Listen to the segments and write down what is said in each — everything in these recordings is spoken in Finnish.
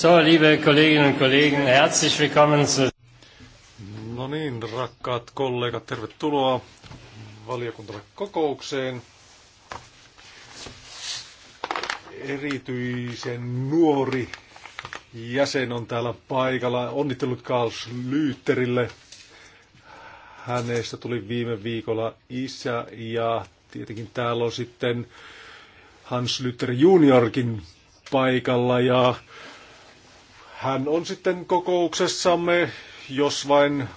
So, liebe Kolleginnen und Kollegen, herzlich willkommen zu... No niin, rakkaat kollegat, tervetuloa kokoukseen. Erityisen nuori jäsen on täällä paikalla. Onnittelut Karls Lyytterille. Hänestä tuli viime viikolla isä ja tietenkin täällä on sitten Hans Luther juniorkin paikalla ja hän on sitten kokouksessamme, jos vain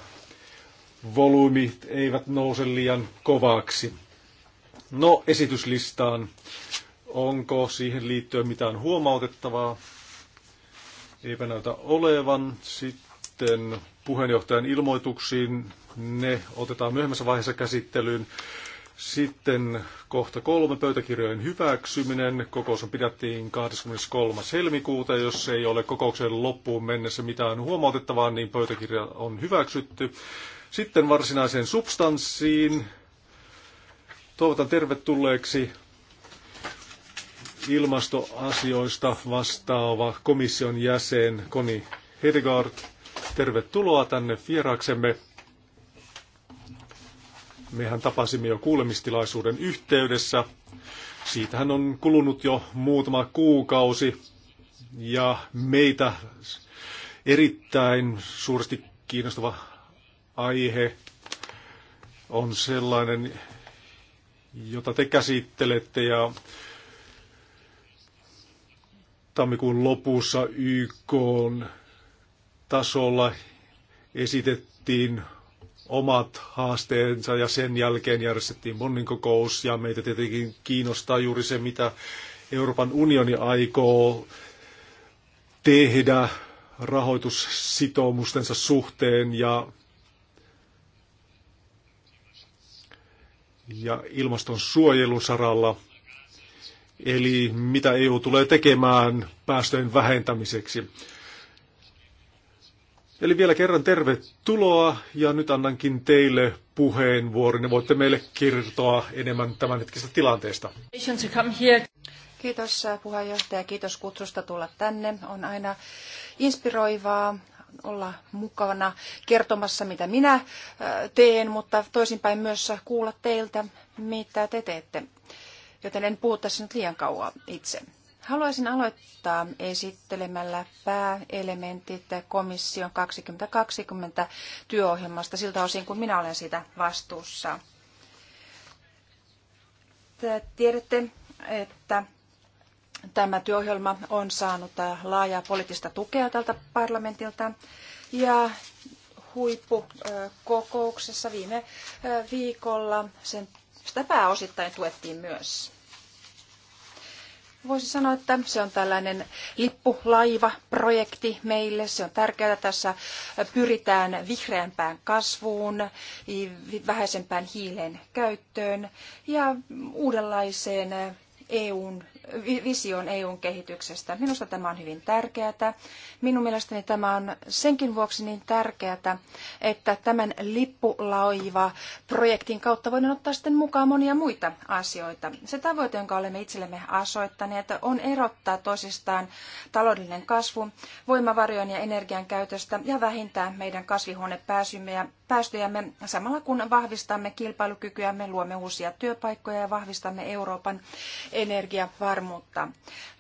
volyymit eivät nouse liian kovaksi. No, esityslistaan. Onko siihen liittyen mitään huomautettavaa? Eipä näytä olevan. Sitten puheenjohtajan ilmoituksiin ne otetaan myöhemmässä vaiheessa käsittelyyn. Sitten kohta kolme pöytäkirjojen hyväksyminen. Kokous on pidettiin 23. helmikuuta. Jos ei ole kokouksen loppuun mennessä mitään huomautettavaa, niin pöytäkirja on hyväksytty. Sitten varsinaiseen substanssiin. Toivotan tervetulleeksi ilmastoasioista vastaava komission jäsen Koni Hedegaard. Tervetuloa tänne vieraaksemme. Mehän tapasimme jo kuulemistilaisuuden yhteydessä. Siitähän on kulunut jo muutama kuukausi ja meitä erittäin suuresti kiinnostava aihe on sellainen, jota te käsittelette ja tammikuun lopussa YK tasolla esitettiin omat haasteensa ja sen jälkeen järjestettiin Bonnin kokous ja meitä tietenkin kiinnostaa juuri se, mitä Euroopan unioni aikoo tehdä rahoitussitoumustensa suhteen ja, ja ilmaston suojelusaralla. Eli mitä EU tulee tekemään päästöjen vähentämiseksi. Eli vielä kerran tervetuloa ja nyt annankin teille puheenvuoron ja voitte meille kertoa enemmän tämänhetkisestä tilanteesta. Kiitos äh, puheenjohtaja, kiitos kutsusta tulla tänne. On aina inspiroivaa olla mukana kertomassa, mitä minä äh, teen, mutta toisinpäin myös kuulla teiltä, mitä te teette. Joten en puhu tässä nyt liian kauan itse. Haluaisin aloittaa esittelemällä pääelementit komission 2020 työohjelmasta siltä osin, kun minä olen sitä vastuussa. Tiedätte, että tämä työohjelma on saanut laajaa poliittista tukea tältä parlamentilta ja huippukokouksessa viime viikolla sen, sitä pääosittain tuettiin myös voisi sanoa, että se on tällainen lippulaiva meille. Se on tärkeää. Tässä pyritään vihreämpään kasvuun, vähäisempään hiilen käyttöön ja uudenlaiseen EUn vision EUn kehityksestä. Minusta tämä on hyvin tärkeää. Minun mielestäni tämä on senkin vuoksi niin tärkeää, että tämän lippulaiva-projektin kautta voidaan ottaa sitten mukaan monia muita asioita. Se tavoite, jonka olemme itsellemme asoittaneet, on erottaa toisistaan taloudellinen kasvu voimavarojen ja energian käytöstä ja vähintää meidän kasvihuonepääsymme ja päästöjämme samalla kun vahvistamme kilpailukykyämme, luomme uusia työpaikkoja ja vahvistamme Euroopan energiavarantoja varmuutta.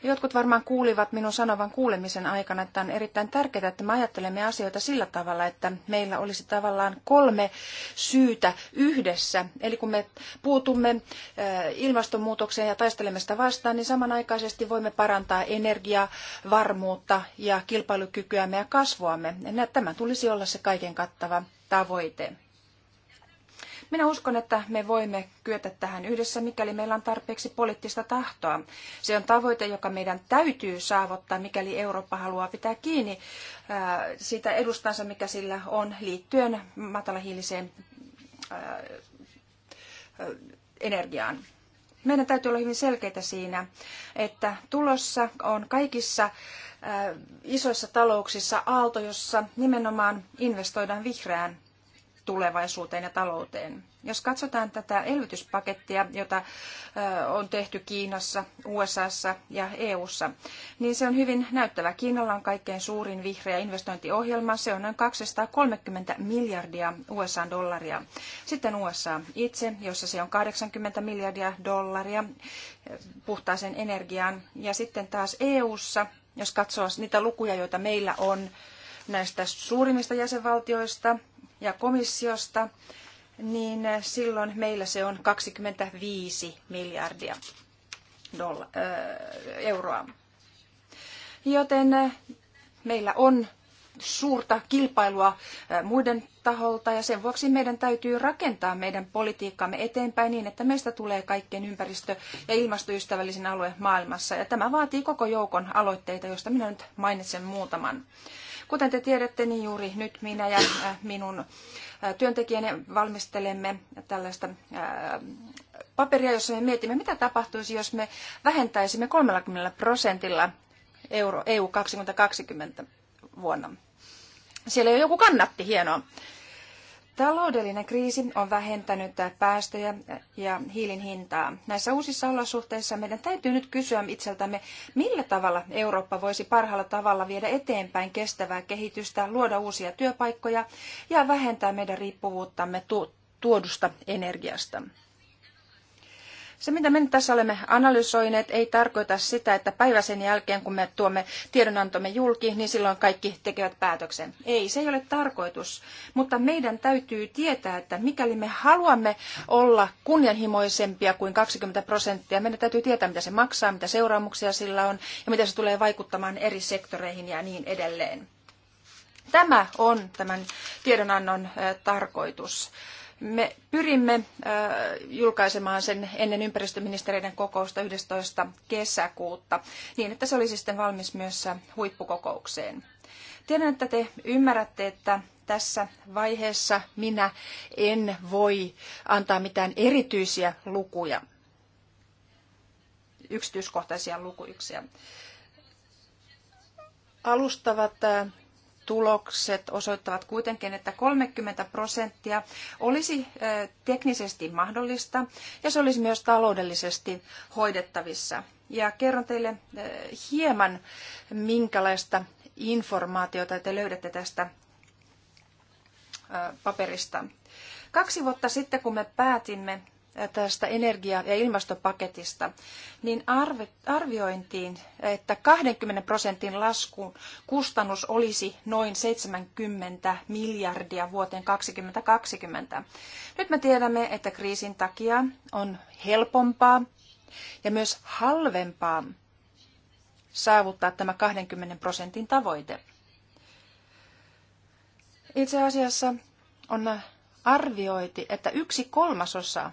Jotkut varmaan kuulivat minun sanovan kuulemisen aikana, että on erittäin tärkeää, että me ajattelemme asioita sillä tavalla, että meillä olisi tavallaan kolme syytä yhdessä. Eli kun me puutumme eh, ilmastonmuutokseen ja taistelemme sitä vastaan, niin samanaikaisesti voimme parantaa energiaa, varmuutta ja kilpailukykyämme ja kasvuamme. Tämä tulisi olla se kaiken kattava tavoite. Minä uskon, että me voimme kyetä tähän yhdessä, mikäli meillä on tarpeeksi poliittista tahtoa. Se on tavoite, joka meidän täytyy saavuttaa, mikäli Eurooppa haluaa pitää kiinni äh, siitä edustansa, mikä sillä on liittyen matalahiiliseen äh, äh, energiaan. Meidän täytyy olla hyvin selkeitä siinä, että tulossa on kaikissa isoissa talouksissa aalto, jossa nimenomaan investoidaan vihreään tulevaisuuteen ja talouteen. Jos katsotaan tätä elvytyspakettia, jota on tehty Kiinassa, USAssa ja EUssa, niin se on hyvin näyttävä. Kiinalla on kaikkein suurin vihreä investointiohjelma. Se on noin 230 miljardia USA-dollaria. Sitten USA itse, jossa se on 80 miljardia dollaria puhtaaseen energiaan. Ja sitten taas EUssa, jos katsoo niitä lukuja, joita meillä on näistä suurimmista jäsenvaltioista, ja komissiosta, niin silloin meillä se on 25 miljardia dolla, euroa. Joten meillä on suurta kilpailua muiden taholta ja sen vuoksi meidän täytyy rakentaa meidän politiikkaamme eteenpäin niin, että meistä tulee kaikkein ympäristö- ja ilmastoystävällisin alue maailmassa. Ja tämä vaatii koko joukon aloitteita, joista minä nyt mainitsen muutaman. Kuten te tiedätte, niin juuri nyt minä ja äh, minun äh, työntekijäni valmistelemme tällaista äh, paperia, jossa me mietimme, mitä tapahtuisi, jos me vähentäisimme 30 prosentilla euro EU 2020 vuonna. Siellä jo joku kannatti, hienoa. Taloudellinen kriisi on vähentänyt päästöjä ja hiilin hintaa. Näissä uusissa olosuhteissa meidän täytyy nyt kysyä itseltämme, millä tavalla Eurooppa voisi parhaalla tavalla viedä eteenpäin kestävää kehitystä, luoda uusia työpaikkoja ja vähentää meidän riippuvuuttamme tuodusta energiasta. Se, mitä me tässä olemme analysoineet, ei tarkoita sitä, että päivä sen jälkeen, kun me tuomme tiedonantomme julki, niin silloin kaikki tekevät päätöksen. Ei, se ei ole tarkoitus. Mutta meidän täytyy tietää, että mikäli me haluamme olla kunnianhimoisempia kuin 20 prosenttia, meidän täytyy tietää, mitä se maksaa, mitä seuraamuksia sillä on ja mitä se tulee vaikuttamaan eri sektoreihin ja niin edelleen. Tämä on tämän tiedonannon tarkoitus. Me pyrimme äh, julkaisemaan sen ennen ympäristöministereiden kokousta 11. kesäkuuta, niin että se olisi sitten valmis myös äh, huippukokoukseen. Tiedän, että te ymmärrätte, että tässä vaiheessa minä en voi antaa mitään erityisiä lukuja, yksityiskohtaisia lukuja. Alustavat äh, tulokset osoittavat kuitenkin, että 30 prosenttia olisi teknisesti mahdollista ja se olisi myös taloudellisesti hoidettavissa. Ja kerron teille hieman, minkälaista informaatiota te löydätte tästä paperista. Kaksi vuotta sitten, kun me päätimme tästä energia- ja ilmastopaketista, niin arviointiin, että 20 prosentin laskun kustannus olisi noin 70 miljardia vuoteen 2020. Nyt me tiedämme, että kriisin takia on helpompaa ja myös halvempaa saavuttaa tämä 20 prosentin tavoite. Itse asiassa on arvioiti, että yksi kolmasosa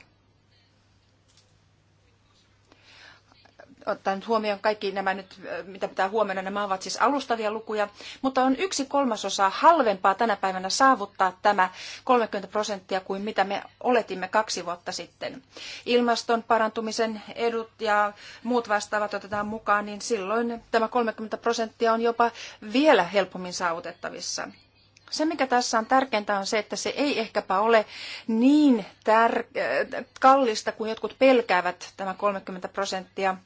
ottaen huomioon kaikki nämä nyt, mitä pitää huomioida, nämä ovat siis alustavia lukuja, mutta on yksi kolmasosa halvempaa tänä päivänä saavuttaa tämä 30 prosenttia kuin mitä me oletimme kaksi vuotta sitten. Ilmaston parantumisen edut ja muut vastaavat otetaan mukaan, niin silloin tämä 30 prosenttia on jopa vielä helpommin saavutettavissa. Se, mikä tässä on tärkeintä, on se, että se ei ehkäpä ole niin tär- kallista kuin jotkut pelkäävät tämä 30 prosenttia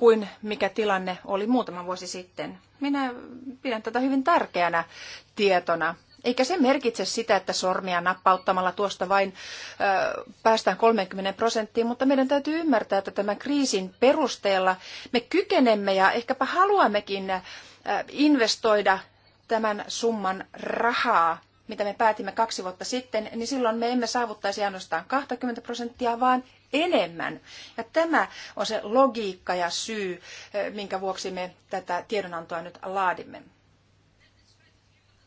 kuin mikä tilanne oli muutama vuosi sitten. Minä pidän tätä hyvin tärkeänä tietona. Eikä se merkitse sitä, että sormia nappauttamalla tuosta vain ö, päästään 30 prosenttiin, mutta meidän täytyy ymmärtää, että tämän kriisin perusteella me kykenemme ja ehkäpä haluammekin ö, investoida tämän summan rahaa, mitä me päätimme kaksi vuotta sitten, niin silloin me emme saavuttaisi ainoastaan 20 prosenttia, vaan enemmän. Ja tämä on se logiikka ja syy, eh, minkä vuoksi me tätä tiedonantoa nyt laadimme.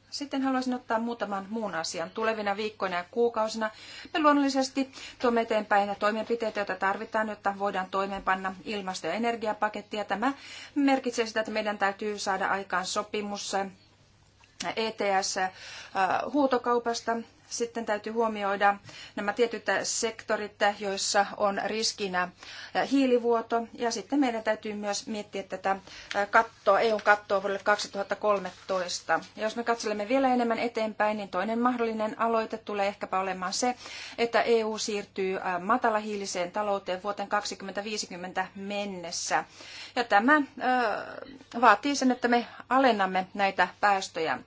Sitten haluaisin ottaa muutaman muun asian. Tulevina viikkoina ja kuukausina me luonnollisesti tuomme eteenpäin toimenpiteitä, joita tarvitaan, jotta voidaan toimeenpanna ilmasto- ja energiapakettia. Tämä merkitsee sitä, että meidän täytyy saada aikaan sopimus ETS-huutokaupasta eh, e eh, sitten täytyy huomioida nämä tietyt sektorit, joissa on riskinä hiilivuoto. Ja sitten meidän täytyy myös miettiä tätä kattoa, EU-kattoa vuodelle 2013. Ja jos me katselemme vielä enemmän eteenpäin, niin toinen mahdollinen aloite tulee ehkäpä olemaan se, että EU siirtyy matalahiiliseen talouteen vuoteen 2050 mennessä. Ja tämä vaatii sen, että me alennamme näitä päästöjä.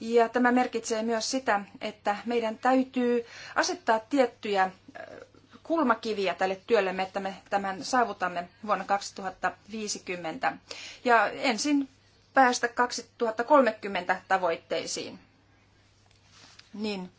Ja tämä merkitsee myös sitä, että meidän täytyy asettaa tiettyjä kulmakiviä tälle työllemme, että me tämän saavutamme vuonna 2050. Ja ensin päästä 2030 tavoitteisiin. Niin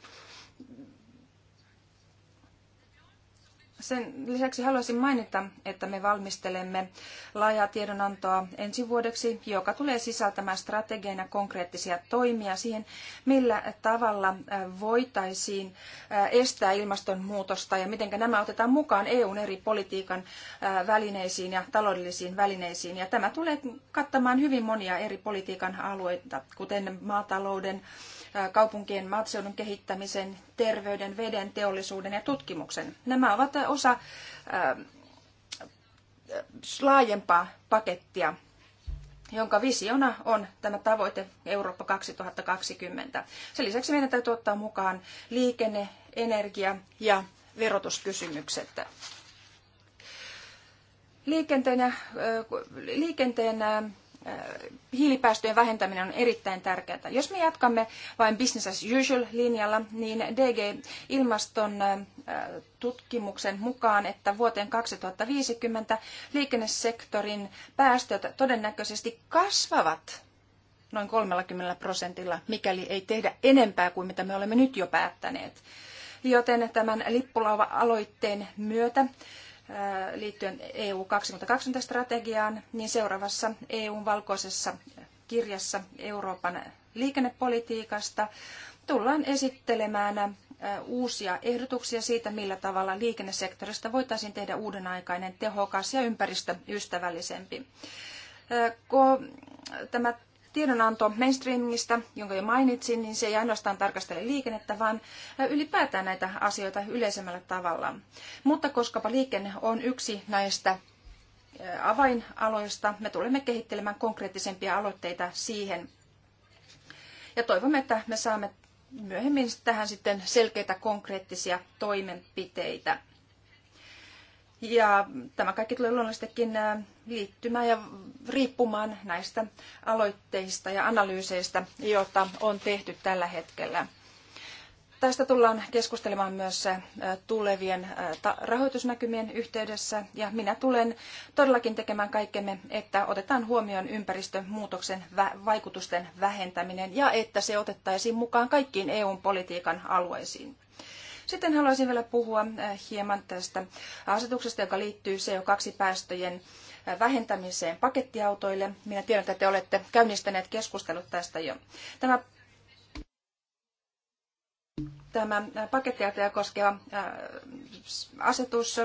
Sen lisäksi haluaisin mainita, että me valmistelemme laajaa tiedonantoa ensi vuodeksi, joka tulee sisältämään strategiana konkreettisia toimia siihen, millä tavalla äh, voitaisiin äh, estää ilmastonmuutosta ja miten nämä otetaan mukaan EUn eri politiikan äh, välineisiin ja taloudellisiin välineisiin. Ja tämä tulee kattamaan hyvin monia eri politiikan alueita, kuten maatalouden, kaupunkien maatseudun kehittämisen, terveyden, veden, teollisuuden ja tutkimuksen. Nämä ovat osa laajempaa pakettia, jonka visiona on tämä tavoite Eurooppa 2020. Sen lisäksi meidän täytyy ottaa mukaan liikenne, energia ja verotuskysymykset. Liikenteen, liikenteen hiilipäästöjen vähentäminen on erittäin tärkeää. Jos me jatkamme vain business as usual linjalla, niin DG Ilmaston tutkimuksen mukaan, että vuoteen 2050 liikennesektorin päästöt todennäköisesti kasvavat noin 30 prosentilla, mikäli ei tehdä enempää kuin mitä me olemme nyt jo päättäneet. Joten tämän lippulauva-aloitteen myötä liittyen EU 2020 strategiaan, niin seuraavassa EUn valkoisessa kirjassa Euroopan liikennepolitiikasta tullaan esittelemään uusia ehdotuksia siitä, millä tavalla liikennesektorista voitaisiin tehdä uudenaikainen, tehokas ja ympäristöystävällisempi. Tämä tiedonanto mainstreamingista, jonka jo mainitsin, niin se ei ainoastaan tarkastele liikennettä, vaan ylipäätään näitä asioita yleisemmällä tavalla. Mutta koskapa liikenne on yksi näistä avainaloista, me tulemme kehittelemään konkreettisempia aloitteita siihen. Ja toivomme, että me saamme myöhemmin tähän sitten selkeitä konkreettisia toimenpiteitä. Ja tämä kaikki tulee luonnollisestikin äh, liittymään ja riippumaan näistä aloitteista ja analyyseistä, joita on tehty tällä hetkellä. Tästä tullaan keskustelemaan myös äh, tulevien äh, rahoitusnäkymien yhteydessä ja minä tulen todellakin tekemään kaikkemme, että otetaan huomioon ympäristömuutoksen vaikutusten vähentäminen ja että se otettaisiin mukaan kaikkiin eu politiikan alueisiin. Sitten haluaisin vielä puhua äh, hieman tästä asetuksesta, joka liittyy CO2-päästöjen äh, vähentämiseen pakettiautoille. Minä tiedän, että te olette käynnistäneet keskustelut tästä jo. Tämä Tämä äh, pakettiautoja koskeva asetus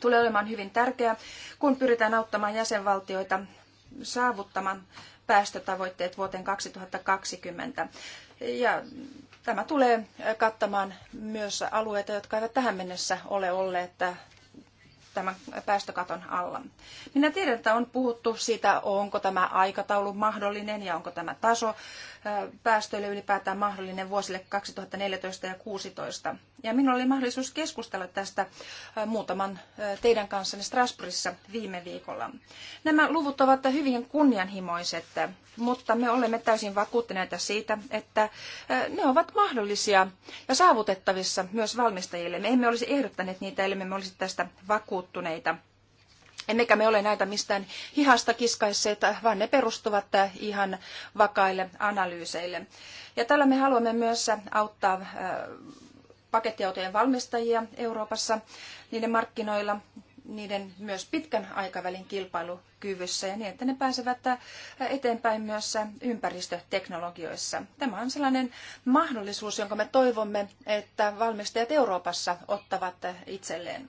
tulee olemaan hyvin tärkeä, kun pyritään auttamaan jäsenvaltioita saavuttamaan päästötavoitteet vuoteen 2020. Ja Tämä tulee kattamaan myös alueita, jotka eivät tähän mennessä ole olleet tämän päästökaton alla. Minä tiedän, että on puhuttu siitä, onko tämä aikataulu mahdollinen ja onko tämä taso päästöille ylipäätään mahdollinen vuosille 2014 ja 2016. Ja minulla oli mahdollisuus keskustella tästä muutaman teidän kanssanne Strasbourgissa viime viikolla. Nämä luvut ovat hyvin kunnianhimoiset, mutta me olemme täysin vakuuttuneita siitä, että ne ovat mahdollisia ja saavutettavissa myös valmistajille. Me emme olisi ehdottaneet niitä, ellei me olisi tästä vakuuttuneita. Emmekä me ole näitä mistään hihasta kiskaisseet, vaan ne perustuvat ihan vakaille analyyseille. Ja tällä me haluamme myös auttaa pakettiautojen valmistajia Euroopassa niiden markkinoilla, niiden myös pitkän aikavälin kilpailukyvyssä ja niin, että ne pääsevät eteenpäin myös ympäristöteknologioissa. Tämä on sellainen mahdollisuus, jonka me toivomme, että valmistajat Euroopassa ottavat itselleen.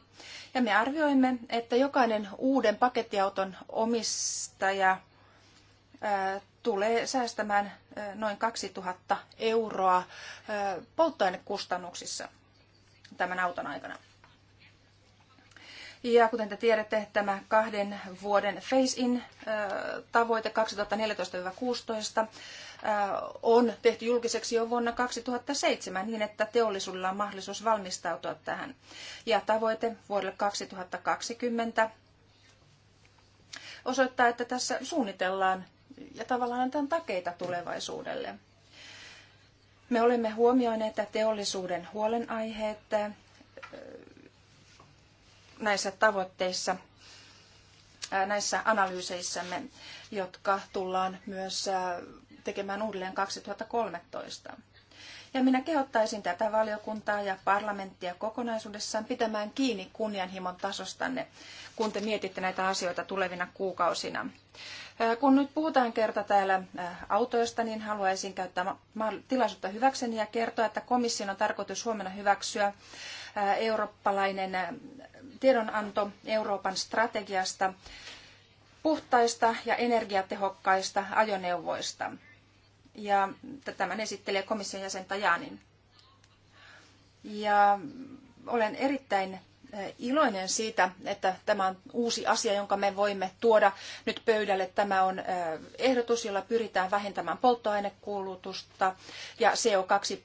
Ja me arvioimme, että jokainen uuden pakettiauton omistaja tulee säästämään noin 2000 euroa polttoainekustannuksissa tämän auton aikana. Ja kuten te tiedätte, tämä kahden vuoden phase-in tavoite 2014 Äh, on tehty julkiseksi jo vuonna 2007 niin, että teollisuudella on mahdollisuus valmistautua tähän. Ja tavoite vuodelle 2020 osoittaa, että tässä suunnitellaan ja tavallaan antaa takeita tulevaisuudelle. Me olemme huomioineet teollisuuden huolenaiheet äh, näissä tavoitteissa, äh, näissä analyyseissämme, jotka tullaan myös tekemään uudelleen 2013. Ja minä kehottaisin tätä valiokuntaa ja parlamenttia kokonaisuudessaan pitämään kiinni kunnianhimon tasostanne, kun te mietitte näitä asioita tulevina kuukausina. Kun nyt puhutaan kerta täällä autoista, niin haluaisin käyttää tilaisuutta hyväkseni ja kertoa, että komission on tarkoitus huomenna hyväksyä eurooppalainen tiedonanto Euroopan strategiasta puhtaista ja energiatehokkaista ajoneuvoista ja tämän esittelee komission jäsen Tajanin. Ja olen erittäin iloinen siitä, että tämä on uusi asia, jonka me voimme tuoda nyt pöydälle. Tämä on ehdotus, jolla pyritään vähentämään polttoainekulutusta ja CO2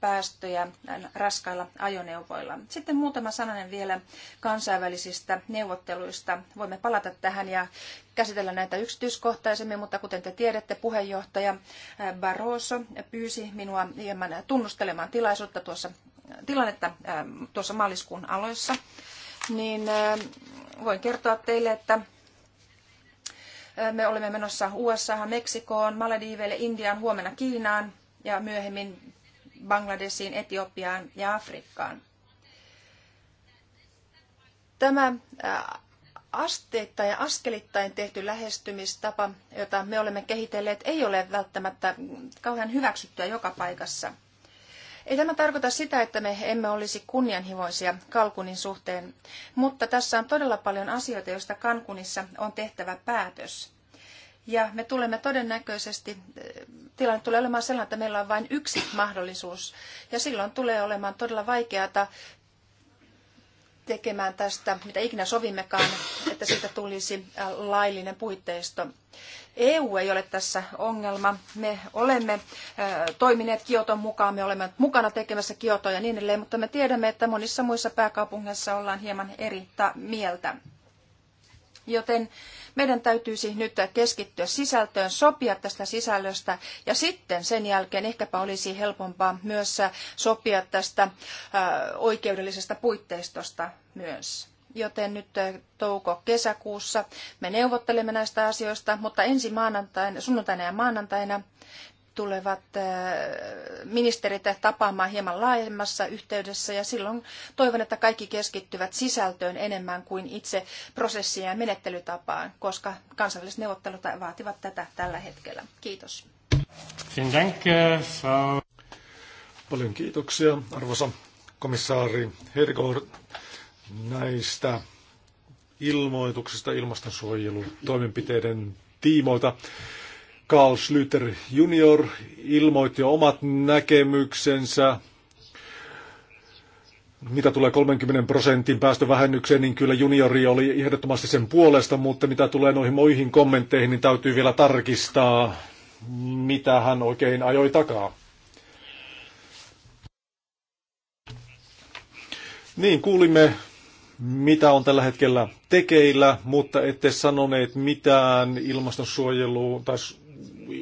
päästöjä raskailla ajoneuvoilla. Sitten muutama sananen vielä kansainvälisistä neuvotteluista. Voimme palata tähän ja käsitellä näitä yksityiskohtaisemmin, mutta kuten te tiedätte, puheenjohtaja Barroso pyysi minua hieman tunnustelemaan tilaisuutta tuossa, tilannetta ähm, tuossa maaliskuun aloissa. Niin äh, voin kertoa teille, että äh, me olemme menossa USA, Meksikoon, Malediiveille, Indiaan, huomenna Kiinaan ja myöhemmin Bangladesiin, Etiopiaan ja Afrikkaan. Tämä äh, asteittain ja askelittain tehty lähestymistapa, jota me olemme kehitelleet, ei ole välttämättä kauhean hyväksyttyä joka paikassa. Ei tämä tarkoita sitä, että me emme olisi kunnianhimoisia Kalkunin suhteen, mutta tässä on todella paljon asioita, joista Kankunissa on tehtävä päätös. Ja me tulemme todennäköisesti, tilanne tulee olemaan sellainen, että meillä on vain yksi mahdollisuus. Ja silloin tulee olemaan todella vaikeata tekemään tästä, mitä ikinä sovimmekaan, että siitä tulisi laillinen puitteisto. EU ei ole tässä ongelma. Me olemme toimineet Kioton mukaan, me olemme mukana tekemässä Kiotoa ja niin edelleen, mutta me tiedämme, että monissa muissa pääkaupungeissa ollaan hieman eri mieltä joten meidän täytyisi nyt keskittyä sisältöön, sopia tästä sisällöstä ja sitten sen jälkeen ehkäpä olisi helpompaa myös sopia tästä äh, oikeudellisesta puitteistosta myös. Joten nyt äh, touko-kesäkuussa me neuvottelemme näistä asioista, mutta ensi maanantaina, sunnuntaina ja maanantaina tulevat äh, ministerit tapaamaan hieman laajemmassa yhteydessä ja silloin toivon, että kaikki keskittyvät sisältöön enemmän kuin itse prosessiin ja menettelytapaan, koska kansainväliset neuvottelut vaativat tätä tällä hetkellä. Kiitos. Äh, Paljon kiitoksia, arvoisa komissaari Hergor, näistä ilmoituksista ilmastonsuojelutoimenpiteiden tiimoilta. Carl Schlüter junior ilmoitti omat näkemyksensä. Mitä tulee 30 prosentin päästövähennykseen, niin kyllä juniori oli ehdottomasti sen puolesta, mutta mitä tulee noihin muihin kommentteihin, niin täytyy vielä tarkistaa, mitä hän oikein ajoi takaa. Niin, kuulimme, mitä on tällä hetkellä tekeillä, mutta ette sanoneet mitään ilmastonsuojeluun tai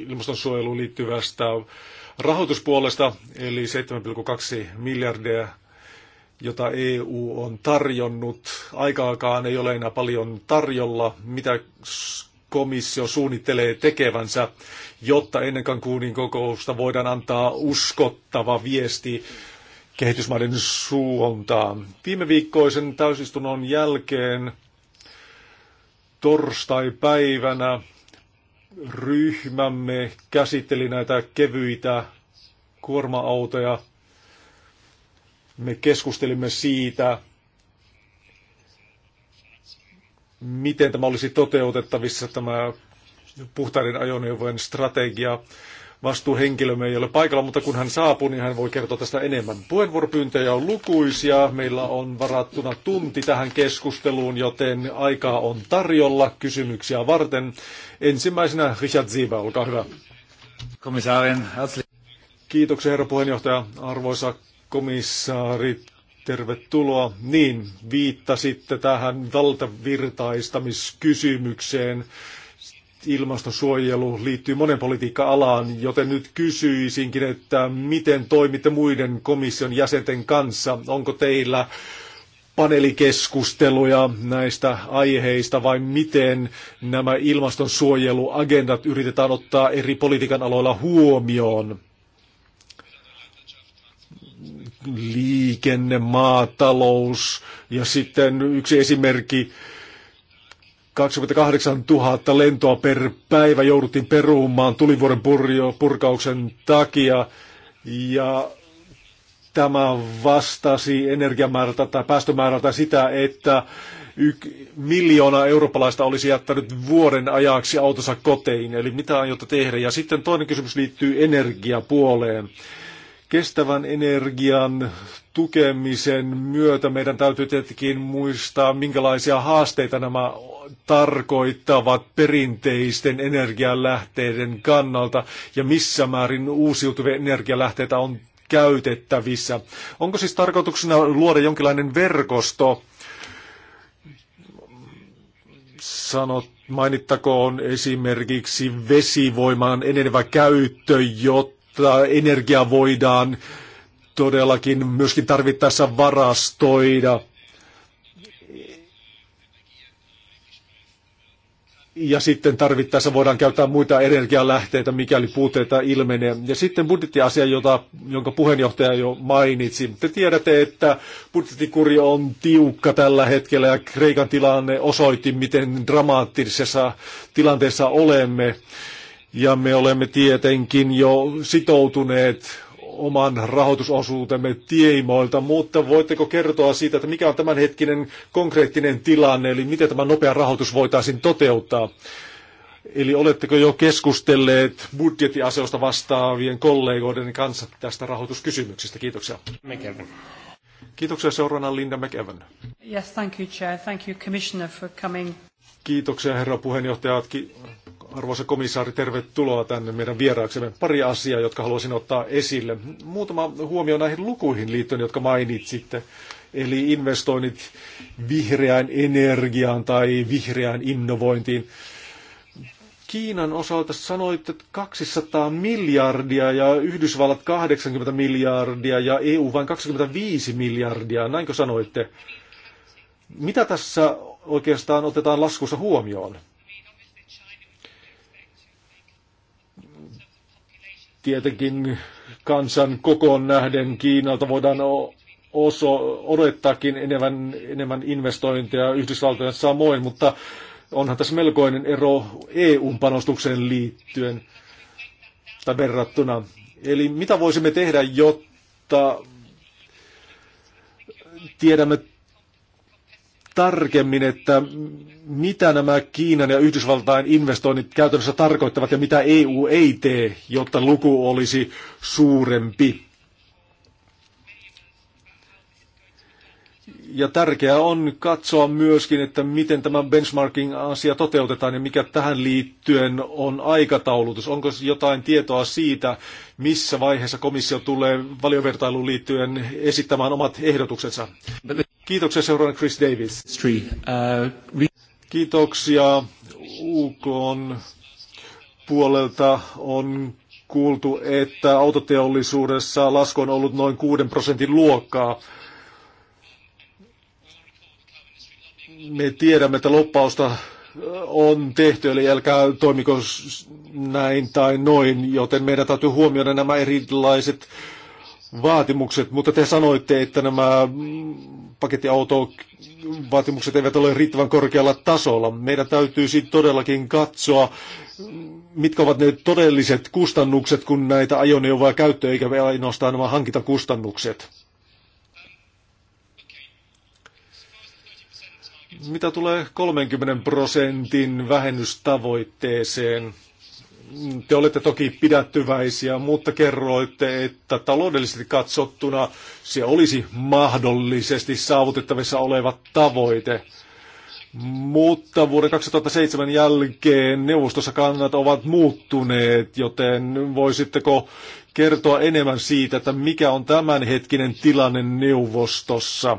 ilmastonsuojeluun liittyvästä rahoituspuolesta, eli 7,2 miljardia, jota EU on tarjonnut. Aikaakaan ei ole enää paljon tarjolla, mitä komissio suunnittelee tekevänsä, jotta ennen Cancunin kokousta voidaan antaa uskottava viesti kehitysmaiden suuntaan. Viime viikkoisen täysistunnon jälkeen torstai-päivänä ryhmämme käsitteli näitä kevyitä kuorma-autoja. Me keskustelimme siitä, miten tämä olisi toteutettavissa, tämä puhtaiden ajoneuvojen strategia vastuuhenkilömme ei ole paikalla, mutta kun hän saapuu, niin hän voi kertoa tästä enemmän. Puheenvuoropyyntöjä on lukuisia, meillä on varattuna tunti tähän keskusteluun, joten aikaa on tarjolla kysymyksiä varten. Ensimmäisenä Richard Ziba olkaa hyvä. Kiitoksia herra puheenjohtaja, arvoisa komissaari, tervetuloa. Niin, viittasitte tähän valtavirtaistamiskysymykseen ilmastosuojelu liittyy monen politiikka-alaan, joten nyt kysyisinkin, että miten toimitte muiden komission jäsenten kanssa? Onko teillä paneelikeskusteluja näistä aiheista vai miten nämä ilmastonsuojeluagendat yritetään ottaa eri politiikan aloilla huomioon? Liikenne, maatalous ja sitten yksi esimerkki 28 000 lentoa per päivä jouduttiin peruumaan tulivuoren purkauksen takia ja tämä vastasi energiamäärältä tai päästömäärältä sitä, että yk- miljoona eurooppalaista olisi jättänyt vuoden ajaksi autonsa kotiin. Eli mitä aiotte tehdä? Ja sitten toinen kysymys liittyy energiapuoleen kestävän energian tukemisen myötä meidän täytyy tietenkin muistaa, minkälaisia haasteita nämä tarkoittavat perinteisten energialähteiden kannalta ja missä määrin uusiutuvia energialähteitä on käytettävissä. Onko siis tarkoituksena luoda jonkinlainen verkosto? Sanot, mainittakoon esimerkiksi vesivoimaan enenevä käyttö, jotta energia voidaan todellakin myöskin tarvittaessa varastoida. Ja sitten tarvittaessa voidaan käyttää muita energialähteitä, mikäli puutteita ilmenee. Ja sitten budjettiasia, jota, jonka puheenjohtaja jo mainitsi. Te tiedätte, että budjettikuri on tiukka tällä hetkellä ja Kreikan tilanne osoitti, miten dramaattisessa tilanteessa olemme. Ja me olemme tietenkin jo sitoutuneet oman rahoitusosuutemme tieimoilta, mutta voitteko kertoa siitä, että mikä on tämänhetkinen konkreettinen tilanne, eli miten tämä nopea rahoitus voitaisiin toteuttaa? Eli oletteko jo keskustelleet budjettiasioista vastaavien kollegoiden kanssa tästä rahoituskysymyksestä? Kiitoksia. McEvan. Kiitoksia seurana Linda McEvan. Yes, thank you, Chair. Thank you, Commissioner, for coming. Kiitoksia herra puheenjohtaja arvoisa komissaari, tervetuloa tänne meidän vieraaksemme. Pari asiaa, jotka haluaisin ottaa esille. Muutama huomio näihin lukuihin liittyen, jotka mainitsitte. Eli investoinnit vihreään energiaan tai vihreään innovointiin. Kiinan osalta sanoitte 200 miljardia ja Yhdysvallat 80 miljardia ja EU vain 25 miljardia, näinkö sanoitte? Mitä tässä oikeastaan otetaan laskussa huomioon? tietenkin kansan kokoon nähden Kiinalta voidaan oso, odottaakin enemmän, enemmän investointeja Yhdysvaltojen samoin, mutta onhan tässä melkoinen ero EU-panostukseen liittyen tai verrattuna. Eli mitä voisimme tehdä, jotta tiedämme tarkemmin, että mitä nämä Kiinan ja Yhdysvaltain investoinnit käytännössä tarkoittavat ja mitä EU ei tee, jotta luku olisi suurempi. Ja tärkeää on katsoa myöskin, että miten tämä benchmarking-asia toteutetaan ja mikä tähän liittyen on aikataulutus. Onko jotain tietoa siitä, missä vaiheessa komissio tulee valiovertailuun liittyen esittämään omat ehdotuksensa? Kiitoksia seuraan Chris Davis. Kiitoksia UK puolelta on kuultu, että autoteollisuudessa lasku on ollut noin 6 prosentin luokkaa. Me tiedämme, että loppausta on tehty, eli älkää toimiko näin tai noin, joten meidän täytyy huomioida nämä erilaiset vaatimukset, mutta te sanoitte, että nämä pakettiauto vaatimukset eivät ole riittävän korkealla tasolla. Meidän täytyy siitä todellakin katsoa, mitkä ovat ne todelliset kustannukset, kun näitä ajoneuvoja käyttöön, eikä ainoastaan nämä hankintakustannukset. Mitä tulee 30 prosentin vähennystavoitteeseen? te olette toki pidättyväisiä, mutta kerroitte, että taloudellisesti katsottuna se olisi mahdollisesti saavutettavissa oleva tavoite. Mutta vuoden 2007 jälkeen neuvostossa kannat ovat muuttuneet, joten voisitteko kertoa enemmän siitä, että mikä on tämänhetkinen tilanne neuvostossa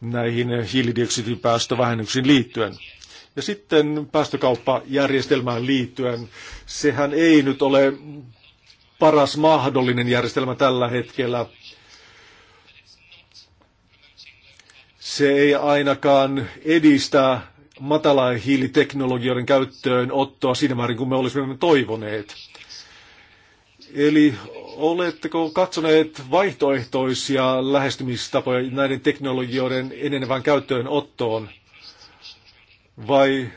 näihin hiilidioksidipäästövähennyksiin liittyen? Ja sitten päästökauppajärjestelmään liittyen, sehän ei nyt ole paras mahdollinen järjestelmä tällä hetkellä. Se ei ainakaan edistä hiiliteknologioiden käyttöön ottoa siinä määrin kuin me olisimme toivoneet. Eli oletteko katsoneet vaihtoehtoisia lähestymistapoja näiden teknologioiden enenevään käyttöön ottoon? vai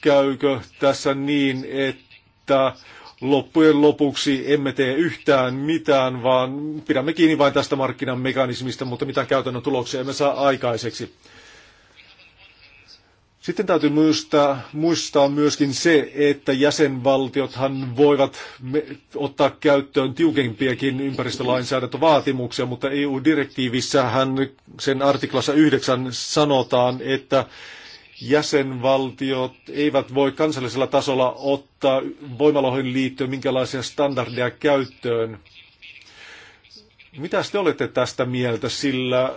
käykö tässä niin, että loppujen lopuksi emme tee yhtään mitään, vaan pidämme kiinni vain tästä markkinan mekanismista, mutta mitä käytännön tuloksia emme saa aikaiseksi. Sitten täytyy muistaa, muistaa myöskin se, että jäsenvaltiothan voivat ottaa käyttöön tiukempiakin ympäristölainsäädäntövaatimuksia, mutta EU-direktiivissähän sen artiklassa 9 sanotaan, että jäsenvaltiot eivät voi kansallisella tasolla ottaa voimaloihin liittyen minkälaisia standardeja käyttöön. Mitä te olette tästä mieltä, sillä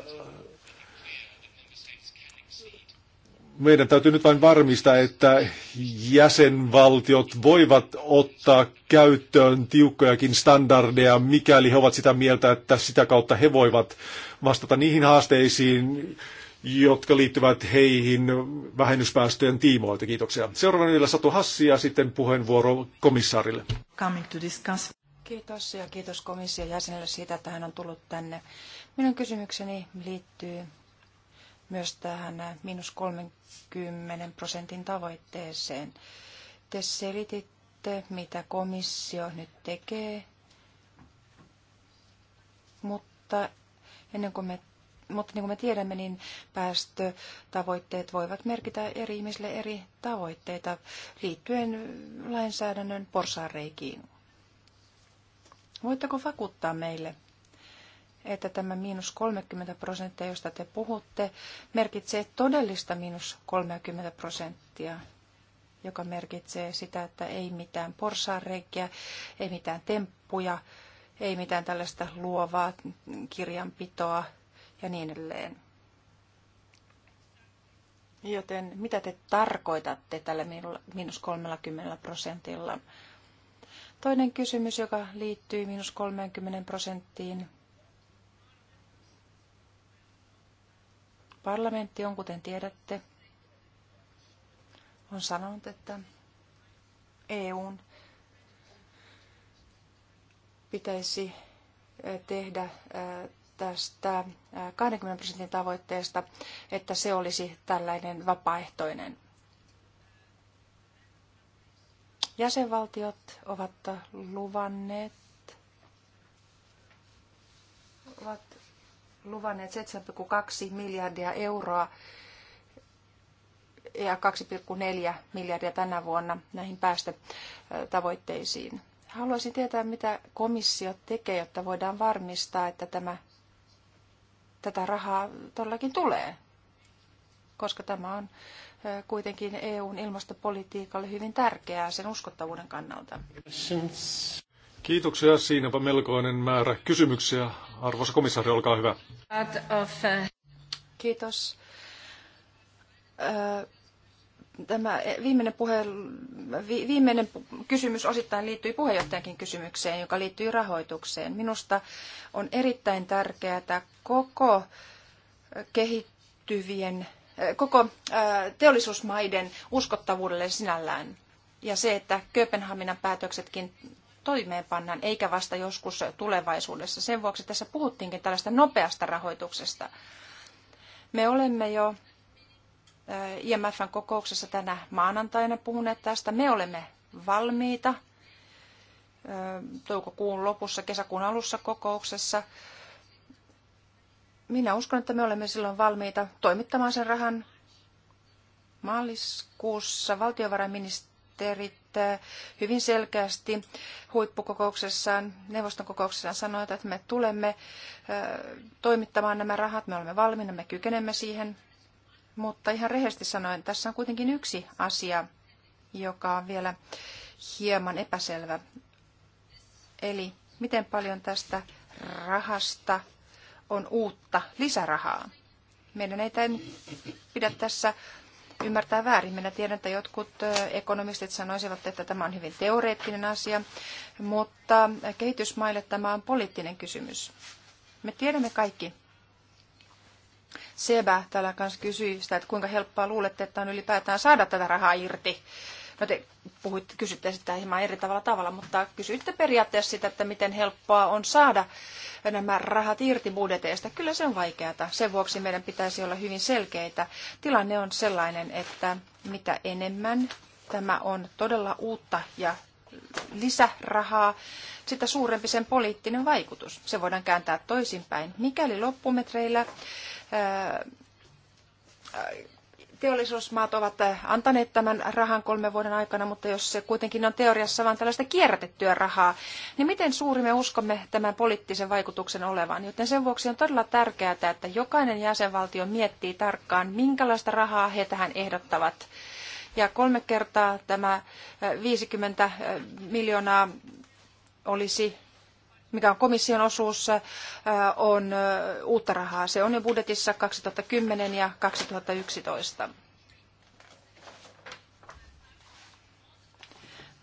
meidän täytyy nyt vain varmistaa, että jäsenvaltiot voivat ottaa käyttöön tiukkojakin standardeja, mikäli he ovat sitä mieltä, että sitä kautta he voivat vastata niihin haasteisiin, jotka liittyvät heihin vähennyspäästöjen tiimoilta. Kiitoksia. Seuraavana vielä Satu Hassi ja sitten puheenvuoro komissaarille. Kiitos ja kiitos komission jäsenelle siitä, että hän on tullut tänne. Minun kysymykseni liittyy myös tähän miinus 30 prosentin tavoitteeseen. Te selititte, mitä komissio nyt tekee, mutta ennen kuin me mutta niin kuin me tiedämme, niin päästötavoitteet voivat merkitä eri ihmisille eri tavoitteita liittyen lainsäädännön porsaareikiin. Voitteko vakuuttaa meille, että tämä miinus 30 prosenttia, josta te puhutte, merkitsee todellista miinus 30 prosenttia, joka merkitsee sitä, että ei mitään porsaanreikiä, ei mitään temppuja, ei mitään tällaista luovaa kirjanpitoa, ja niin edelleen. Joten mitä te tarkoitatte tällä miinus 30 prosentilla? Toinen kysymys, joka liittyy miinus 30 prosenttiin. Parlamentti on, kuten tiedätte, on sanonut, että EUn pitäisi eh, tehdä eh, tästä 20 äh, prosentin tavoitteesta, että se olisi tällainen vapaaehtoinen. Jäsenvaltiot ovat luvanneet, ovat luvanneet 7,2 miljardia euroa ja 2,4 miljardia tänä vuonna näihin päästötavoitteisiin. Haluaisin tietää, mitä komissio tekee, jotta voidaan varmistaa, että tämä tätä rahaa todellakin tulee, koska tämä on kuitenkin EUn ilmastopolitiikalle hyvin tärkeää sen uskottavuuden kannalta. Kiitoksia. Siinäpä melkoinen määrä kysymyksiä. Arvoisa komissaari, olkaa hyvä. Kiitos. Tämä viimeinen, puhe, viimeinen kysymys osittain liittyy puheenjohtajankin kysymykseen, joka liittyy rahoitukseen. Minusta on erittäin tärkeää koko kehittyvien, koko teollisuusmaiden uskottavuudelle sinällään. Ja se, että Kööpenhaminan päätöksetkin toimeenpannaan, eikä vasta joskus tulevaisuudessa. Sen vuoksi tässä puhuttiinkin tällaista nopeasta rahoituksesta. Me olemme jo Äh, IMFn kokouksessa tänä maanantaina puhuneet tästä. Me olemme valmiita äh, toukokuun lopussa, kesäkuun alussa kokouksessa. Minä uskon, että me olemme silloin valmiita toimittamaan sen rahan maaliskuussa valtiovarainministerit äh, hyvin selkeästi huippukokouksessaan, neuvoston kokouksessaan sanoivat, että me tulemme toimittamaan nämä rahat, me olemme valmiina, me kykenemme siihen. Mutta ihan rehellisesti sanoen, tässä on kuitenkin yksi asia, joka on vielä hieman epäselvä. Eli miten paljon tästä rahasta on uutta lisärahaa? Meidän ei tämän pidä tässä ymmärtää väärin. Minä tiedän, että jotkut ekonomistit sanoisivat, että tämä on hyvin teoreettinen asia, mutta kehitysmaille tämä on poliittinen kysymys. Me tiedämme kaikki, Seba täällä kanssa kysyi sitä, että kuinka helppoa luulette, että on ylipäätään saada tätä rahaa irti. No te puhuitte, kysytte sitä hieman eri tavalla tavalla, mutta kysyitte periaatteessa sitä, että miten helppoa on saada nämä rahat irti budjeteista. Kyllä se on vaikeaa, Sen vuoksi meidän pitäisi olla hyvin selkeitä. Tilanne on sellainen, että mitä enemmän tämä on todella uutta ja lisärahaa, sitä suurempi sen poliittinen vaikutus. Se voidaan kääntää toisinpäin. Mikäli loppumetreillä teollisuusmaat ovat antaneet tämän rahan kolmen vuoden aikana, mutta jos se kuitenkin on teoriassa vain tällaista kierrätettyä rahaa, niin miten suuri me uskomme tämän poliittisen vaikutuksen olevan? Joten sen vuoksi on todella tärkeää, että jokainen jäsenvaltio miettii tarkkaan, minkälaista rahaa he tähän ehdottavat ja kolme kertaa tämä 50 miljoonaa olisi mikä on komission osuus, on uutta rahaa. Se on jo budjetissa 2010 ja 2011.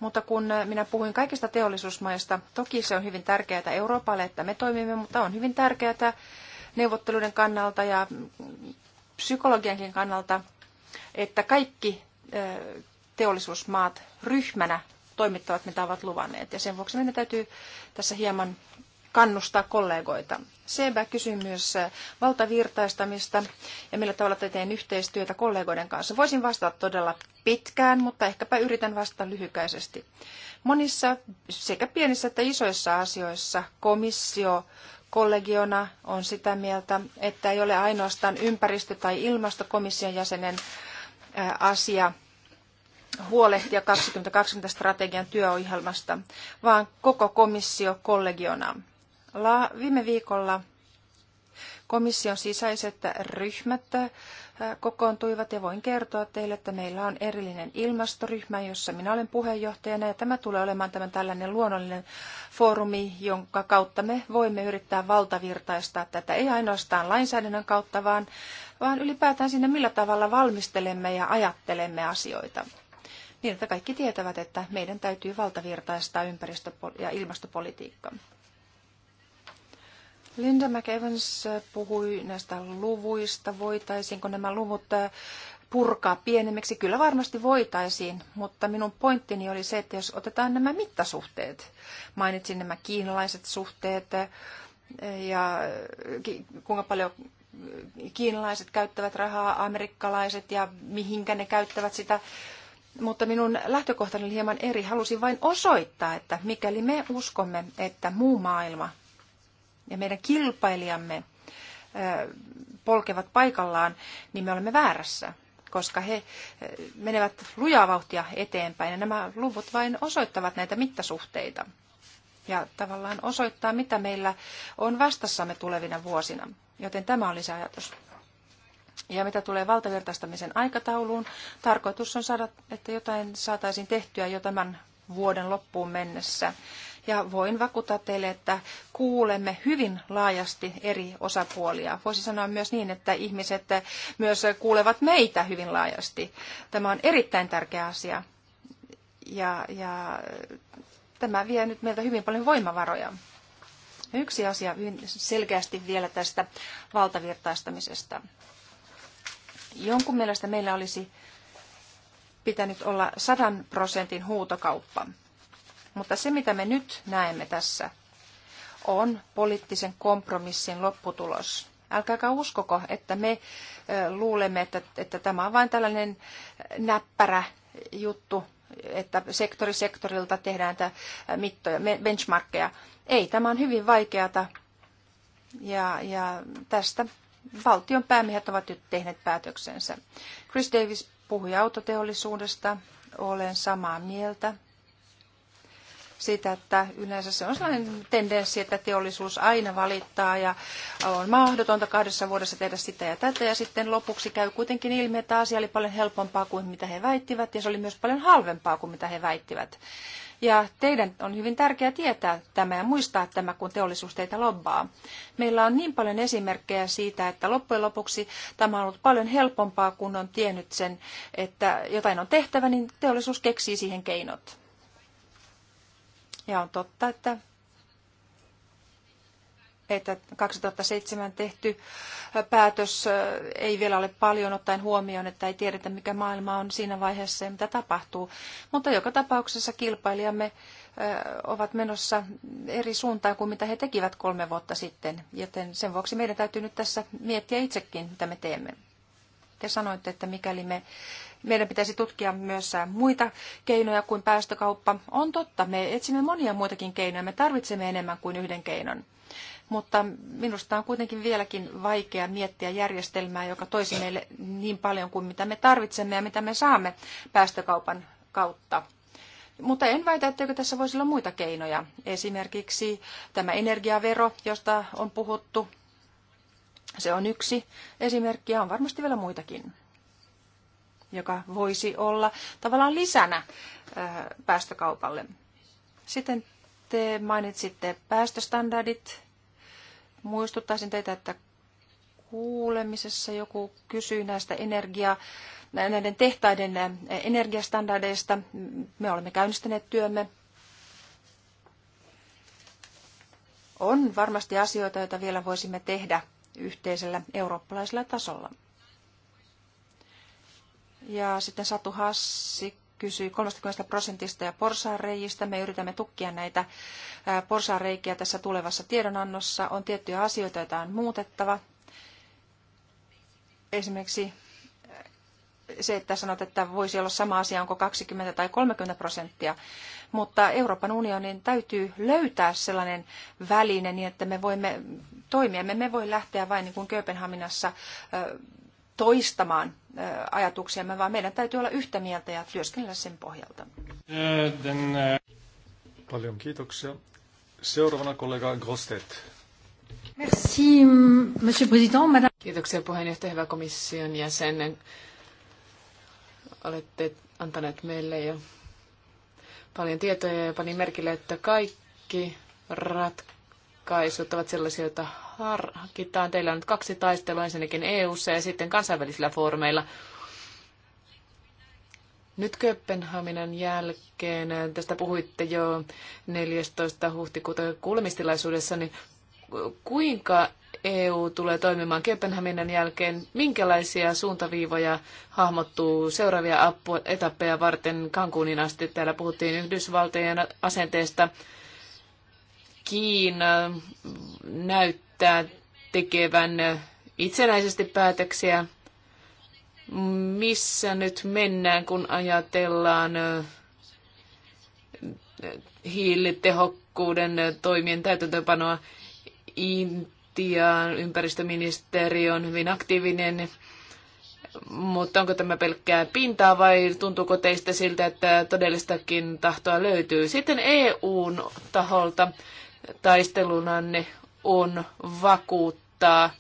Mutta kun minä puhuin kaikista teollisuusmaista, toki se on hyvin tärkeää Euroopalle, että me toimimme, mutta on hyvin tärkeää neuvotteluiden kannalta ja psykologiankin kannalta, että kaikki teollisuusmaat ryhmänä toimittavat, mitä ovat luvanneet. Ja sen vuoksi meidän täytyy tässä hieman kannustaa kollegoita. Seba kysyy myös valtavirtaistamista ja millä tavalla te teen yhteistyötä kollegoiden kanssa. Voisin vastata todella pitkään, mutta ehkäpä yritän vastata lyhykäisesti. Monissa sekä pienissä että isoissa asioissa komissio kollegiona on sitä mieltä, että ei ole ainoastaan ympäristö- tai ilmastokomission jäsenen asia huolehtia 2020 strategian työohjelmasta, vaan koko komissio kollegiona. La, viime viikolla komission sisäiset ryhmät äh, kokoontuivat ja voin kertoa teille, että meillä on erillinen ilmastoryhmä, jossa minä olen puheenjohtajana ja tämä tulee olemaan tämän tällainen luonnollinen foorumi, jonka kautta me voimme yrittää valtavirtaistaa tätä ei ainoastaan lainsäädännön kautta, vaan, vaan ylipäätään sinne millä tavalla valmistelemme ja ajattelemme asioita niin että kaikki tietävät, että meidän täytyy valtavirtaistaa ympäristö- ja ilmastopolitiikkaa. Linda McEvans puhui näistä luvuista. Voitaisiinko nämä luvut äh, purkaa pienemmiksi? Kyllä varmasti voitaisiin, mutta minun pointtini oli se, että jos otetaan nämä mittasuhteet, mainitsin nämä kiinalaiset suhteet äh, ja äh, kuinka paljon kiinalaiset käyttävät rahaa, amerikkalaiset ja mihinkä ne käyttävät sitä, mutta minun lähtökohtani oli hieman eri. Halusin vain osoittaa, että mikäli me uskomme, että muu maailma ja meidän kilpailijamme polkevat paikallaan, niin me olemme väärässä, koska he menevät lujaa vauhtia eteenpäin ja nämä luvut vain osoittavat näitä mittasuhteita ja tavallaan osoittaa, mitä meillä on vastassamme tulevina vuosina. Joten tämä oli se ajatus. Ja mitä tulee valtavirtaistamisen aikatauluun, tarkoitus on saada, että jotain saataisiin tehtyä jo tämän vuoden loppuun mennessä. Ja voin vakuuttaa teille, että kuulemme hyvin laajasti eri osapuolia. Voisi sanoa myös niin, että ihmiset myös kuulevat meitä hyvin laajasti. Tämä on erittäin tärkeä asia. Ja, ja tämä vie nyt meiltä hyvin paljon voimavaroja. Yksi asia hyvin selkeästi vielä tästä valtavirtaistamisesta. Jonkun mielestä meillä olisi pitänyt olla sadan prosentin huutokauppa. Mutta se, mitä me nyt näemme tässä, on poliittisen kompromissin lopputulos. Älkääkä uskoko, että me luulemme, että, että tämä on vain tällainen näppärä juttu, että sektori sektorilta tehdään tämä mittoja, benchmarkkeja. Ei, tämä on hyvin vaikeata ja, ja tästä valtion päämiehet ovat nyt tehneet päätöksensä. Chris Davis puhui autoteollisuudesta. Olen samaa mieltä sitä, että yleensä se on sellainen tendenssi, että teollisuus aina valittaa ja on mahdotonta kahdessa vuodessa tehdä sitä ja tätä. Ja sitten lopuksi käy kuitenkin ilmi, että asia oli paljon helpompaa kuin mitä he väittivät ja se oli myös paljon halvempaa kuin mitä he väittivät. Ja teidän on hyvin tärkeää tietää tämä ja muistaa tämä, kun teollisuus teitä lobbaa. Meillä on niin paljon esimerkkejä siitä, että loppujen lopuksi tämä on ollut paljon helpompaa, kun on tiennyt sen, että jotain on tehtävä, niin teollisuus keksii siihen keinot. Ja on totta, että että 2007 tehty päätös ei vielä ole paljon ottaen huomioon, että ei tiedetä mikä maailma on siinä vaiheessa ja mitä tapahtuu. Mutta joka tapauksessa kilpailijamme ovat menossa eri suuntaan kuin mitä he tekivät kolme vuotta sitten, joten sen vuoksi meidän täytyy nyt tässä miettiä itsekin, mitä me teemme. Te sanoitte, että mikäli me meidän pitäisi tutkia myös muita keinoja kuin päästökauppa. On totta, me etsimme monia muitakin keinoja, me tarvitsemme enemmän kuin yhden keinon. Mutta minusta on kuitenkin vieläkin vaikea miettiä järjestelmää, joka toisi meille niin paljon kuin mitä me tarvitsemme ja mitä me saamme päästökaupan kautta. Mutta en väitä, etteikö tässä voisi olla muita keinoja. Esimerkiksi tämä energiavero, josta on puhuttu, se on yksi esimerkki ja on varmasti vielä muitakin joka voisi olla tavallaan lisänä päästökaupalle. Sitten te mainitsitte päästöstandardit. Muistuttaisin teitä, että kuulemisessa joku kysyi näistä energia, näiden tehtaiden energiastandardeista. Me olemme käynnistäneet työmme. On varmasti asioita, joita vielä voisimme tehdä yhteisellä eurooppalaisella tasolla. Ja sitten Satu Hassi kysyi 30 prosentista ja porsaareijistä. Me yritämme tukkia näitä porsaanreikiä tässä tulevassa tiedonannossa. On tiettyjä asioita, joita on muutettava. Esimerkiksi se, että sanot, että voisi olla sama asia, onko 20 tai 30 prosenttia. Mutta Euroopan unionin täytyy löytää sellainen väline niin, että me voimme toimia. Me, me voi lähteä vain niin kuin Kööpenhaminassa toistamaan ajatuksiamme, vaan meidän täytyy olla yhtä mieltä ja työskennellä sen pohjalta. Paljon kiitoksia. Seuraavana kollega Grostet. Merci, monsieur président, madame. Kiitoksia puheenjohtaja, hyvä komission jäsen. Olette antaneet meille jo paljon tietoja ja panin merkille, että kaikki ratkaisut ratkaisut ovat sellaisia, joita harkitaan. Teillä on nyt kaksi taistelua ensinnäkin eu ja sitten kansainvälisillä foorumeilla. Nyt Kööpenhaminan jälkeen, tästä puhuitte jo 14. huhtikuuta kuulemistilaisuudessa, niin kuinka EU tulee toimimaan Kööpenhaminan jälkeen? Minkälaisia suuntaviivoja hahmottuu seuraavia apua, etappeja varten Cancunin asti? Täällä puhuttiin Yhdysvaltojen asenteesta. Kiina näyttää tekevän itsenäisesti päätöksiä. Missä nyt mennään, kun ajatellaan äh, hiilitehokkuuden toimien täytäntöönpanoa? Intian ympäristöministeri on hyvin aktiivinen, mutta onko tämä pelkkää pintaa vai tuntuuko teistä siltä, että todellistakin tahtoa löytyy? Sitten EUn taholta taistelunanne on vakuuttaa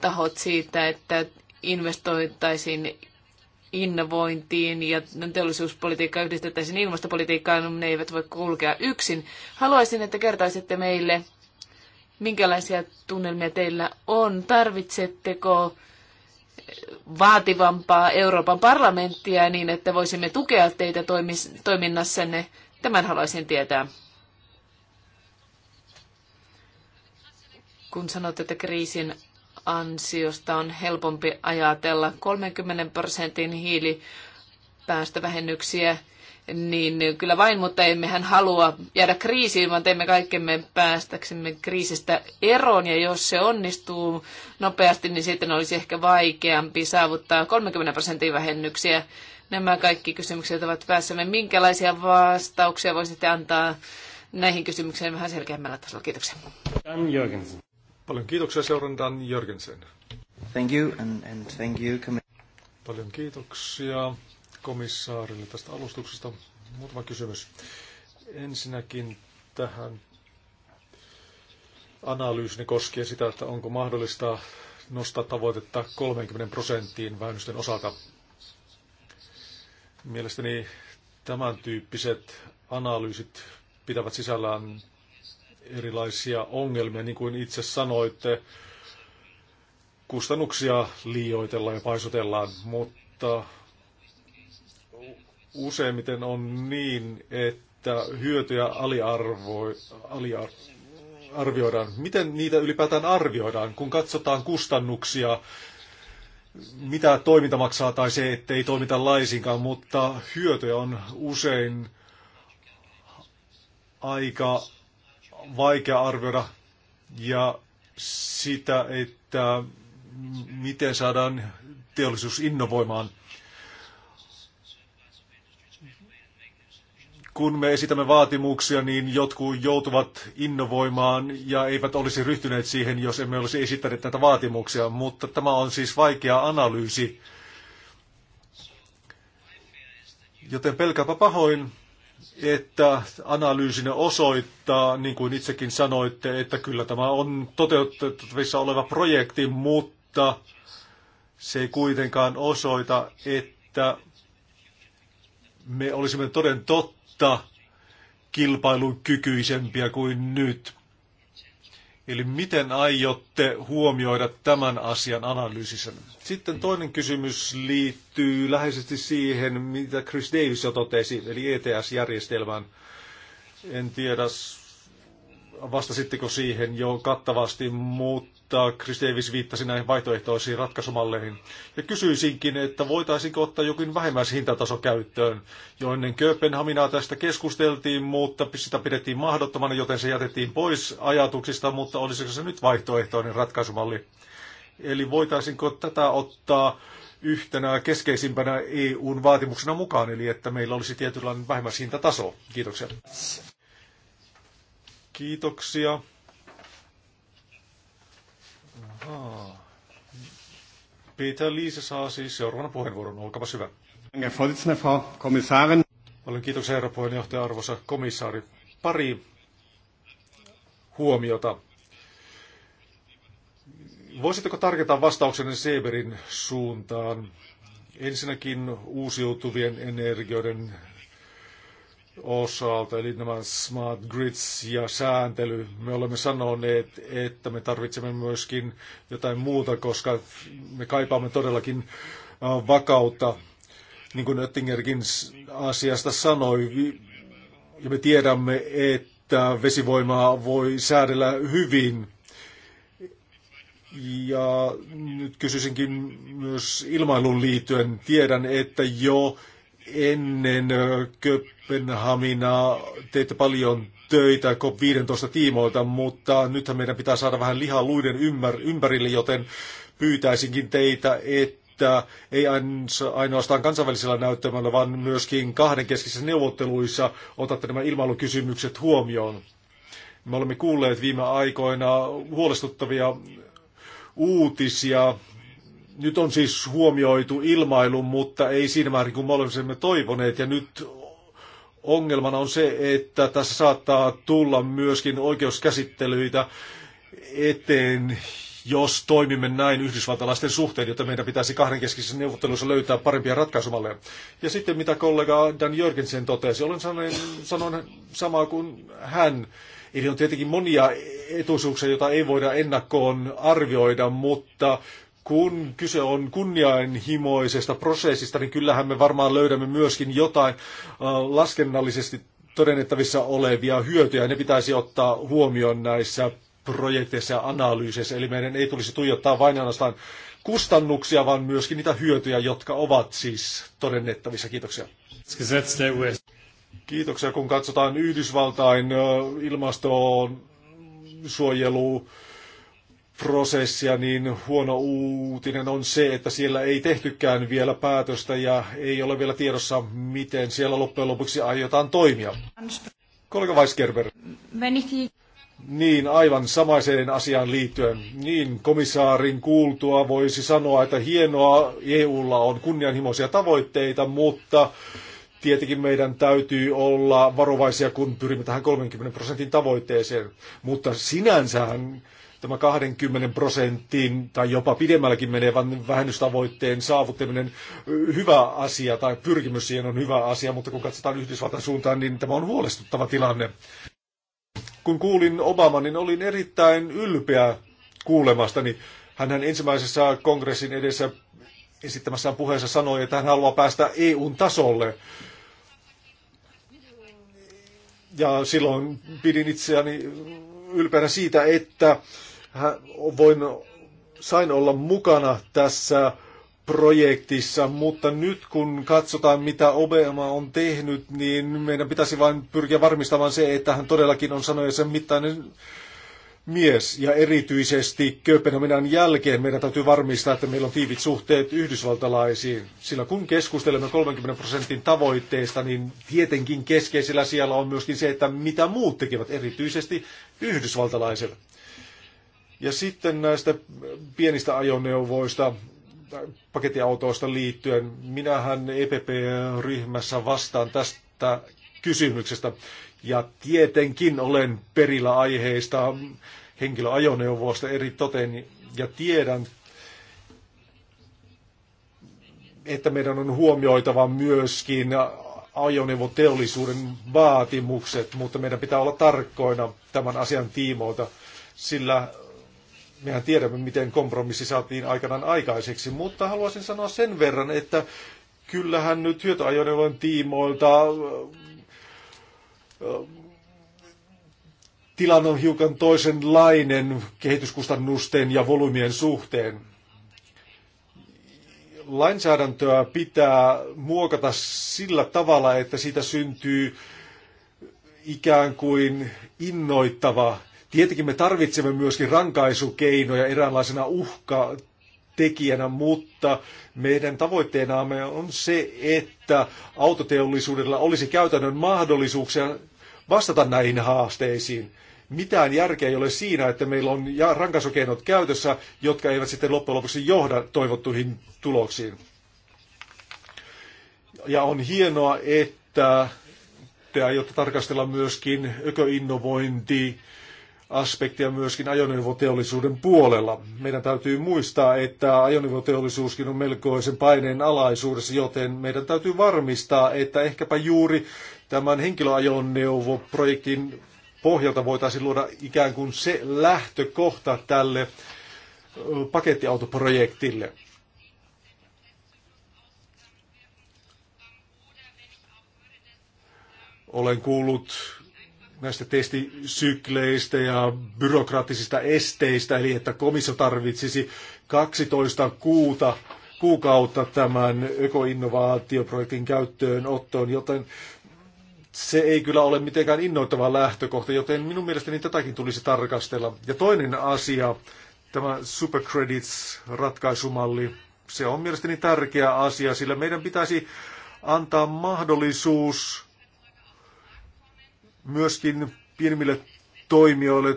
tahot siitä, että investoitaisiin innovointiin ja teollisuuspolitiikka yhdistettäisiin ilmastopolitiikkaan, ne eivät voi kulkea yksin. Haluaisin, että kertaisitte meille, minkälaisia tunnelmia teillä on. Tarvitsetteko vaativampaa Euroopan parlamenttia niin, että voisimme tukea teitä toiminnassanne Tämän haluaisin tietää. Kun sanot, että kriisin ansiosta on helpompi ajatella 30 prosentin hiilipäästövähennyksiä, niin kyllä vain, mutta emmehän halua jäädä kriisiin, vaan teemme kaikkemme päästäksemme kriisistä eroon, ja jos se onnistuu nopeasti, niin sitten olisi ehkä vaikeampi saavuttaa 30 prosentin vähennyksiä Nämä kaikki kysymykset ovat päässämme. Minkälaisia vastauksia voisitte antaa näihin kysymyksiin vähän selkeämmällä tasolla? Kiitoksia. Dan Jörgensen. Paljon kiitoksia seuran Dan Jörgensen. Thank you and, and thank you. Paljon kiitoksia komissaarille tästä alustuksesta. Muutama kysymys. Ensinnäkin tähän analyysini koskien sitä, että onko mahdollista nostaa tavoitetta 30 prosenttiin vähennysten osalta. Mielestäni tämän tyyppiset analyysit pitävät sisällään erilaisia ongelmia, niin kuin itse sanoitte, kustannuksia liioitellaan ja paisutellaan, mutta useimmiten on niin, että hyötyjä aliarvoi, aliarvioidaan. Miten niitä ylipäätään arvioidaan, kun katsotaan kustannuksia mitä toiminta maksaa tai se, ettei toimita laisinkaan, mutta hyötyjä on usein aika vaikea arvioida ja sitä, että miten saadaan teollisuus innovoimaan – kun me esitämme vaatimuksia, niin jotkut joutuvat innovoimaan ja eivät olisi ryhtyneet siihen, jos emme olisi esittäneet näitä vaatimuksia. Mutta tämä on siis vaikea analyysi. Joten pelkääpä pahoin, että analyysinne osoittaa, niin kuin itsekin sanoitte, että kyllä tämä on toteutettavissa oleva projekti, mutta se ei kuitenkaan osoita, että me olisimme toden totta entistä kilpailukykyisempiä kuin nyt. Eli miten aiotte huomioida tämän asian analyysissä? Sitten toinen kysymys liittyy läheisesti siihen, mitä Chris Davis jo totesi, eli ETS-järjestelmään. En tiedä, vastasitteko siihen jo kattavasti, mutta mutta Chris Davis viittasi näihin vaihtoehtoisiin ratkaisumalleihin. Ja kysyisinkin, että voitaisiinko ottaa jokin vähimmäishintataso käyttöön, jo ennen Kööpenhaminaa tästä keskusteltiin, mutta sitä pidettiin mahdottomana, joten se jätettiin pois ajatuksista, mutta olisiko se nyt vaihtoehtoinen ratkaisumalli? Eli voitaisinko tätä ottaa yhtenä keskeisimpänä EUn vaatimuksena mukaan, eli että meillä olisi tietynlainen vähimmäishintataso. Kiitoksia. Kiitoksia. Peter Liise saa siis seuraavan puheenvuoron. Olkaa hyvä. Olen kiitoksia herra puheenjohtaja, arvoisa komissaari. Pari huomiota. Voisitteko tarkentaa vastauksenne Seberin suuntaan? Ensinnäkin uusiutuvien energioiden osalta, eli nämä smart grids ja sääntely. Me olemme sanoneet, että me tarvitsemme myöskin jotain muuta, koska me kaipaamme todellakin vakautta. Niin kuin Oettingerkin asiasta sanoi, ja me tiedämme, että vesivoimaa voi säädellä hyvin. Ja nyt kysyisinkin myös ilmailuun liittyen. Tiedän, että jo ennen Kööpenhaminaa teitte paljon töitä COP15 tiimoilta, mutta nythän meidän pitää saada vähän lihaa luiden ympärille, joten pyytäisinkin teitä, että ei ainoastaan kansainvälisellä näyttämällä, vaan myöskin kahdenkeskisissä neuvotteluissa otatte nämä ilmailukysymykset huomioon. Me olemme kuulleet viime aikoina huolestuttavia uutisia nyt on siis huomioitu ilmailu, mutta ei siinä määrin kuin me olisimme toivoneet. Ja nyt ongelmana on se, että tässä saattaa tulla myöskin oikeuskäsittelyitä eteen, jos toimimme näin yhdysvaltalaisten suhteen, jotta meidän pitäisi kahdenkeskisessä neuvottelussa löytää parempia ratkaisumalleja. Ja sitten mitä kollega Dan Jörgensen totesi, olen sanonut sanon samaa kuin hän. Eli on tietenkin monia etuisuuksia, joita ei voida ennakkoon arvioida, mutta kun kyse on kunnianhimoisesta prosessista, niin kyllähän me varmaan löydämme myöskin jotain äh, laskennallisesti todennettavissa olevia hyötyjä. Ne pitäisi ottaa huomioon näissä projekteissa ja analyyseissa. Eli meidän ei tulisi tuijottaa vain ainoastaan kustannuksia, vaan myöskin niitä hyötyjä, jotka ovat siis todennettavissa. Kiitoksia. Kiitoksia, kun katsotaan Yhdysvaltain äh, ilmastoon suojelu prosessia, niin huono uutinen on se, että siellä ei tehtykään vielä päätöstä ja ei ole vielä tiedossa, miten siellä loppujen lopuksi aiotaan toimia. Kollega Weisgerber. Niin, aivan samaiseen asiaan liittyen. Niin, komissaarin kuultua voisi sanoa, että hienoa, EUlla on kunnianhimoisia tavoitteita, mutta tietenkin meidän täytyy olla varovaisia, kun pyrimme tähän 30 prosentin tavoitteeseen. Mutta sinänsähän tämä 20 prosenttiin tai jopa pidemmälläkin menevän vähennystavoitteen saavuttaminen hyvä asia tai pyrkimys siihen on hyvä asia, mutta kun katsotaan Yhdysvaltain suuntaan, niin tämä on huolestuttava tilanne. Kun kuulin Obaman, niin olin erittäin ylpeä kuulemastani. Hänhän ensimmäisessä kongressin edessä esittämässään puheessa sanoi, että hän haluaa päästä EUn tasolle. Ja silloin pidin itseäni ylpeänä siitä, että voin, sain olla mukana tässä projektissa, mutta nyt kun katsotaan, mitä Obama on tehnyt, niin meidän pitäisi vain pyrkiä varmistamaan se, että hän todellakin on sen mittainen mies. Ja erityisesti Kööpenhaminan jälkeen meidän täytyy varmistaa, että meillä on tiivit suhteet yhdysvaltalaisiin. Sillä kun keskustelemme 30 prosentin tavoitteista, niin tietenkin keskeisellä siellä on myöskin se, että mitä muut tekevät, erityisesti yhdysvaltalaiset. Ja sitten näistä pienistä ajoneuvoista, pakettiautoista liittyen, minähän EPP-ryhmässä vastaan tästä kysymyksestä. Ja tietenkin olen perillä aiheista henkilöajoneuvoista eri toteen ja tiedän, että meidän on huomioitava myöskin ajoneuvoteollisuuden vaatimukset, mutta meidän pitää olla tarkkoina tämän asian tiimoilta, sillä mehän tiedämme, miten kompromissi saatiin aikanaan aikaiseksi, mutta haluaisin sanoa sen verran, että kyllähän nyt hyötyajoneuvojen tiimoilta äh, tilanne on hiukan toisenlainen kehityskustannusten ja volyymien suhteen. Lainsäädäntöä pitää muokata sillä tavalla, että siitä syntyy ikään kuin innoittava Tietenkin me tarvitsemme myöskin rankaisukeinoja eräänlaisena uhka tekijänä, mutta meidän tavoitteenamme on se, että autoteollisuudella olisi käytännön mahdollisuuksia vastata näihin haasteisiin. Mitään järkeä ei ole siinä, että meillä on rankasokeinot käytössä, jotka eivät sitten loppujen lopuksi johda toivottuihin tuloksiin. Ja on hienoa, että te aiotte tarkastella myöskin ökoinnovointi aspektia myöskin ajoneuvoteollisuuden puolella. Meidän täytyy muistaa, että ajoneuvoteollisuuskin on melkoisen paineen alaisuudessa, joten meidän täytyy varmistaa, että ehkäpä juuri tämän henkilöajoneuvoprojektin pohjalta voitaisiin luoda ikään kuin se lähtökohta tälle pakettiautoprojektille. Olen kuullut näistä testisykleistä ja byrokraattisista esteistä, eli että komissio tarvitsisi 12 kuuta, kuukautta tämän ökoinnovaatioprojektin käyttöönottoon, joten se ei kyllä ole mitenkään innoittava lähtökohta, joten minun mielestäni tätäkin tulisi tarkastella. Ja toinen asia, tämä Supercredits-ratkaisumalli, se on mielestäni tärkeä asia, sillä meidän pitäisi antaa mahdollisuus myöskin pienemmille toimijoille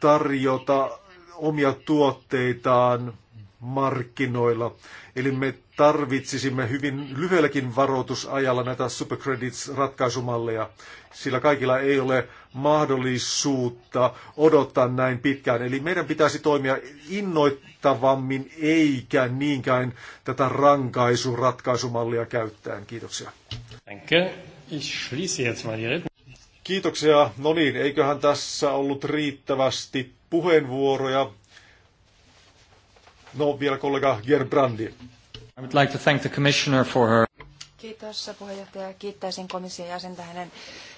tarjota omia tuotteitaan markkinoilla. Eli me tarvitsisimme hyvin lyhyelläkin varoitusajalla näitä supercredits-ratkaisumalleja, sillä kaikilla ei ole mahdollisuutta odottaa näin pitkään. Eli meidän pitäisi toimia innoittavammin eikä niinkään tätä rankaisuratkaisumallia käyttäen. Kiitoksia. Danke. Ich Kiitoksia. No niin, eiköhän tässä ollut riittävästi puheenvuoroja. No vielä kollega Gerbrandi. I would like to thank the commissioner for her. Kiitos puheenjohtaja. Kiittäisin komission jäsentä hänen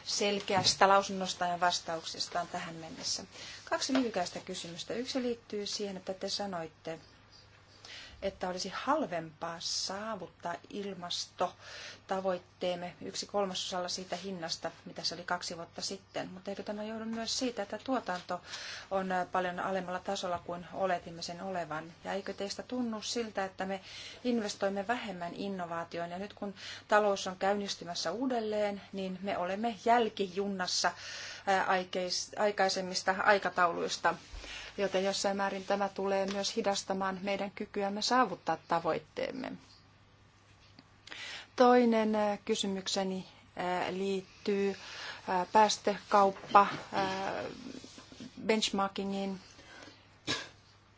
selkeästä lausunnostaan ja vastauksistaan tähän mennessä. Kaksi lyhykäistä kysymystä. Yksi liittyy siihen, että te sanoitte, että olisi halvempaa saavuttaa ilmastotavoitteemme yksi kolmasosalla siitä hinnasta, mitä se oli kaksi vuotta sitten. Mutta eikö tämä joudu myös siitä, että tuotanto on paljon alemmalla tasolla kuin oletimme sen olevan? Ja eikö teistä tunnu siltä, että me investoimme vähemmän innovaatioon? Ja nyt kun talous on käynnistymässä uudelleen, niin me olemme jälkijunnassa aikeis, aikaisemmista aikatauluista joten jossain määrin tämä tulee myös hidastamaan meidän kykyämme saavuttaa tavoitteemme. Toinen äh, kysymykseni äh, liittyy äh, päästökauppa benchmarkingiin.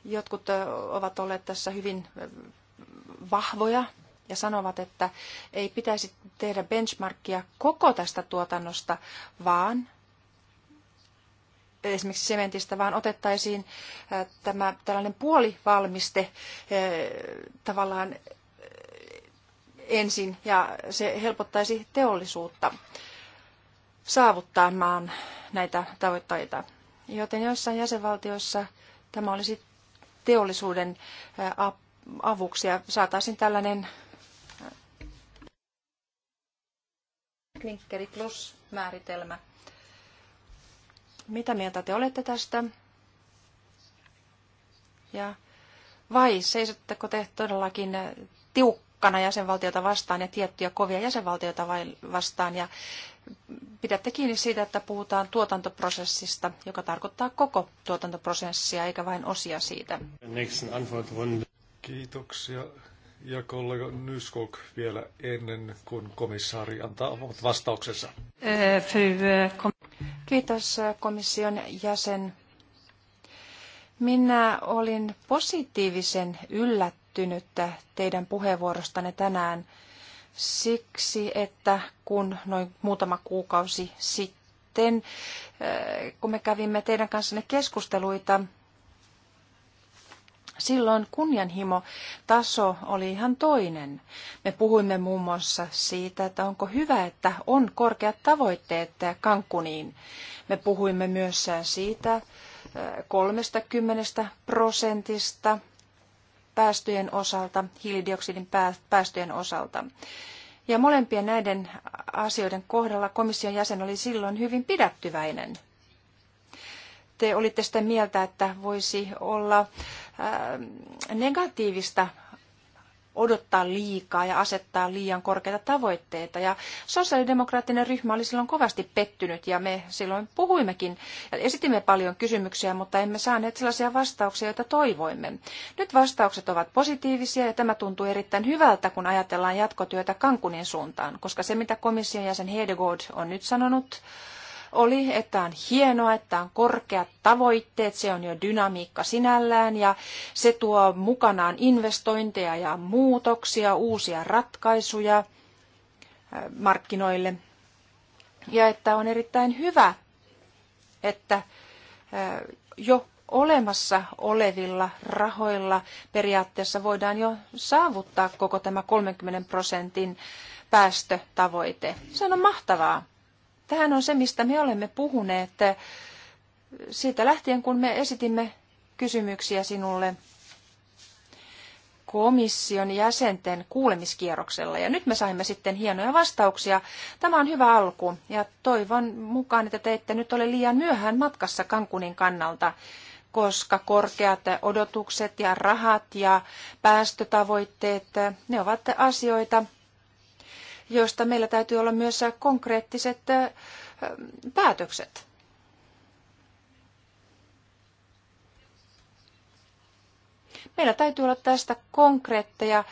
Jotkut ovat olleet tässä hyvin vahvoja ja sanovat, että ei pitäisi tehdä benchmarkia koko tästä tuotannosta, vaan esimerkiksi sementistä, vaan otettaisiin tämä tällainen puolivalmiste tavallaan ensin ja se helpottaisi teollisuutta saavuttamaan näitä tavoitteita. Joten joissain jäsenvaltioissa tämä olisi teollisuuden avuksi ja saataisiin tällainen klinkkeri Plus määritelmä mitä mieltä te olette tästä? Ja vai seisotteko te todellakin tiukkana jäsenvaltiota vastaan ja tiettyjä kovia jäsenvaltioita vastaan ja pidätte kiinni siitä, että puhutaan tuotantoprosessista, joka tarkoittaa koko tuotantoprosessia eikä vain osia siitä? Kiitoksia. Ja kollega Nyskog vielä ennen kuin komissaari antaa vastauksensa. Eh, eh, Kiitos komission jäsen. Minä olin positiivisen yllättynyt teidän puheenvuorostanne tänään siksi, että kun noin muutama kuukausi sitten, kun me kävimme teidän kanssanne keskusteluita Silloin kunnianhimotaso oli ihan toinen. Me puhuimme muun muassa siitä, että onko hyvä, että on korkeat tavoitteet kankkuniin. Me puhuimme myös siitä 30 äh, prosentista päästöjen osalta, hiilidioksidin päästöjen osalta. Ja molempien näiden asioiden kohdalla komission jäsen oli silloin hyvin pidättyväinen te olitte sitä mieltä, että voisi olla negatiivista odottaa liikaa ja asettaa liian korkeita tavoitteita. Ja sosiaalidemokraattinen ryhmä oli silloin kovasti pettynyt ja me silloin puhuimmekin ja esitimme paljon kysymyksiä, mutta emme saaneet sellaisia vastauksia, joita toivoimme. Nyt vastaukset ovat positiivisia ja tämä tuntuu erittäin hyvältä, kun ajatellaan jatkotyötä Kankunin suuntaan, koska se mitä komission jäsen Hedegaard on nyt sanonut, oli, että on hienoa, että on korkeat tavoitteet, se on jo dynamiikka sinällään ja se tuo mukanaan investointeja ja muutoksia, uusia ratkaisuja äh, markkinoille. Ja että on erittäin hyvä, että äh, jo olemassa olevilla rahoilla periaatteessa voidaan jo saavuttaa koko tämä 30 prosentin päästötavoite. Se on mahtavaa. Tähän on se, mistä me olemme puhuneet eh, siitä lähtien, kun me esitimme kysymyksiä sinulle komission jäsenten kuulemiskierroksella. Ja nyt me saimme sitten hienoja vastauksia. Tämä on hyvä alku ja toivon mukaan, että te ette nyt ole liian myöhään matkassa Kankunin kannalta, koska korkeat odotukset ja rahat ja päästötavoitteet, eh, ne ovat asioita, joista meillä täytyy olla myös konkreettiset päätökset. Meillä täytyy olla tästä konkreetteja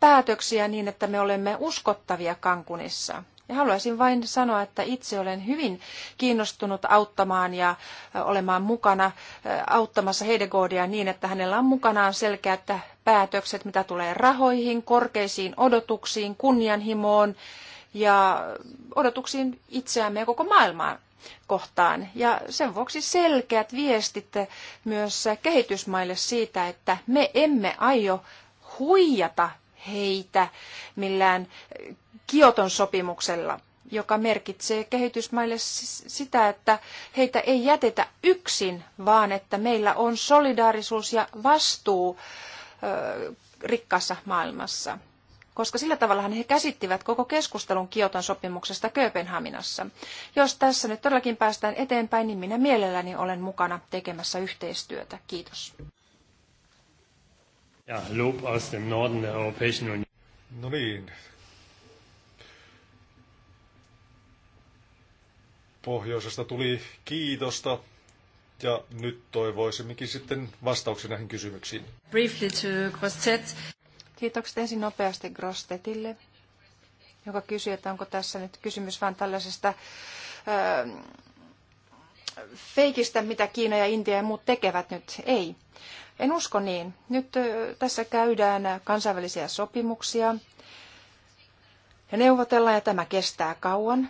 päätöksiä niin, että me olemme uskottavia Kankunissa. Ja haluaisin vain sanoa, että itse olen hyvin kiinnostunut auttamaan ja olemaan mukana auttamassa Heidegoodia niin, että hänellä on mukanaan selkeät päätökset, mitä tulee rahoihin, korkeisiin odotuksiin, kunnianhimoon ja odotuksiin itseämme ja koko maailmaa kohtaan. Ja sen vuoksi selkeät viestit myös kehitysmaille siitä, että me emme aio huijata heitä millään Kioton sopimuksella, joka merkitsee kehitysmaille sitä, että heitä ei jätetä yksin, vaan että meillä on solidaarisuus ja vastuu rikkaassa maailmassa. Koska sillä tavallahan he käsittivät koko keskustelun Kioton sopimuksesta Kööpenhaminassa. Jos tässä nyt todellakin päästään eteenpäin, niin minä mielelläni olen mukana tekemässä yhteistyötä. Kiitos. Ja, Lob aus dem Norden der Europäischen Union. No niin, pohjoisesta tuli kiitosta ja nyt toivoisimmekin sitten vastauksia näihin kysymyksiin. Briefly to Grosset, Kiitokset ensin nopeasti Grostetille, joka kysyi, että onko tässä nyt kysymys vain tällaisesta ö, ähm, feikistä, mitä Kiina ja Intia ja muut tekevät nyt. Ei. En usko niin. Nyt äh, tässä käydään kansainvälisiä sopimuksia ja neuvotellaan ja tämä kestää kauan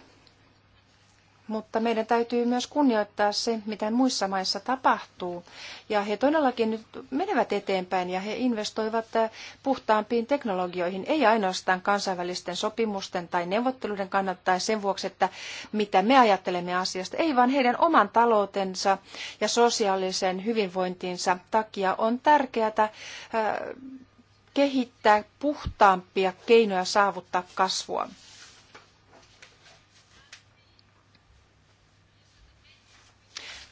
mutta meidän täytyy myös kunnioittaa se, mitä muissa maissa tapahtuu. Ja he todellakin nyt menevät eteenpäin ja he investoivat äh, puhtaampiin teknologioihin, ei ainoastaan kansainvälisten sopimusten tai neuvotteluiden kannalta tai sen vuoksi, että mitä me ajattelemme asiasta, ei vaan heidän oman taloutensa ja sosiaalisen hyvinvointinsa takia on tärkeää äh, kehittää puhtaampia keinoja saavuttaa kasvua.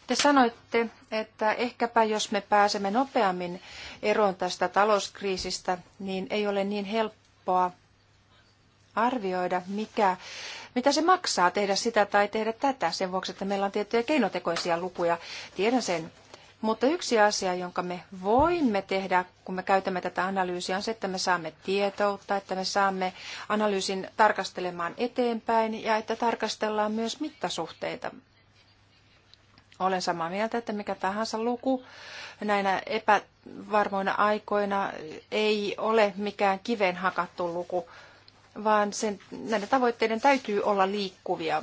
Te sanoitte, että ehkäpä jos me pääsemme nopeammin eroon tästä talouskriisistä, niin ei ole niin helppoa arvioida, mikä, mitä se maksaa tehdä sitä tai tehdä tätä sen vuoksi, että meillä on tiettyjä keinotekoisia lukuja. Tiedän sen. Mutta yksi asia, jonka me voimme tehdä, kun me käytämme tätä analyysiä, on se, että me saamme tietoutta, että me saamme analyysin tarkastelemaan eteenpäin ja että tarkastellaan myös mittasuhteita. Olen samaa mieltä, että mikä tahansa luku näinä epävarmoina aikoina ei ole mikään kiven hakattu luku, vaan sen, näiden tavoitteiden täytyy olla liikkuvia.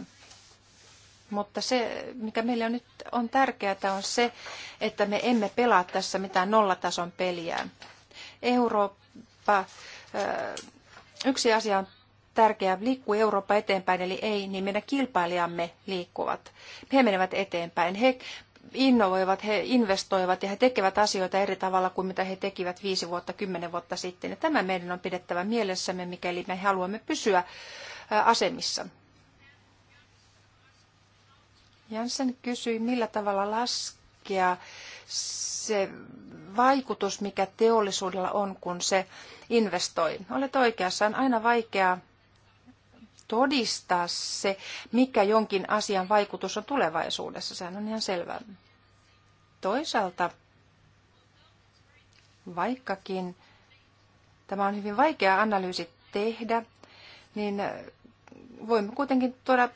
Mutta se, mikä meillä on nyt on tärkeää, on se, että me emme pelaa tässä mitään nollatason peliä. Eurooppa, yksi asia on tärkeää, liikkuu Eurooppa eteenpäin, eli ei, niin meidän kilpailijamme liikkuvat. He menevät eteenpäin. He innovoivat, he investoivat ja he tekevät asioita eri tavalla kuin mitä he tekivät viisi vuotta, kymmenen vuotta sitten. Ja tämä meidän on pidettävä mielessämme, mikäli me haluamme pysyä asemissa. Jansen kysyi, millä tavalla laskea se vaikutus, mikä teollisuudella on, kun se investoi. Olet oikeassa, on aina vaikeaa todistaa se, mikä jonkin asian vaikutus on tulevaisuudessa. Sehän on ihan selvää. Toisaalta, vaikkakin tämä on hyvin vaikea analyysi tehdä, niin voimme kuitenkin tuoda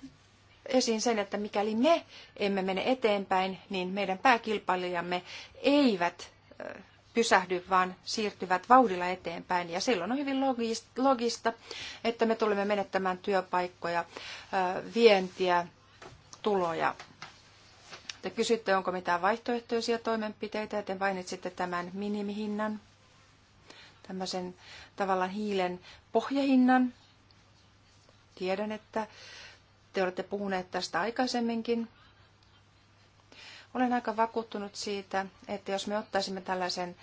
esiin sen, että mikäli me emme mene eteenpäin, niin meidän pääkilpailijamme eivät pysähdy, vaan siirtyvät vauhdilla eteenpäin. Ja silloin on hyvin logista, että me tulemme menettämään työpaikkoja, vientiä, tuloja. Te kysytte, onko mitään vaihtoehtoisia toimenpiteitä, ja te mainitsitte tämän minimihinnan, tämmöisen tavallaan hiilen pohjahinnan. Tiedän, että te olette puhuneet tästä aikaisemminkin. Olen aika vakuuttunut siitä, että jos me ottaisimme tällaisen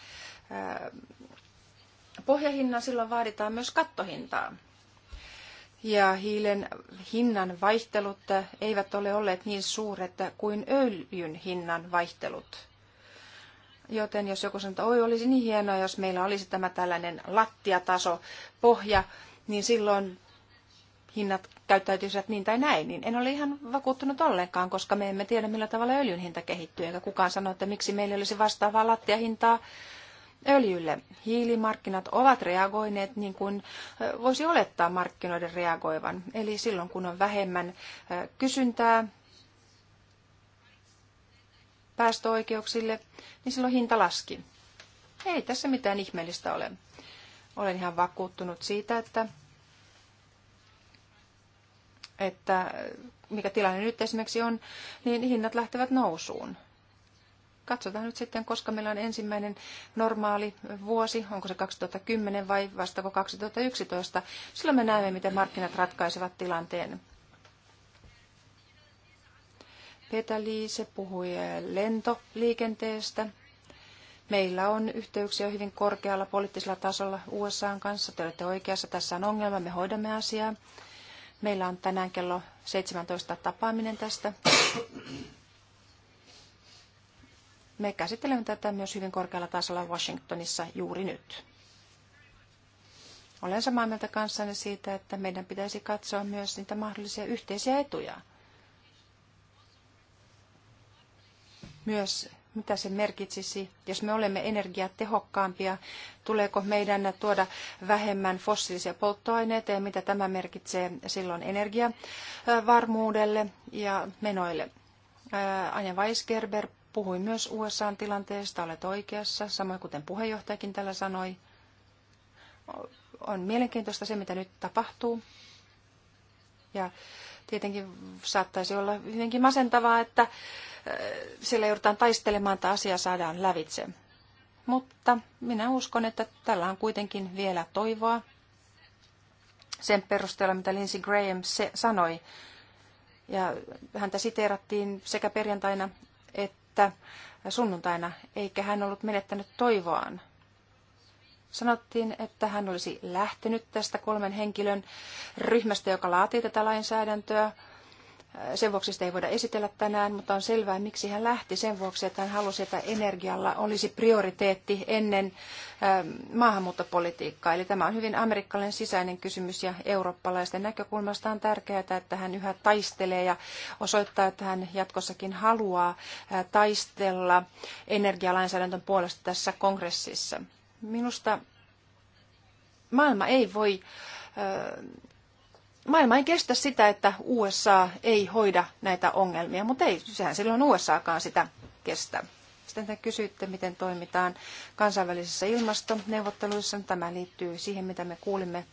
pohjahinnan, silloin vaaditaan myös kattohintaa. Ja hiilen hinnan vaihtelut eivät ole olleet niin suuret kuin öljyn hinnan vaihtelut. Joten jos joku sanoo, että oi olisi niin hienoa, jos meillä olisi tämä tällainen lattiataso, pohja, niin silloin hinnat käyttäytyisivät niin tai näin, niin en ole ihan vakuuttunut ollenkaan, koska me emme tiedä, millä tavalla öljyn hinta kehittyy, eikä kukaan sano, että miksi meillä olisi vastaavaa lattiahintaa öljylle. Hiilimarkkinat ovat reagoineet niin kuin voisi olettaa markkinoiden reagoivan. Eli silloin, kun on vähemmän kysyntää päästöoikeuksille, niin silloin hinta laski. Ei tässä mitään ihmeellistä ole. Olen ihan vakuuttunut siitä, että että mikä tilanne nyt esimerkiksi on, niin hinnat lähtevät nousuun. Katsotaan nyt sitten, koska meillä on ensimmäinen normaali vuosi, onko se 2010 vai vastako 2011. Silloin me näemme, miten markkinat ratkaisevat tilanteen. Petä Liise puhui lentoliikenteestä. Meillä on yhteyksiä hyvin korkealla poliittisella tasolla USA kanssa. Te olette oikeassa, tässä on ongelma, me hoidamme asiaa. Meillä on tänään kello 17 tapaaminen tästä. Me käsittelemme tätä myös hyvin korkealla tasolla Washingtonissa juuri nyt. Olen samaa mieltä kanssani siitä, että meidän pitäisi katsoa myös niitä mahdollisia yhteisiä etuja. Myös mitä se merkitsisi, jos me olemme energiatehokkaampia, tuleeko meidän tuoda vähemmän fossiilisia polttoaineita ja mitä tämä merkitsee silloin energiavarmuudelle ja menoille. Äh, Anja Weisgerber puhui myös USAn tilanteesta, olet oikeassa, samoin kuten puheenjohtajakin tällä sanoi. On mielenkiintoista se, mitä nyt tapahtuu. Ja Tietenkin saattaisi olla hyvinkin masentavaa, että äh, siellä joudutaan taistelemaan, että asia saadaan lävitse. Mutta minä uskon, että tällä on kuitenkin vielä toivoa. Sen perusteella, mitä Lindsey Graham se sanoi, ja häntä siteerattiin sekä perjantaina että sunnuntaina, eikä hän ollut menettänyt toivoaan sanottiin, että hän olisi lähtenyt tästä kolmen henkilön ryhmästä, joka laatii tätä lainsäädäntöä. Sen vuoksi sitä ei voida esitellä tänään, mutta on selvää, miksi hän lähti sen vuoksi, että hän halusi, että energialla olisi prioriteetti ennen ähm, maahanmuuttopolitiikkaa. Eli tämä on hyvin amerikkalainen sisäinen kysymys ja eurooppalaisten näkökulmasta on tärkeää, että hän yhä taistelee ja osoittaa, että hän jatkossakin haluaa äh, taistella energialainsäädäntön puolesta tässä kongressissa. Minusta maailma ei voi, maailma ei kestä sitä, että USA ei hoida näitä ongelmia, mutta ei, sehän silloin USAkaan sitä kestä. Sitten te kysyitte, miten toimitaan kansainvälisissä ilmastoneuvotteluissa. Tämä liittyy siihen, mitä me kuulimme,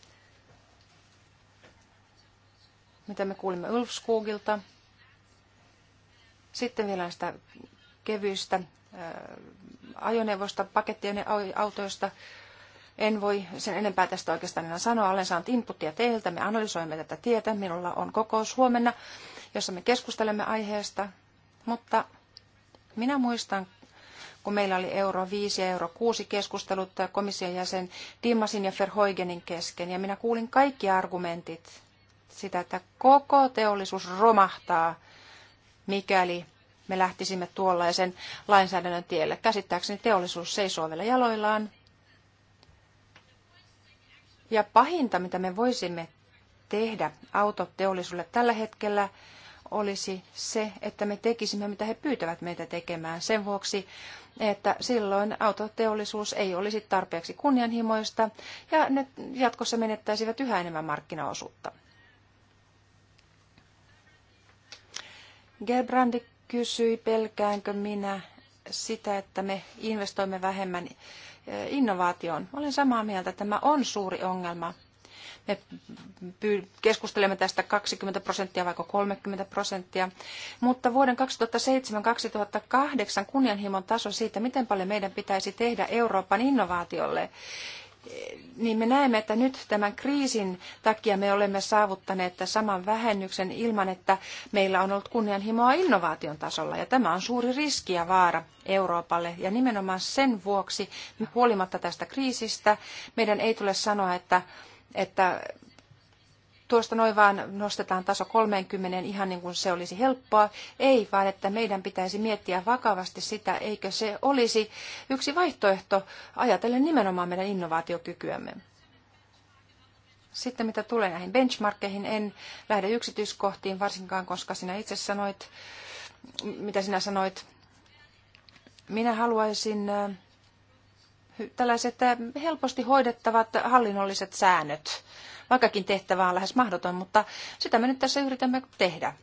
mitä me kuulimme Skogilta. Sitten vielä sitä kevyistä ajoneuvosta, pakettien autoista. En voi sen enempää tästä oikeastaan enää sanoa. Olen saanut inputtia teiltä, me analysoimme tätä tietä. Minulla on kokous huomenna, jossa me keskustelemme aiheesta. Mutta minä muistan, kun meillä oli euro 5 ja euro 6 keskustelut komission jäsen Dimasin ja Verhoigenin kesken. Ja minä kuulin kaikki argumentit sitä, että koko teollisuus romahtaa, mikäli me lähtisimme tuollaisen lainsäädännön tielle. Käsittääkseni teollisuus seisoo vielä jaloillaan. Ja pahinta, mitä me voisimme tehdä autoteollisuudelle tällä hetkellä, olisi se, että me tekisimme, mitä he pyytävät meitä tekemään sen vuoksi, että silloin autoteollisuus ei olisi tarpeeksi kunnianhimoista ja ne jatkossa menettäisivät yhä enemmän markkinaosuutta. Gerbrandi kysyi, pelkäänkö minä sitä, että me investoimme vähemmän eh, innovaatioon. Olen samaa mieltä, tämä on suuri ongelma. Me keskustelemme tästä 20 prosenttia vaikka 30 prosenttia, mutta vuoden 2007-2008 kunnianhimon taso siitä, miten paljon meidän pitäisi tehdä Euroopan innovaatiolle, niin me näemme, että nyt tämän kriisin takia me olemme saavuttaneet tämän saman vähennyksen ilman, että meillä on ollut kunnianhimoa innovaation tasolla. Ja tämä on suuri riski ja vaara Euroopalle. Ja nimenomaan sen vuoksi, huolimatta tästä kriisistä, meidän ei tule sanoa, että, että tuosta noin vaan nostetaan taso 30 ihan niin kuin se olisi helppoa. Ei, vaan että meidän pitäisi miettiä vakavasti sitä, eikö se olisi yksi vaihtoehto ajatellen nimenomaan meidän innovaatiokykyämme. Sitten mitä tulee näihin benchmarkkeihin, en lähde yksityiskohtiin varsinkaan, koska sinä itse sanoit, mitä sinä sanoit. Minä haluaisin äh, tällaiset äh, helposti hoidettavat hallinnolliset säännöt vaikkakin tehtävä on lähes mahdoton, mutta sitä me nyt tässä yritämme tehdä.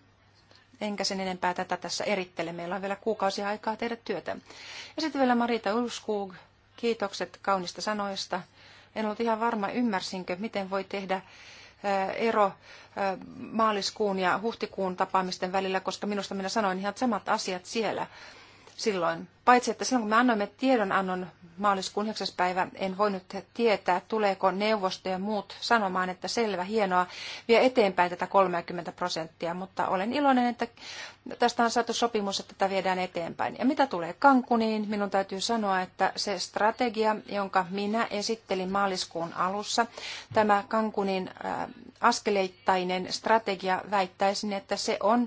Enkä sen enempää tätä tässä erittele. Meillä on vielä kuukausia aikaa tehdä työtä. Ja sitten vielä Marita Ulskug. Kiitokset kaunista sanoista. En ollut ihan varma, ymmärsinkö, miten voi tehdä eh, ero eh, maaliskuun ja huhtikuun tapaamisten välillä, koska minusta minä sanoin ihan samat asiat siellä silloin. Paitsi, että silloin kun me annoimme tiedonannon maaliskuun 9. päivä, en voinut tietää, tuleeko neuvosto ja muut sanomaan, että selvä, hienoa, vie eteenpäin tätä 30 prosenttia, mutta olen iloinen, että tästä on saatu sopimus, että tätä viedään eteenpäin. Ja mitä tulee Kankuniin, minun täytyy sanoa, että se strategia, jonka minä esittelin maaliskuun alussa, tämä Kankunin äh, askeleittainen strategia, väittäisin, että se on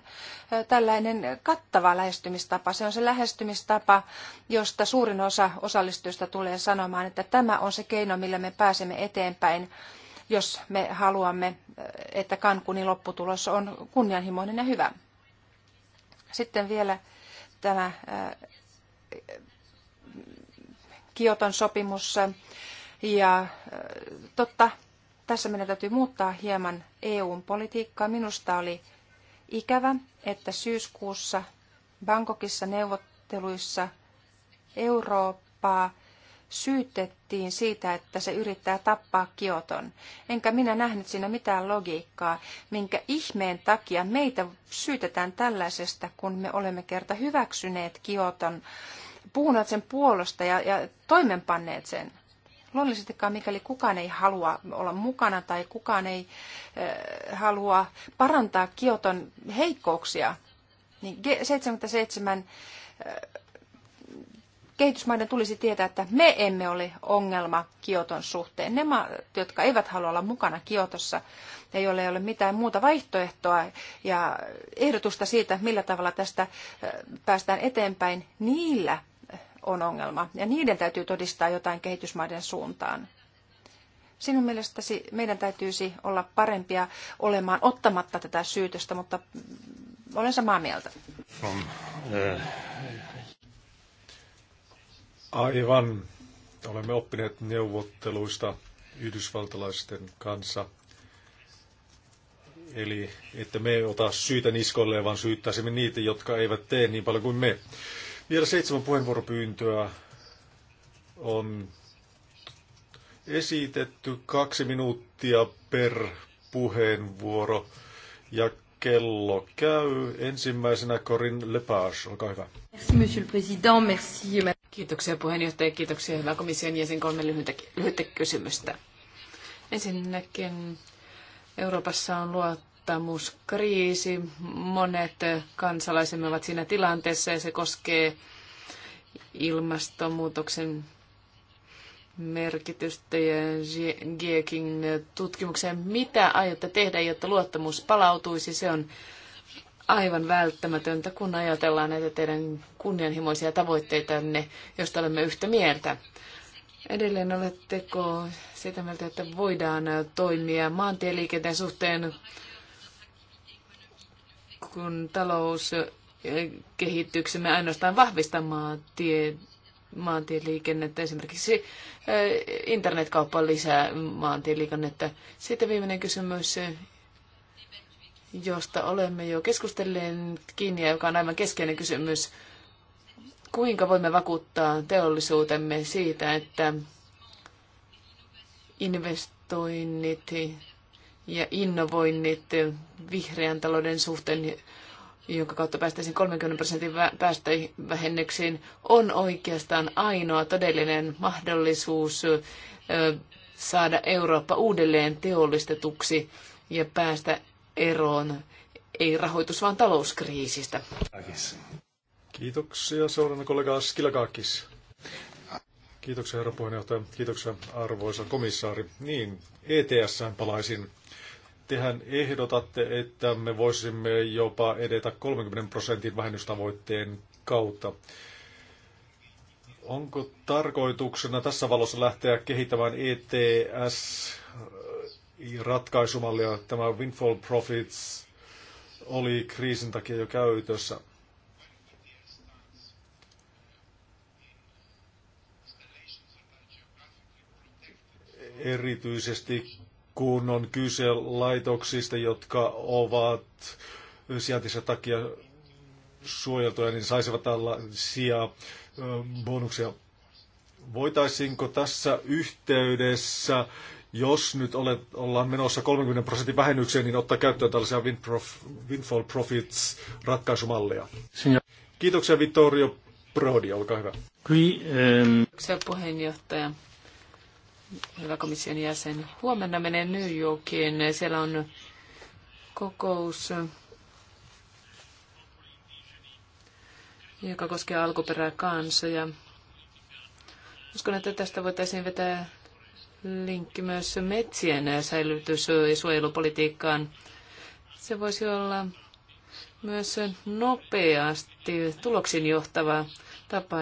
äh, tällainen kattava lähestymistapa. Se on se lähestymistapa lähestymistapa, josta suurin osa osallistujista tulee sanomaan, että tämä on se keino, millä me pääsemme eteenpäin, jos me haluamme, että kankunin lopputulos on kunnianhimoinen ja hyvä. Sitten vielä tämä äh, Kioton sopimus. Ja äh, totta, tässä meidän täytyy muuttaa hieman EUn politiikkaa. Minusta oli ikävä, että syyskuussa Bangkokissa neuvot, neuvotteluissa Eurooppaa syytettiin siitä, että se yrittää tappaa Kioton. Enkä minä nähnyt siinä mitään logiikkaa, minkä ihmeen takia meitä syytetään tällaisesta, kun me olemme kerta hyväksyneet Kioton, puhuneet sen puolosta ja, ja toimenpanneet sen. Luonnollisestikaan, mikäli kukaan ei halua olla mukana tai kukaan ei äh, halua parantaa Kioton heikkouksia, niin 77 kehitysmaiden tulisi tietää, että me emme ole ongelma Kioton suhteen. Ne maat, jotka eivät halua olla mukana Kiotossa ja joilla ei ole mitään muuta vaihtoehtoa ja ehdotusta siitä, millä tavalla tästä päästään eteenpäin, niillä on ongelma. Ja niiden täytyy todistaa jotain kehitysmaiden suuntaan. Sinun mielestäsi meidän täytyisi olla parempia olemaan ottamatta tätä syytöstä, mutta olen samaa mieltä. Eh, Aivan. Olemme oppineet neuvotteluista yhdysvaltalaisten kanssa. Eli että me ei ota syytä niskolle, vaan syyttäisimme niitä, jotka eivät tee niin paljon kuin me. Vielä seitsemän puheenvuoropyyntöä on esitetty kaksi minuuttia per puheenvuoro ja kello käy. Ensimmäisenä Corin Lepage, olkaa hyvä. Merci, monsieur le président. Merci. Kiitoksia puheenjohtaja, kiitoksia hyvä komission jäsen. Kolme lyhyttä, lyhyttä kysymystä. Ensinnäkin Euroopassa on luottamuskriisi. Monet kansalaisemme ovat siinä tilanteessa ja se koskee ilmastonmuutoksen merkitystä ja Giekin tutkimukseen. Mitä aiotte tehdä, jotta luottamus palautuisi? Se on aivan välttämätöntä, kun ajatellaan näitä teidän kunnianhimoisia tavoitteitanne, joista olemme yhtä mieltä. Edelleen oletteko sitä mieltä, että voidaan toimia maantieliikenteen suhteen, kun talous ainoastaan vahvistamaan tietoa? maantieliikennettä. Esimerkiksi eh, internetkauppa lisää maantieliikennettä. Sitten viimeinen kysymys, eh, josta olemme jo keskustelleetkin ja joka on aivan keskeinen kysymys. Kuinka voimme vakuuttaa teollisuutemme siitä, että investoinnit ja innovoinnit vihreän talouden suhteen jonka kautta päästäisiin 30 prosentin päästövähennyksiin, on oikeastaan ainoa todellinen mahdollisuus saada Eurooppa uudelleen teollistetuksi ja päästä eroon ei rahoitus, vaan talouskriisistä. Kiitoksia seuraavana kollega Skilakakis. Kiitoksia herra puheenjohtaja, kiitoksia arvoisa komissaari. Niin, ETS palaisin tehän ehdotatte, että me voisimme jopa edetä 30 prosentin vähennystavoitteen kautta. Onko tarkoituksena tässä valossa lähteä kehittämään ETS-ratkaisumallia? Tämä Windfall Profits oli kriisin takia jo käytössä. Erityisesti kun on kyse laitoksista, jotka ovat sijaintinsa takia suojeltuja, niin saisivat tällaisia bonuksia. Voitaisinko tässä yhteydessä, jos nyt olet, ollaan menossa 30 prosentin vähennykseen, niin ottaa käyttöön tällaisia windfall profits ratkaisumalleja? Kiitoksia Vittorio Prodi, olkaa hyvä. Ehm, Kiitoksia puheenjohtaja hyvä komission jäsen. Huomenna menen New Yorkiin. Siellä on kokous, joka koskee alkuperää kansoja. Uskon, että tästä voitaisiin vetää linkki myös metsien säilytys- ja suojelupolitiikkaan. Se voisi olla myös nopeasti tuloksiin johtava tapa,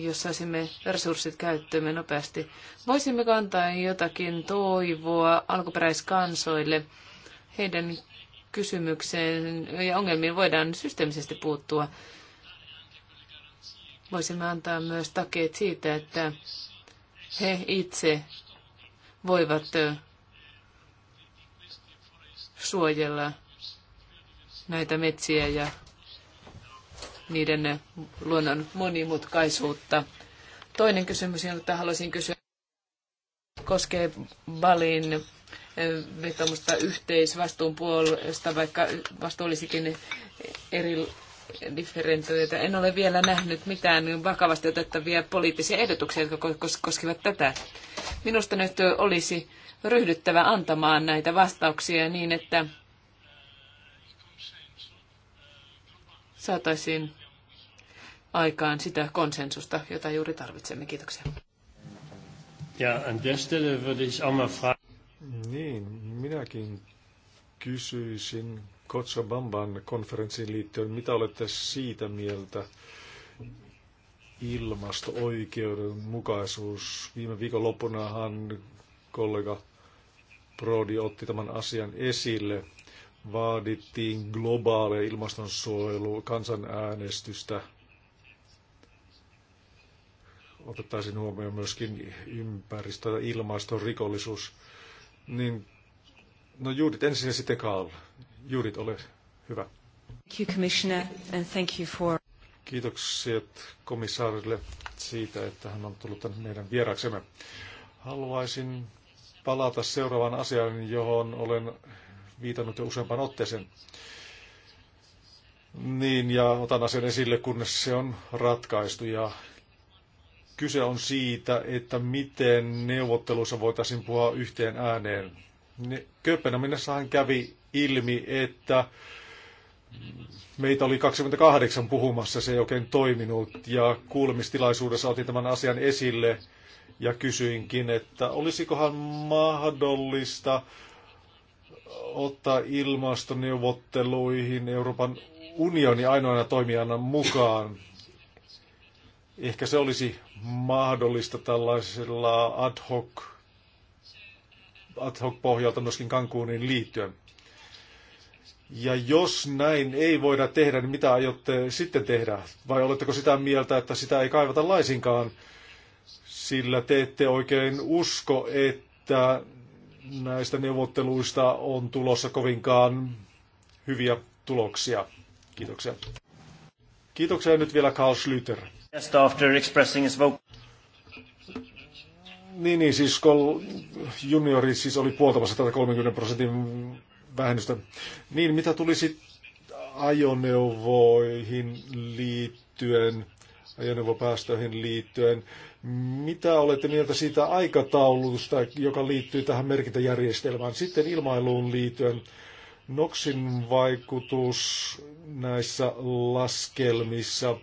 jos saisimme resurssit käyttöömme nopeasti. Voisimme kantaa jotakin toivoa alkuperäiskansoille. Heidän kysymykseen ja ongelmiin voidaan systeemisesti puuttua. Voisimme antaa myös takeet siitä, että he itse voivat suojella näitä metsiä ja niiden luonnon monimutkaisuutta. Toinen kysymys, jota haluaisin kysyä, koskee Balin eh, vetomusta yhteisvastuun puolesta, vaikka vastuu olisikin eri differentioita. En ole vielä nähnyt mitään vakavasti otettavia poliittisia ehdotuksia, jotka koskevat tätä. Minusta nyt olisi ryhdyttävä antamaan näitä vastauksia niin, että saataisiin aikaan sitä konsensusta, jota juuri tarvitsemme. Kiitoksia. Ja an der Stelle würde ich auch mal fragen. Niin, minäkin kysyisin Kotsabamban konferenssiin liittyen, mitä olette siitä mieltä? Ilmasto-oikeudenmukaisuus. Viime viikon loppunahan kollega Brody otti tämän asian esille – vaadittiin globaaleja ilmastonsuojelu, kansanäänestystä. Otettaisiin huomioon myöskin ympäristö- ja ilmastorikollisuus. Niin, no Juudit, ensin ja sitten Kaal. Juudit, ole hyvä. Thank you, Commissioner, and thank you for... Kiitoksia komissaarille siitä, että hän on tullut tänne meidän vieraksemme. Haluaisin palata seuraavaan asiaan, johon olen viitannut jo useampaan otteeseen. Niin, ja otan asian esille, kunnes se on ratkaistu. Ja kyse on siitä, että miten neuvotteluissa voitaisiin puhua yhteen ääneen. Kööpenhaminassahan kävi ilmi, että meitä oli 28 puhumassa, se ei oikein toiminut. Ja kuulemistilaisuudessa otin tämän asian esille ja kysyinkin, että olisikohan mahdollista ottaa ilmastoneuvotteluihin Euroopan unioni ainoana toimijana mukaan. Ehkä se olisi mahdollista tällaisella ad hoc, ad hoc pohjalta myöskin Cancunin liittyen. Ja jos näin ei voida tehdä, niin mitä aiotte sitten tehdä? Vai oletteko sitä mieltä, että sitä ei kaivata laisinkaan? Sillä te ette oikein usko, että näistä neuvotteluista on tulossa kovinkaan hyviä tuloksia. Kiitoksia. Kiitoksia nyt vielä Carl Schlüter. Just after expressing his vote. Niin, niin, siis kol, juniori siis oli puoltamassa tätä 30 prosentin vähennystä. Niin, mitä tuli ajoneuvoihin liittyen? ajoneuvopäästöihin liittyen. Mitä olette mieltä siitä aikataulusta, joka liittyy tähän merkintäjärjestelmään? Sitten ilmailuun liittyen, NOXin vaikutus näissä laskelmissa.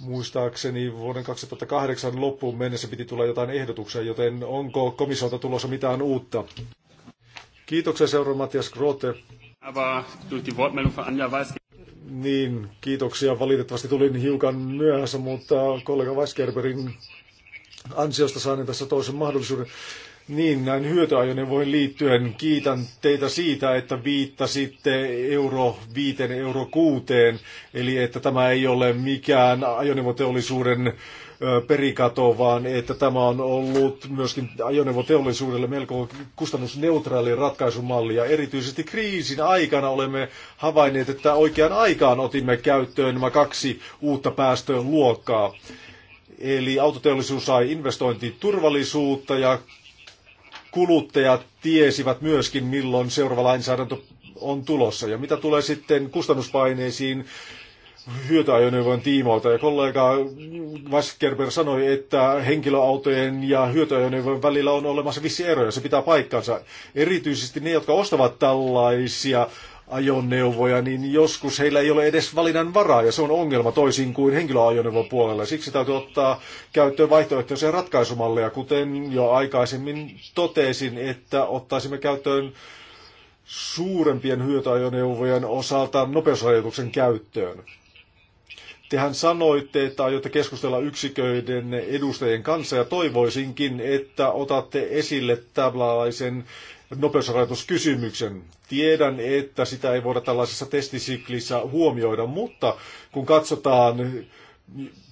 Muistaakseni vuoden 2008 loppuun mennessä piti tulla jotain ehdotuksia, joten onko komissiolta tulossa mitään uutta? Kiitoksia seuraava Matias Grote. Niin, kiitoksia. Valitettavasti tulin hiukan myöhässä, mutta kollega Weisgerberin ansiosta sain tässä toisen mahdollisuuden. Niin, näin hyötyajoneuvoihin liittyen kiitän teitä siitä, että viittasitte euro 5, euro 6, eli että tämä ei ole mikään ajoneuvoteollisuuden perikato, vaan että tämä on ollut myöskin ajoneuvoteollisuudelle melko kustannusneutraali ratkaisumalli. Ja erityisesti kriisin aikana olemme havainneet, että oikeaan aikaan otimme käyttöön nämä kaksi uutta luokkaa, Eli autoteollisuus sai investointiturvallisuutta ja kuluttajat tiesivät myöskin, milloin seuraava lainsäädäntö on tulossa. Ja mitä tulee sitten kustannuspaineisiin, hyötyajoneuvojen tiimoilta. Ja kollega Vaskerber sanoi, että henkilöautojen ja hyötyajoneuvojen välillä on olemassa vissi eroja. Se pitää paikkansa. Erityisesti ne, jotka ostavat tällaisia ajoneuvoja, niin joskus heillä ei ole edes valinnan varaa, ja se on ongelma toisin kuin henkilöajoneuvon puolella. Siksi täytyy ottaa käyttöön vaihtoehtoisia ratkaisumalleja, kuten jo aikaisemmin totesin, että ottaisimme käyttöön suurempien hyötyajoneuvojen osalta nopeusrajoituksen käyttöön. Tehän sanoitte, että aiotte keskustella yksiköiden edustajien kanssa ja toivoisinkin, että otatte esille tällaisen nopeusrajoituskysymyksen. Tiedän, että sitä ei voida tällaisessa testisiklissä huomioida, mutta kun katsotaan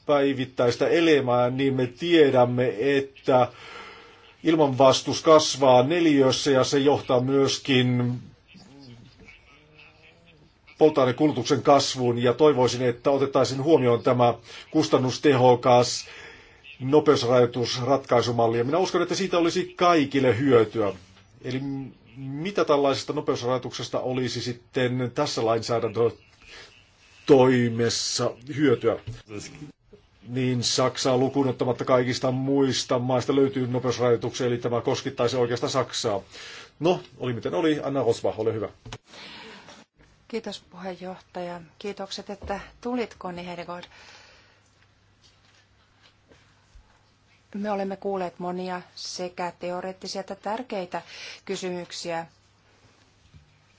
päivittäistä elämää, niin me tiedämme, että ilmanvastus kasvaa neliössä ja se johtaa myöskin polttoainekulutuksen kasvuun ja toivoisin, että otettaisiin huomioon tämä kustannustehokas nopeusrajoitusratkaisumalli. Ja minä uskon, että siitä olisi kaikille hyötyä. Eli mitä tällaisesta nopeusrajoituksesta olisi sitten tässä lainsäädäntötoimessa hyötyä? Niin Saksaa lukuun ottamatta kaikista muista maista löytyy nopeusrajoituksia, eli tämä koskittaisi oikeastaan Saksaa. No, oli miten oli. Anna Rosva, ole hyvä. Kiitos puheenjohtaja. Kiitokset, että tulit Conny Hedegaard. Me olemme kuulleet monia sekä teoreettisia että tärkeitä kysymyksiä.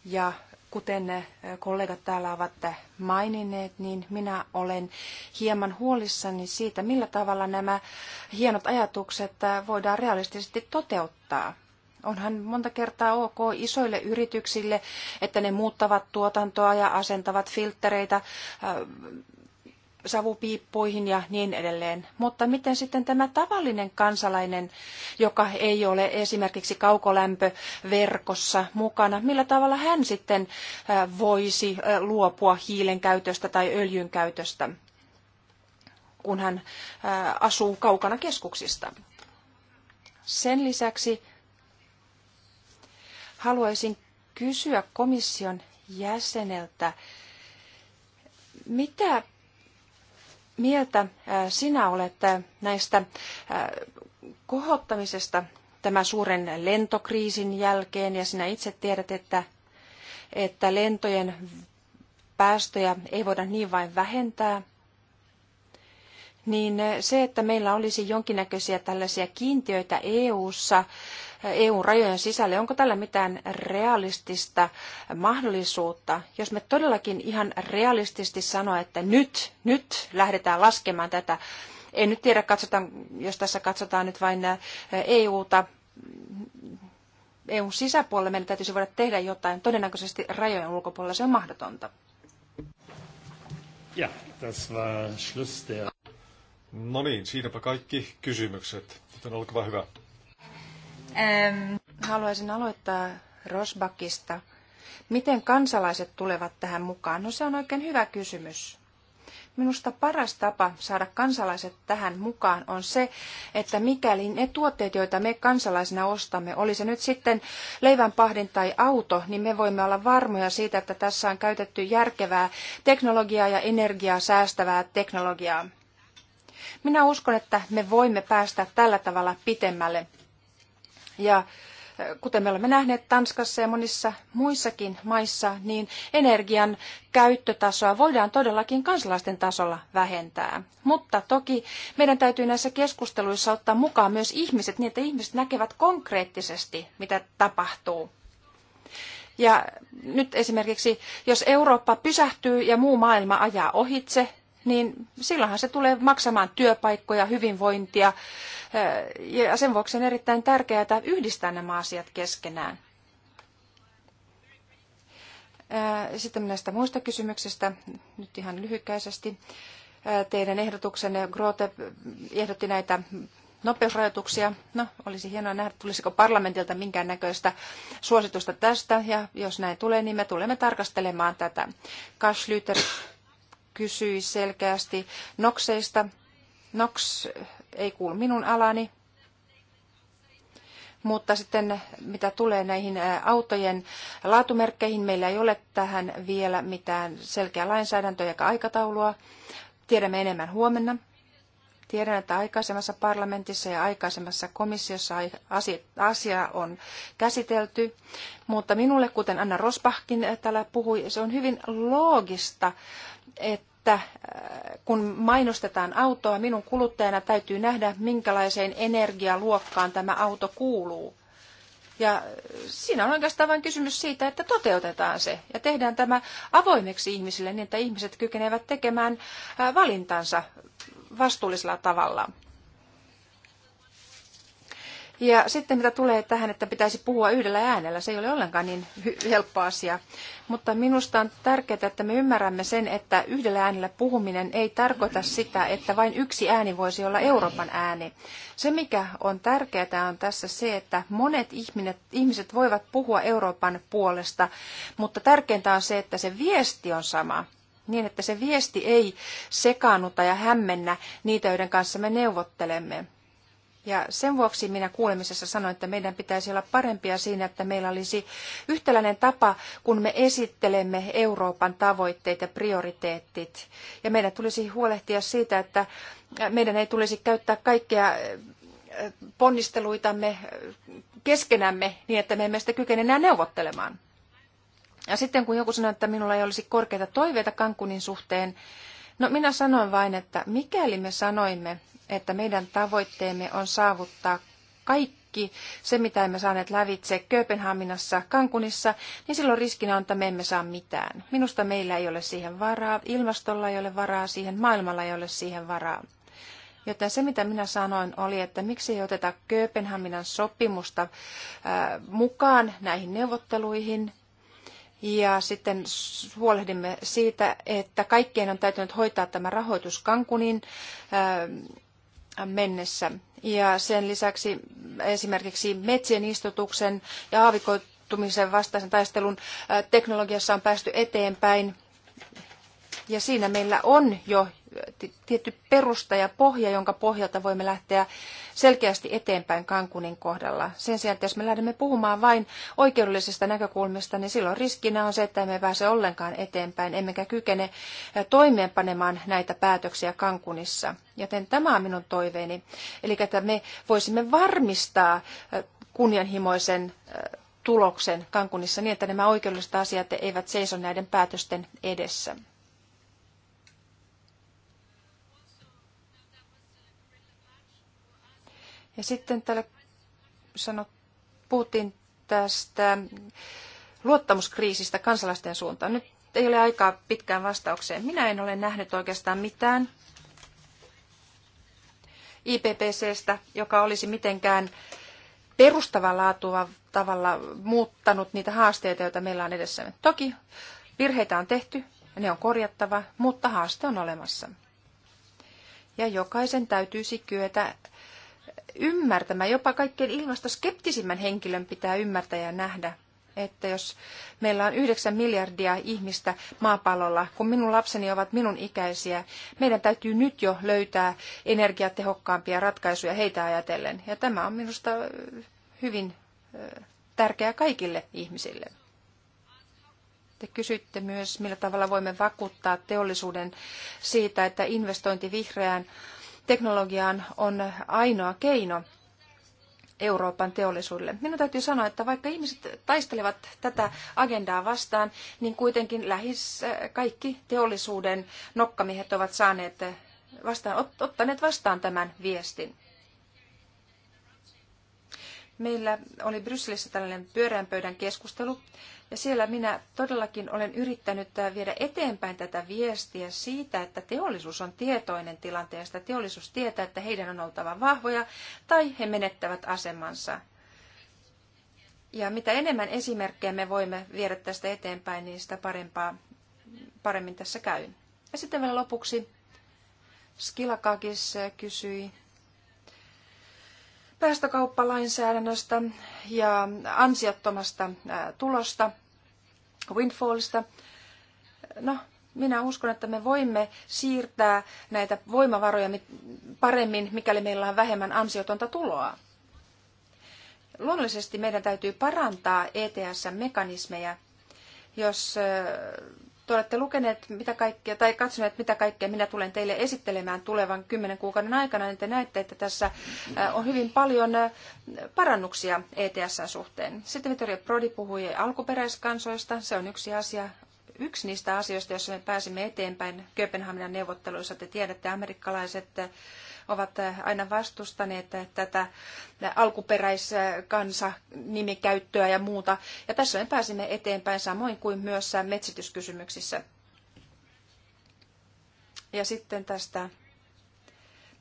Ja kuten kollegat täällä ovat maininneet, niin minä olen hieman huolissani siitä, millä tavalla nämä hienot ajatukset voidaan realistisesti toteuttaa. Onhan monta kertaa ok isoille yrityksille, että ne muuttavat tuotantoa ja asentavat filtreitä äh, savupiippuihin ja niin edelleen. Mutta miten sitten tämä tavallinen kansalainen, joka ei ole esimerkiksi kaukolämpöverkossa mukana, millä tavalla hän sitten äh, voisi äh, luopua hiilen käytöstä tai öljyn käytöstä, kun hän asuu kaukana keskuksista? Sen lisäksi Haluaisin kysyä komission jäseneltä, mitä mieltä äh, sinä olet äh, näistä äh, kohottamisesta tämän suuren lentokriisin jälkeen ja sinä itse tiedät, että, että lentojen päästöjä ei voida niin vain vähentää – niin eh, se, että meillä olisi jonkinnäköisiä tällaisia kiintiöitä EU-ssa, EUn eh, e rajojen sisälle, onko tällä mitään realistista mahdollisuutta, jos me todellakin ihan realistisesti sanoa, että nyt, nyt lähdetään laskemaan tätä. En nyt tiedä, katsotaan, jos tässä katsotaan nyt vain EUta, eh, e EUn sisäpuolella meidän täytyisi voida tehdä jotain. Todennäköisesti rajojen ulkopuolella se on mahdotonta. Ja, das war Schluss der... No niin, siinäpä kaikki kysymykset, joten olkaa hyvä. Ähm, haluaisin aloittaa Rosbakista. Miten kansalaiset tulevat tähän mukaan? No se on oikein hyvä kysymys. Minusta paras tapa saada kansalaiset tähän mukaan on se, että mikäli ne tuotteet, joita me kansalaisina ostamme, oli se nyt sitten leivänpahdin tai auto, niin me voimme olla varmoja siitä, että tässä on käytetty järkevää teknologiaa ja energiaa säästävää teknologiaa. Minä uskon, että me voimme päästä tällä tavalla pitemmälle. Ja kuten me olemme nähneet Tanskassa ja monissa muissakin maissa, niin energian käyttötasoa voidaan todellakin kansalaisten tasolla vähentää. Mutta toki meidän täytyy näissä keskusteluissa ottaa mukaan myös ihmiset niin, että ihmiset näkevät konkreettisesti, mitä tapahtuu. Ja nyt esimerkiksi, jos Eurooppa pysähtyy ja muu maailma ajaa ohitse, niin silloinhan se tulee maksamaan työpaikkoja, hyvinvointia. Eh, ja sen vuoksi on erittäin tärkeää että yhdistää nämä asiat keskenään. Eh, sitten näistä muista kysymyksistä, nyt ihan lyhykäisesti. Eh, teidän ehdotuksenne, Grote ehdotti näitä nopeusrajoituksia. No, olisi hienoa nähdä, tulisiko parlamentilta minkäännäköistä suositusta tästä, ja jos näin tulee, niin me tulemme tarkastelemaan tätä. Kaslyter kysyi selkeästi nokseista. Nox ei kuulu minun alani, mutta sitten mitä tulee näihin autojen laatumerkkeihin, meillä ei ole tähän vielä mitään selkeää lainsäädäntöä eikä aikataulua. Tiedämme enemmän huomenna. Tiedän, että aikaisemmassa parlamentissa ja aikaisemmassa komissiossa asia on käsitelty, mutta minulle, kuten Anna Rosbachkin täällä puhui, se on hyvin loogista että äh, kun mainostetaan autoa, minun kuluttajana täytyy nähdä, minkälaiseen energialuokkaan tämä auto kuuluu. Ja äh, siinä on oikeastaan vain kysymys siitä, että toteutetaan se ja tehdään tämä avoimeksi ihmisille niin, että ihmiset kykenevät tekemään äh, valintansa vastuullisella tavalla. Ja sitten mitä tulee tähän, että pitäisi puhua yhdellä äänellä, se ei ole ollenkaan niin helppo asia. Mutta minusta on tärkeää, että me ymmärrämme sen, että yhdellä äänellä puhuminen ei tarkoita sitä, että vain yksi ääni voisi olla Euroopan ääni. Se, mikä on tärkeää, on tässä se, että monet ihmiset voivat puhua Euroopan puolesta, mutta tärkeintä on se, että se viesti on sama niin että se viesti ei sekaannuta ja hämmennä niitä, joiden kanssa me neuvottelemme. Ja sen vuoksi minä kuulemisessa sanoin, että meidän pitäisi olla parempia siinä, että meillä olisi yhtäläinen tapa, kun me esittelemme Euroopan tavoitteet ja prioriteetit. Ja meidän tulisi huolehtia siitä, että meidän ei tulisi käyttää kaikkea äh, ponnisteluitamme äh, keskenämme niin, että me emme sitä kykene enää neuvottelemaan. Ja sitten kun joku sanoi, että minulla ei olisi korkeita toiveita Kankunin suhteen, no minä sanoin vain, että mikäli me sanoimme, että meidän tavoitteemme on saavuttaa kaikki se, mitä emme saaneet lävitse Kööpenhaminassa, Kankunissa, niin silloin riskinä on, että me emme saa mitään. Minusta meillä ei ole siihen varaa, ilmastolla ei ole varaa siihen, maailmalla ei ole siihen varaa. Joten se, mitä minä sanoin, oli, että miksi ei oteta Kööpenhaminan sopimusta äh, mukaan näihin neuvotteluihin. Ja sitten huolehdimme siitä, että kaikkien on täytynyt hoitaa tämä rahoitus Kankunin äh, mennessä. Ja sen lisäksi esimerkiksi metsien istutuksen ja aavikoitumisen vastaisen taistelun äh, teknologiassa on päästy eteenpäin. Ja siinä meillä on jo tietty perusta ja pohja, jonka pohjalta voimme lähteä selkeästi eteenpäin Kankunin kohdalla. Sen sijaan, että jos me lähdemme puhumaan vain oikeudellisesta näkökulmista, niin silloin riskinä on se, että emme pääse ollenkaan eteenpäin, emmekä kykene toimeenpanemaan näitä päätöksiä Kankunissa. Joten tämä on minun toiveeni. Eli että me voisimme varmistaa kunnianhimoisen tuloksen Kankunissa niin, että nämä oikeudelliset asiat eivät seiso näiden päätösten edessä. Ja sitten täällä sano, puhuttiin tästä luottamuskriisistä kansalaisten suuntaan. Nyt ei ole aikaa pitkään vastaukseen. Minä en ole nähnyt oikeastaan mitään IPPCstä, joka olisi mitenkään perustavanlaatua tavalla muuttanut niitä haasteita, joita meillä on edessämme. Toki virheitä on tehty, ne on korjattava, mutta haaste on olemassa. Ja jokaisen täytyisi kyetä ymmärtämään. Jopa kaikkein ilmastoskeptisimmän henkilön pitää ymmärtää ja nähdä, että jos meillä on yhdeksän miljardia ihmistä maapallolla, kun minun lapseni ovat minun ikäisiä, meidän täytyy nyt jo löytää energiatehokkaampia ratkaisuja heitä ajatellen. Ja tämä on minusta hyvin tärkeää kaikille ihmisille. Te kysytte myös, millä tavalla voimme vakuuttaa teollisuuden siitä, että investointi vihreään teknologiaan on ainoa keino Euroopan teollisuudelle. Minun täytyy sanoa, että vaikka ihmiset taistelevat tätä agendaa vastaan, niin kuitenkin lähes kaikki teollisuuden nokkamiehet ovat saaneet vastaan, ottaneet vastaan tämän viestin. Meillä oli Brysselissä tällainen pyöreän pöydän keskustelu, ja siellä minä todellakin olen yrittänyt äh, viedä eteenpäin tätä viestiä siitä, että teollisuus on tietoinen tilanteesta. Teollisuus tietää, että heidän on oltava vahvoja tai he menettävät asemansa. Ja mitä enemmän esimerkkejä me voimme viedä tästä eteenpäin, niin sitä parempaa, paremmin tässä käy. Ja sitten vielä lopuksi Skilakakis äh, kysyi päästökauppalainsäädännöstä ja ansiottomasta tulosta, windfallista. No, minä uskon, että me voimme siirtää näitä voimavaroja paremmin, mikäli meillä on vähemmän ansiotonta tuloa. Luonnollisesti meidän täytyy parantaa ETS-mekanismeja, jos te olette lukeneet mitä kaikkea, tai katsoneet mitä kaikkea minä tulen teille esittelemään tulevan kymmenen kuukauden aikana, niin te näette, että tässä äh, on hyvin paljon äh, parannuksia ets suhteen. Sitten Vittorio Prodi puhui alkuperäiskansoista. Se on yksi asia, yksi niistä asioista, joissa me pääsimme eteenpäin Kööpenhaminan neuvotteluissa. Te tiedätte, amerikkalaiset äh, ovat eh, aina vastustaneet eh, tätä eh, alkuperäiskansa nimikäyttöä ja muuta. Ja tässä me pääsimme eteenpäin samoin kuin myös metsityskysymyksissä. Ja sitten tästä,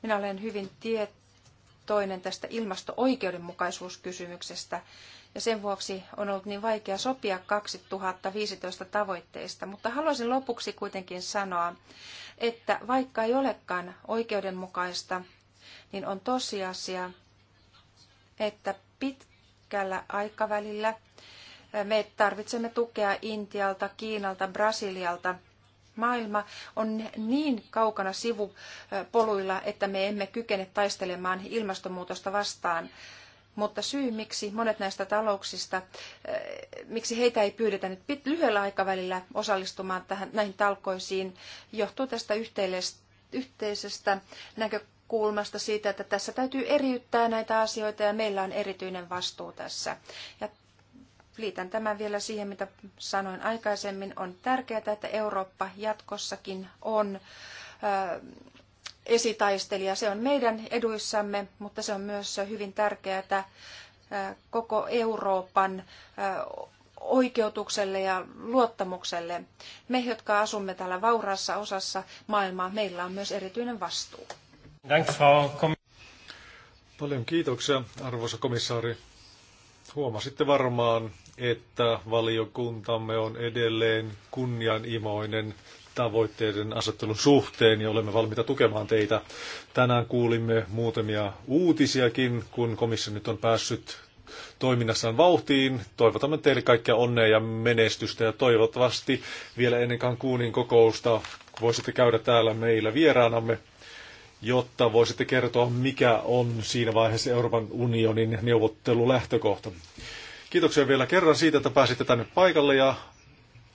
minä olen hyvin tietoinen tästä ilmasto-oikeudenmukaisuuskysymyksestä ja sen vuoksi on ollut niin vaikea sopia 2015 tavoitteista. Mutta haluaisin lopuksi kuitenkin sanoa, että vaikka ei olekaan oikeudenmukaista, niin on tosiasia, että pitkällä aikavälillä me tarvitsemme tukea Intialta, Kiinalta, Brasilialta. Maailma on niin kaukana sivupoluilla, että me emme kykene taistelemaan ilmastonmuutosta vastaan mutta syy, miksi monet näistä talouksista, eh, miksi heitä ei pyydetä nyt lyhyellä aikavälillä osallistumaan tähän, näihin talkoisiin, johtuu tästä yhteisestä näkökulmasta siitä, että tässä täytyy eriyttää näitä asioita ja meillä on erityinen vastuu tässä. Ja liitän tämän vielä siihen, mitä sanoin aikaisemmin. On tärkeää, että Eurooppa jatkossakin on eh, esitaistelija. Se on meidän eduissamme, mutta se on myös hyvin tärkeää äh, koko Euroopan äh, oikeutukselle ja luottamukselle. Me, jotka asumme täällä vauraassa osassa maailmaa, meillä on myös erityinen vastuu. Paljon kiitoksia, arvoisa komissaari. Huomasitte varmaan, että valiokuntamme on edelleen kunnianimoinen tavoitteiden asettelun suhteen ja olemme valmiita tukemaan teitä. Tänään kuulimme muutamia uutisiakin, kun komissio nyt on päässyt toiminnassaan vauhtiin. Toivotamme teille kaikkia onnea ja menestystä ja toivottavasti vielä ennen Cancunin kokousta voisitte käydä täällä meillä vieraanamme, jotta voisitte kertoa, mikä on siinä vaiheessa Euroopan unionin neuvottelulähtökohta. Kiitoksia vielä kerran siitä, että pääsitte tänne paikalle ja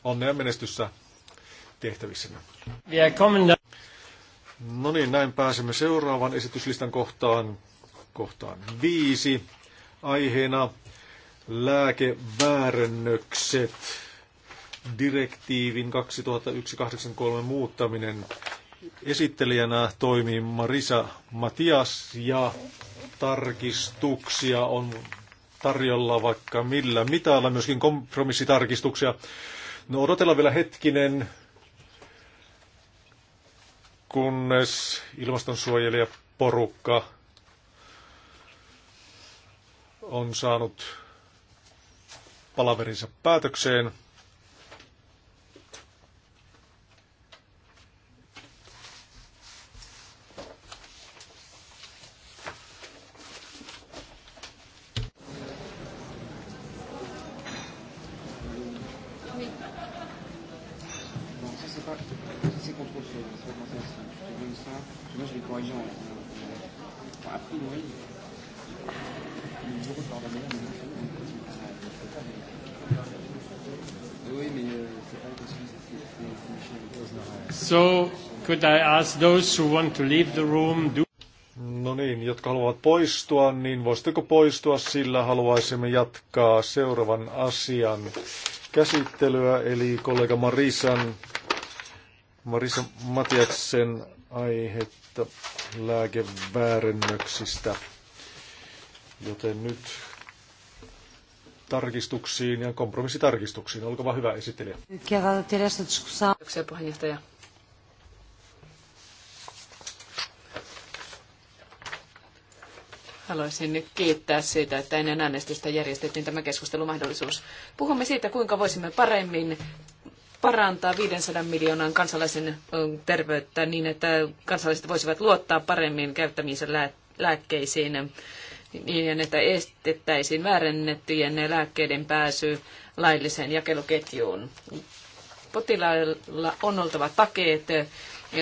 onnea menestyssä tehtävissämme. No niin, näin pääsemme seuraavan esityslistan kohtaan, kohtaan viisi. Aiheena lääkeväärännökset, direktiivin 2001-83 muuttaminen. Esittelijänä toimii Marisa Matias ja tarkistuksia on tarjolla vaikka millä mitalla, myöskin kompromissitarkistuksia. No odotellaan vielä hetkinen, kunnes ilmastonsuojelijaporukka on saanut palaverinsa päätökseen – So, could I ask those who want to leave the room, do... No niin, jotka haluavat poistua, niin voisitteko poistua, sillä haluaisimme jatkaa seuraavan asian käsittelyä, eli kollega Marisan, Marisa Matiaksen aihetta lääkeväärennöksistä. Joten nyt tarkistuksiin ja kompromissitarkistuksiin. Olkaa hyvä esittelijä. Kiitoksia puheenjohtaja. Haluaisin nyt kiittää siitä, että ennen äänestystä järjestettiin tämä keskustelumahdollisuus. Puhumme siitä, kuinka voisimme paremmin parantaa 500 miljoonan kansalaisen terveyttä niin, että kansalaiset voisivat luottaa paremmin käyttämiinsä lääkkeisiin niin, että estettäisiin väärennettyjen lääkkeiden pääsy lailliseen jakeluketjuun. Potilailla on oltava takeet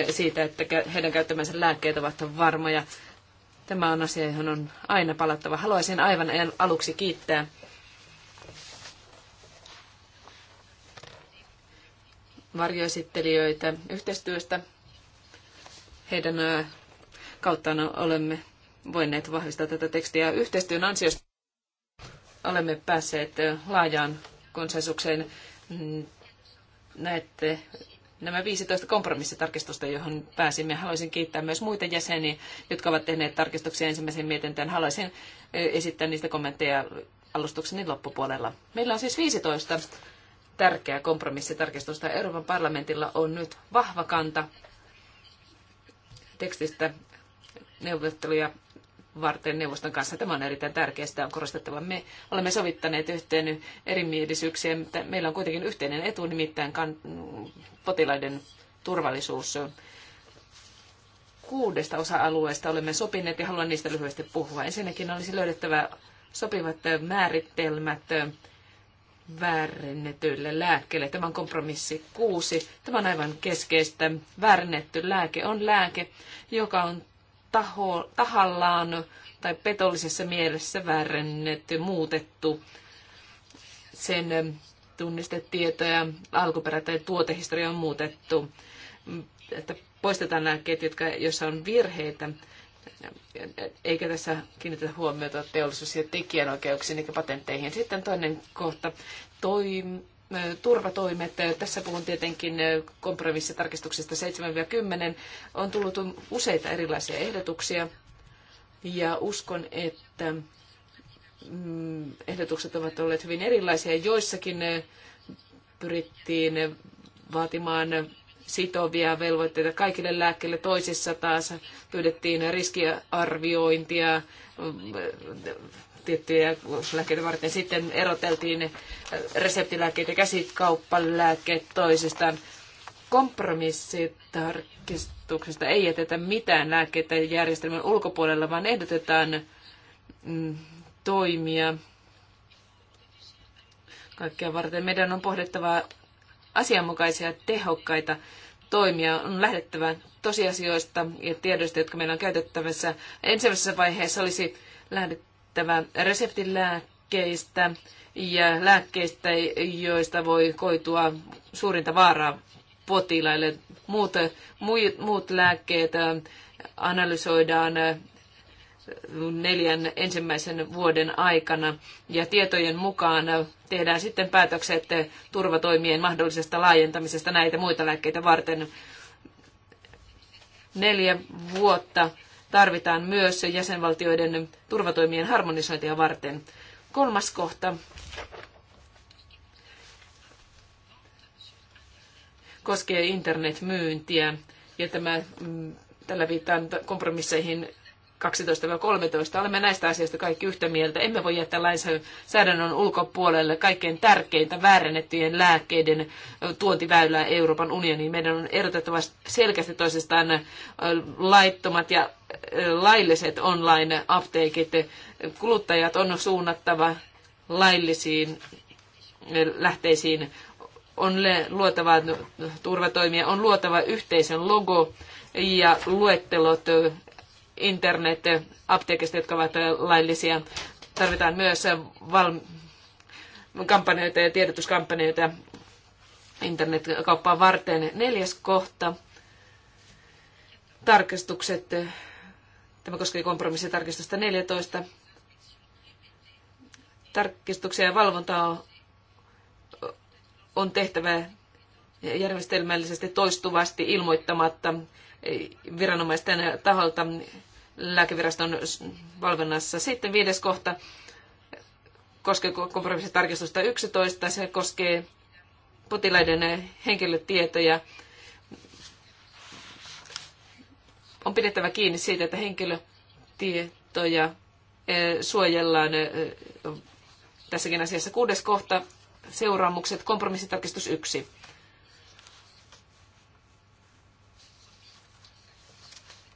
siitä, että heidän käyttämänsä lääkkeet ovat varmoja Tämä on asia, johon on aina palattava. Haluaisin aivan aluksi kiittää varjoesittelijöitä yhteistyöstä. Heidän kauttaan olemme voineet vahvistaa tätä tekstiä. Yhteistyön ansiosta olemme päässeet laajaan konsensukseen. Näette nämä 15 kompromissitarkistusta, johon pääsimme. Haluaisin kiittää myös muita jäseniä, jotka ovat tehneet tarkistuksia ensimmäisen mietintään. Haluaisin esittää niistä kommentteja alustukseni loppupuolella. Meillä on siis 15 tärkeää kompromissitarkistusta. Euroopan parlamentilla on nyt vahva kanta tekstistä neuvotteluja varten neuvoston kanssa. Tämä on erittäin tärkeää, sitä on korostettava. Me olemme sovittaneet yhteen erimielisyyksiä, mutta meillä on kuitenkin yhteinen etu, nimittäin potilaiden turvallisuus. Kuudesta osa-alueesta olemme sopineet ja haluan niistä lyhyesti puhua. Ensinnäkin olisi löydettävä sopivat määritelmät väärennetyille lääkkeille. Tämä on kompromissi kuusi. Tämä on aivan keskeistä. Väärennetty lääke on lääke, joka on taho, tahallaan tai petollisessa mielessä väärennetty, muutettu sen tunnistetietoja, alkuperä tai tuotehistoria on muutettu, että poistetaan nämä ketjut, joissa on virheitä, eikä tässä kiinnitetä huomiota teollisuus- ja tekijänoikeuksiin eikä patentteihin. Sitten toinen kohta, toi, turvatoimet. Tässä puhun tietenkin kompromissitarkistuksesta 7-10. On tullut um, useita erilaisia ehdotuksia ja uskon, että mm, ehdotukset ovat olleet hyvin erilaisia. Joissakin pyrittiin vaatimaan sitovia velvoitteita kaikille lääkkeille. Toisissa taas pyydettiin riskiarviointia tiettyjä lääkkeitä varten. Sitten eroteltiin äh, reseptilääkkeet ja käsikauppalääkkeet toisistaan. Kompromissitarkistuksesta ei jätetä mitään lääkkeitä järjestelmän ulkopuolella, vaan ehdotetaan mm, toimia kaikkea varten. Meidän on pohdittava asianmukaisia tehokkaita toimia. On lähdettävä tosiasioista ja tiedoista, jotka meillä on käytettävissä. Ensimmäisessä vaiheessa olisi lähdetty päätettävä reseptilääkkeistä ja lääkkeistä, joista voi koitua suurinta vaaraa potilaille. Muut, muut lääkkeet äh, analysoidaan äh, neljän ensimmäisen vuoden aikana. Ja tietojen mukaan äh, tehdään sitten päätökset turvatoimien mahdollisesta laajentamisesta näitä muita lääkkeitä varten. Neljä vuotta tarvitaan myös jäsenvaltioiden turvatoimien harmonisointia varten. Kolmas kohta koskee internetmyyntiä ja tämä, mm, tällä viittaan kompromisseihin 12-13. Olemme näistä asioista kaikki yhtä mieltä. Emme voi jättää lainsäädännön ulkopuolelle kaikkein tärkeintä väärennettyjen lääkkeiden tuontiväylää Euroopan unioniin. Meidän on erotettava selkeästi toisistaan laittomat ja lailliset online-apteekit. Kuluttajat on suunnattava laillisiin eh, lähteisiin. On luotava turvatoimia, on luotava yhteisön logo ja luettelot eh, internet-apteekista, jotka ovat eh, laillisia. Tarvitaan myös val- kampanjoita ja tiedotuskampanjoita internetkauppaa varten. Neljäs kohta. Tarkastukset Tämä koskee kompromissitarkistusta 14. Tarkistuksia ja valvontaa on tehtävä järjestelmällisesti toistuvasti ilmoittamatta viranomaisten taholta lääkeviraston valvonnassa. Sitten viides kohta koskee kompromissitarkistusta 11. Se koskee potilaiden henkilötietoja on pidettävä kiinni siitä, että henkilötietoja eh, suojellaan eh, tässäkin asiassa. Kuudes kohta, seuraamukset, kompromissitarkistus yksi.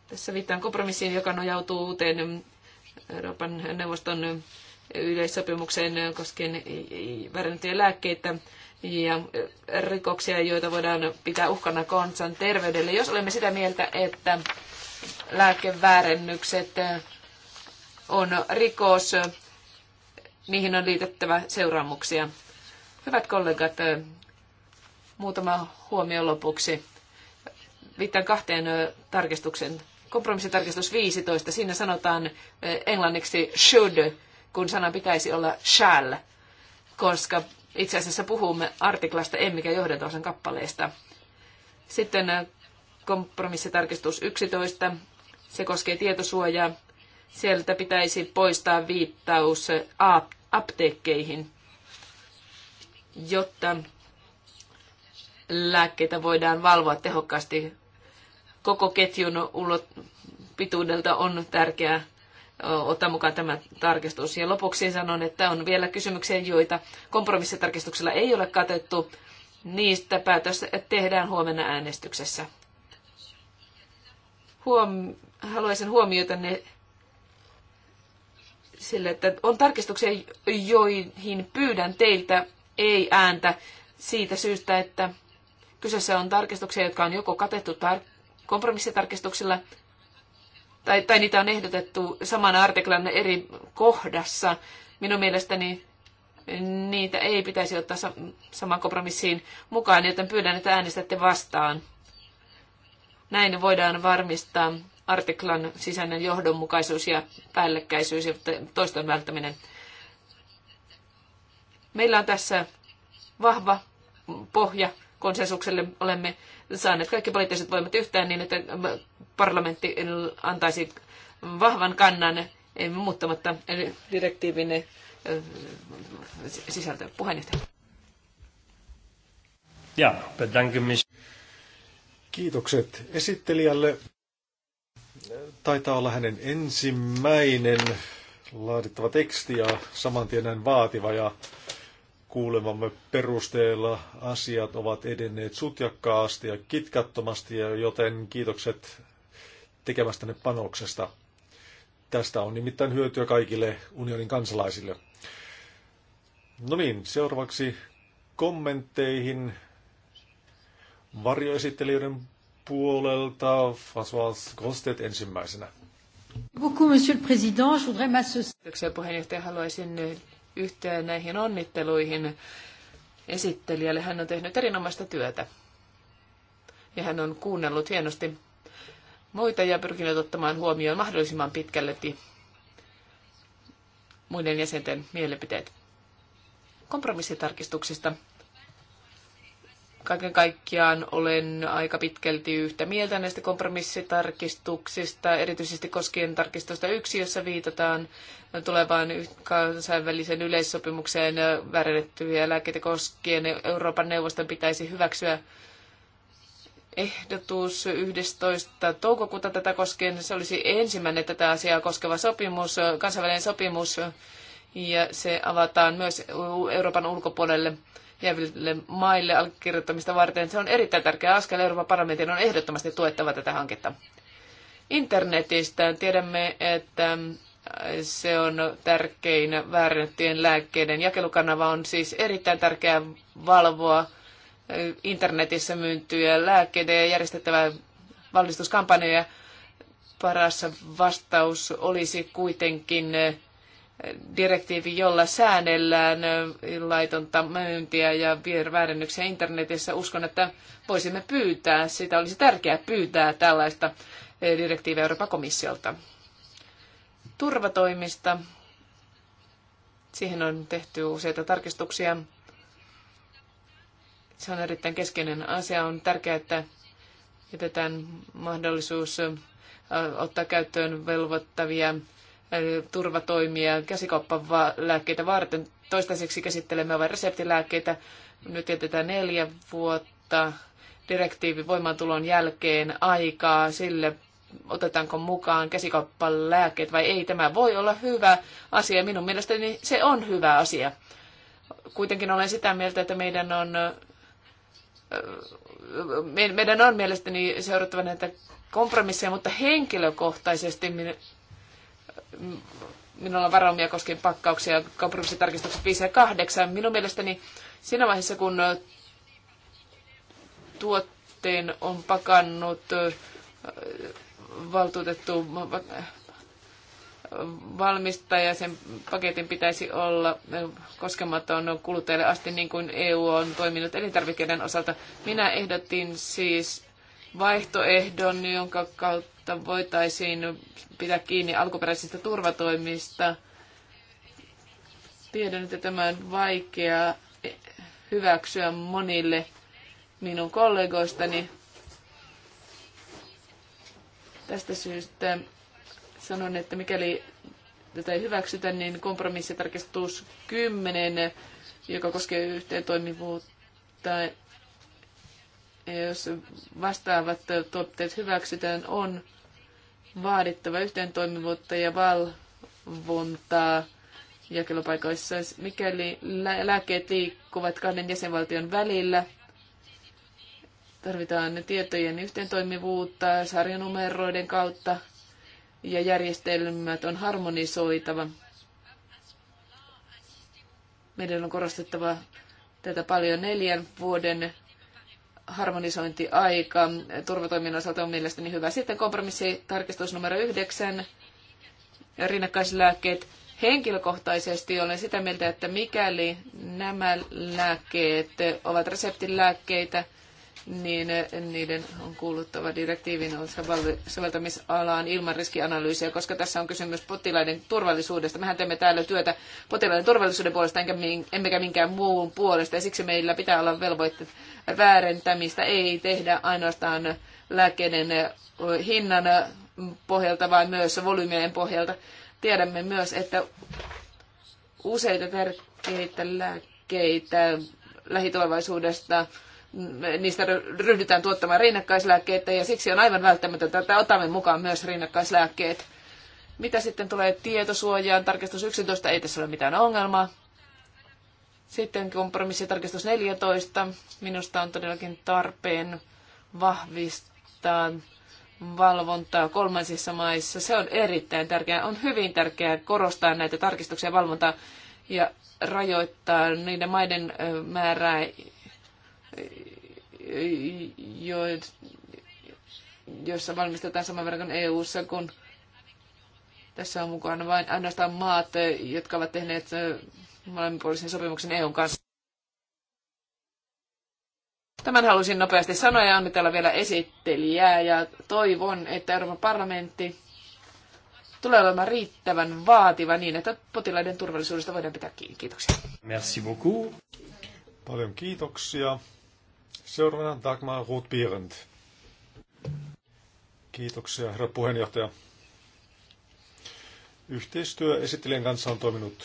Tässä viittaan kompromissiin, joka nojautuu uuteen eh, Euroopan neuvoston yleissopimukseen koskien väärennettyjä lääkkeitä ja rikoksia, joita voidaan pitää uhkana kansan terveydelle. Jos olemme sitä mieltä, että lääkeväärennykset eh, on rikos, niihin on liitettävä seuraamuksia. Hyvät kollegat, eh, muutama huomio lopuksi. Viittaan kahteen eh, tarkistuksen. Kompromissitarkistus 15. Siinä sanotaan englanniksi should, kun sana pitäisi olla shall, koska itse asiassa puhumme artiklasta emmekä johdantosan kappaleesta. Sitten Kompromissitarkistus 11. Se koskee tietosuojaa. Sieltä pitäisi poistaa viittaus apteekkeihin, jotta lääkkeitä voidaan valvoa tehokkaasti. Koko ketjun ulot, pituudelta on tärkeää ottaa mukaan tämä tarkistus. Ja lopuksi sanon, että on vielä kysymyksiä, joita kompromissitarkistuksella ei ole katettu. Niistä päätös tehdään huomenna äänestyksessä huom- haluaisin huomiota ne sille, että on tarkistuksia, joihin pyydän teiltä ei ääntä siitä syystä, että kyseessä on tarkistuksia, jotka on joko katettu tar- kompromissitarkistuksilla tai, tai niitä on ehdotettu saman artiklan eri kohdassa. Minun mielestäni niitä ei pitäisi ottaa sa- samaan kompromissiin mukaan, joten pyydän, että äänestätte vastaan. Näin voidaan varmistaa artiklan sisäinen johdonmukaisuus ja päällekkäisyys ja toiston välttäminen. Meillä on tässä vahva pohja konsensukselle. Olemme saaneet kaikki poliittiset voimat yhtään niin, että parlamentti antaisi vahvan kannan eh, muuttamatta direktiivin eh, sisältöä. Puheenjohtaja. Ja, bedanke mich. Kiitokset esittelijälle. Taitaa olla hänen ensimmäinen laadittava teksti ja samantien näin vaativa ja kuulemamme perusteella asiat ovat edenneet sutjakkaasti ja kitkattomasti, ja joten kiitokset tekemästänne panoksesta. Tästä on nimittäin hyötyä kaikille unionin kansalaisille. No niin, seuraavaksi kommentteihin varjoesittelijöiden puolelta François Kostet ensimmäisenä. Kiitoksia puheenjohtaja. Haluaisin yhtyä näihin onnitteluihin esittelijälle. Hän on tehnyt erinomaista työtä ja hän on kuunnellut hienosti muita ja pyrkinyt ottamaan huomioon mahdollisimman pitkälle muiden jäsenten mielipiteet. Kompromissitarkistuksista Kaiken kaikkiaan olen aika pitkälti yhtä mieltä näistä kompromissitarkistuksista, erityisesti koskien tarkistusta yksi, jossa viitataan tulevaan kansainvälisen yleissopimukseen väärennettyjä lääkkeitä koskien. Euroopan neuvoston pitäisi hyväksyä ehdotus 11. toukokuuta tätä koskien. Se olisi ensimmäinen tätä asiaa koskeva sopimus, kansainvälinen sopimus, ja se avataan myös Euroopan ulkopuolelle jääville maille allekirjoittamista varten. Se on erittäin tärkeä askel. Euroopan parlamentin on ehdottomasti tuettava tätä hanketta. Internetistä tiedämme, että äh, se on tärkein väärennettyjen lääkkeiden jakelukanava. On siis erittäin tärkeää valvoa äh, internetissä myyntyjä lääkkeitä ja järjestettävää valistuskampanjoja. Paras vastaus olisi kuitenkin äh, direktiivi, jolla säännellään laitonta myyntiä ja väärennyksiä internetissä. Uskon, että voisimme pyytää, sitä olisi tärkeää pyytää tällaista eh, direktiiviä Euroopan komissiolta. Turvatoimista. Siihen on tehty useita tarkistuksia. Se on erittäin keskeinen asia. On tärkeää, että jätetään mahdollisuus eh, ottaa käyttöön velvoittavia turvatoimia käsikauppalääkkeitä varten. Toistaiseksi käsittelemme vain reseptilääkkeitä. Nyt jätetään neljä vuotta direktiivin voimaantulon jälkeen aikaa sille, otetaanko mukaan käsikauppalääkkeet vai ei. Tämä voi olla hyvä asia. Minun mielestäni se on hyvä asia. Kuitenkin olen sitä mieltä, että meidän on, meidän on mielestäni seurattava näitä kompromisseja, mutta henkilökohtaisesti minulla on varaumia koskien pakkauksia, kompromissitarkistukset 5 ja 8. Minun mielestäni siinä vaiheessa, kun tuotteen on pakannut valtuutettu valmistaja, sen paketin pitäisi olla koskematon kuluttajalle asti, niin kuin EU on toiminut elintarvikkeiden osalta. Minä ehdotin siis vaihtoehdon, jonka kautta voitaisiin pitää kiinni alkuperäisistä turvatoimista. Tiedän, että tämä on vaikea hyväksyä monille minun kollegoistani. Tästä syystä sanon, että mikäli tätä ei hyväksytä, niin kompromissitarkistus 10, joka koskee toimivuutta ja jos vastaavat tuotteet hyväksytään, on vaadittava yhteentoimivuutta ja valvontaa jakelupaikoissa, mikäli lääkkeet liikkuvat kahden jäsenvaltion välillä. Tarvitaan tietojen yhteentoimivuutta sarjanumeroiden kautta ja järjestelmät on harmonisoitava. Meidän on korostettava tätä paljon neljän vuoden harmonisointiaika turvatoimien osalta on mielestäni hyvä. Sitten kompromissitarkistus numero yhdeksän, rinnakkaislääkkeet. Henkilökohtaisesti olen sitä mieltä, että mikäli nämä lääkkeet ovat reseptilääkkeitä, niin niiden on kuuluttava direktiivin soveltamisalaan ilman riskianalyysiä, koska tässä on kysymys potilaiden turvallisuudesta. Mehän teemme täällä työtä potilaiden turvallisuuden puolesta, emmekä minkään muun puolesta, ja siksi meillä pitää olla velvoitteet väärentämistä ei tehdä ainoastaan lääkkeiden hinnan pohjalta, vaan myös volyymien pohjalta. Tiedämme myös, että useita tärkeitä lääkkeitä lähitulevaisuudesta niistä ryhdytään tuottamaan rinnakkaislääkkeitä ja siksi on aivan välttämätöntä, että otamme mukaan myös rinnakkaislääkkeet. Mitä sitten tulee tietosuojaan, tarkistus 11, ei tässä ole mitään ongelmaa. Sitten kompromissitarkistus 14. Minusta on todellakin tarpeen vahvistaa valvontaa kolmansissa maissa. Se on erittäin tärkeää. On hyvin tärkeää korostaa näitä tarkistuksia ja valvontaa ja rajoittaa niiden maiden määrää, joissa valmistetaan saman verran kuin EU-ssa, kun tässä on mukana vain ainoastaan maat, jotka ovat tehneet molemminpuolisen sopimuksen EUn kanssa. Tämän halusin nopeasti sanoa ja onnitella vielä esittelijää ja toivon, että Euroopan parlamentti tulee olemaan riittävän vaativa niin, että potilaiden turvallisuudesta voidaan pitää kiinni. Kiitoksia. Merci beaucoup. Paljon kiitoksia. Seuraavana Dagmar Ruth bierend Kiitoksia, herra puheenjohtaja. Yhteistyö esittelijän kanssa on toiminut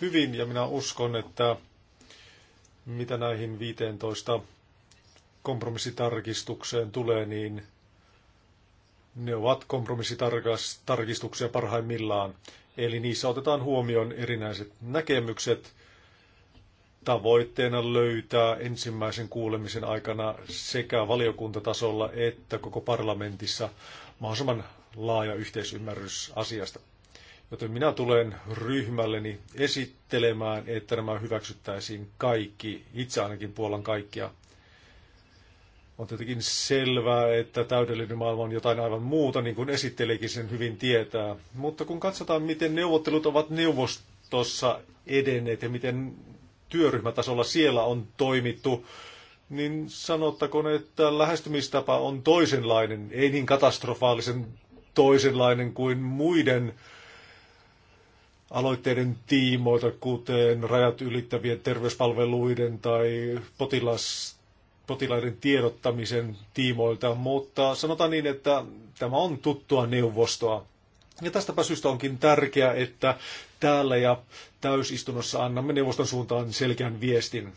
hyvin ja minä uskon, että mitä näihin 15 kompromissitarkistukseen tulee, niin ne ovat kompromissitarkistuksia parhaimmillaan. Eli niissä otetaan huomioon erinäiset näkemykset tavoitteena löytää ensimmäisen kuulemisen aikana sekä valiokuntatasolla että koko parlamentissa mahdollisimman laaja yhteisymmärrys asiasta. Joten minä tulen ryhmälleni esittelemään, että nämä hyväksyttäisiin kaikki, itse ainakin puolan kaikkia. On tietenkin selvää, että täydellinen maailma on jotain aivan muuta, niin kuin esittelikin sen hyvin tietää. Mutta kun katsotaan, miten neuvottelut ovat neuvostossa edenneet ja miten työryhmätasolla siellä on toimittu, niin sanottakoon, että lähestymistapa on toisenlainen, ei niin katastrofaalisen toisenlainen kuin muiden aloitteiden tiimoilta, kuten rajat ylittävien terveyspalveluiden tai potilas, potilaiden tiedottamisen tiimoilta, mutta sanotaan niin, että tämä on tuttua neuvostoa. Ja tästäpä syystä onkin tärkeää, että täällä ja täysistunnossa annamme neuvoston suuntaan selkeän viestin.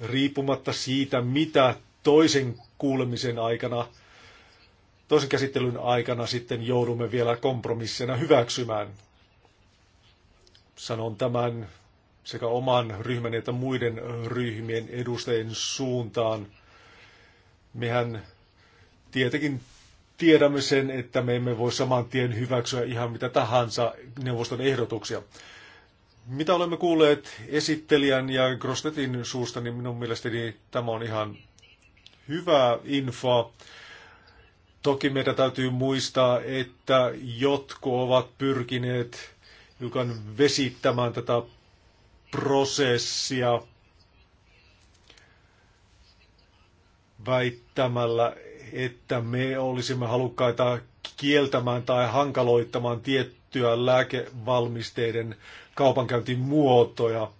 Riippumatta siitä, mitä toisen kuulemisen aikana, toisen käsittelyn aikana sitten joudumme vielä kompromissina hyväksymään. Sanon tämän sekä oman ryhmän että muiden ryhmien edustajien suuntaan. Mehän tietenkin tiedämme sen, että me emme voi saman tien hyväksyä ihan mitä tahansa neuvoston ehdotuksia. Mitä olemme kuulleet esittelijän ja Grostetin suusta, niin minun mielestäni tämä on ihan hyvää infoa. Toki meidän täytyy muistaa, että jotkut ovat pyrkineet hiukan vesittämään tätä prosessia väittämällä, että me olisimme halukkaita kieltämään tai hankaloittamaan tiettyä lääkevalmisteiden kaupankäyntin muotoja.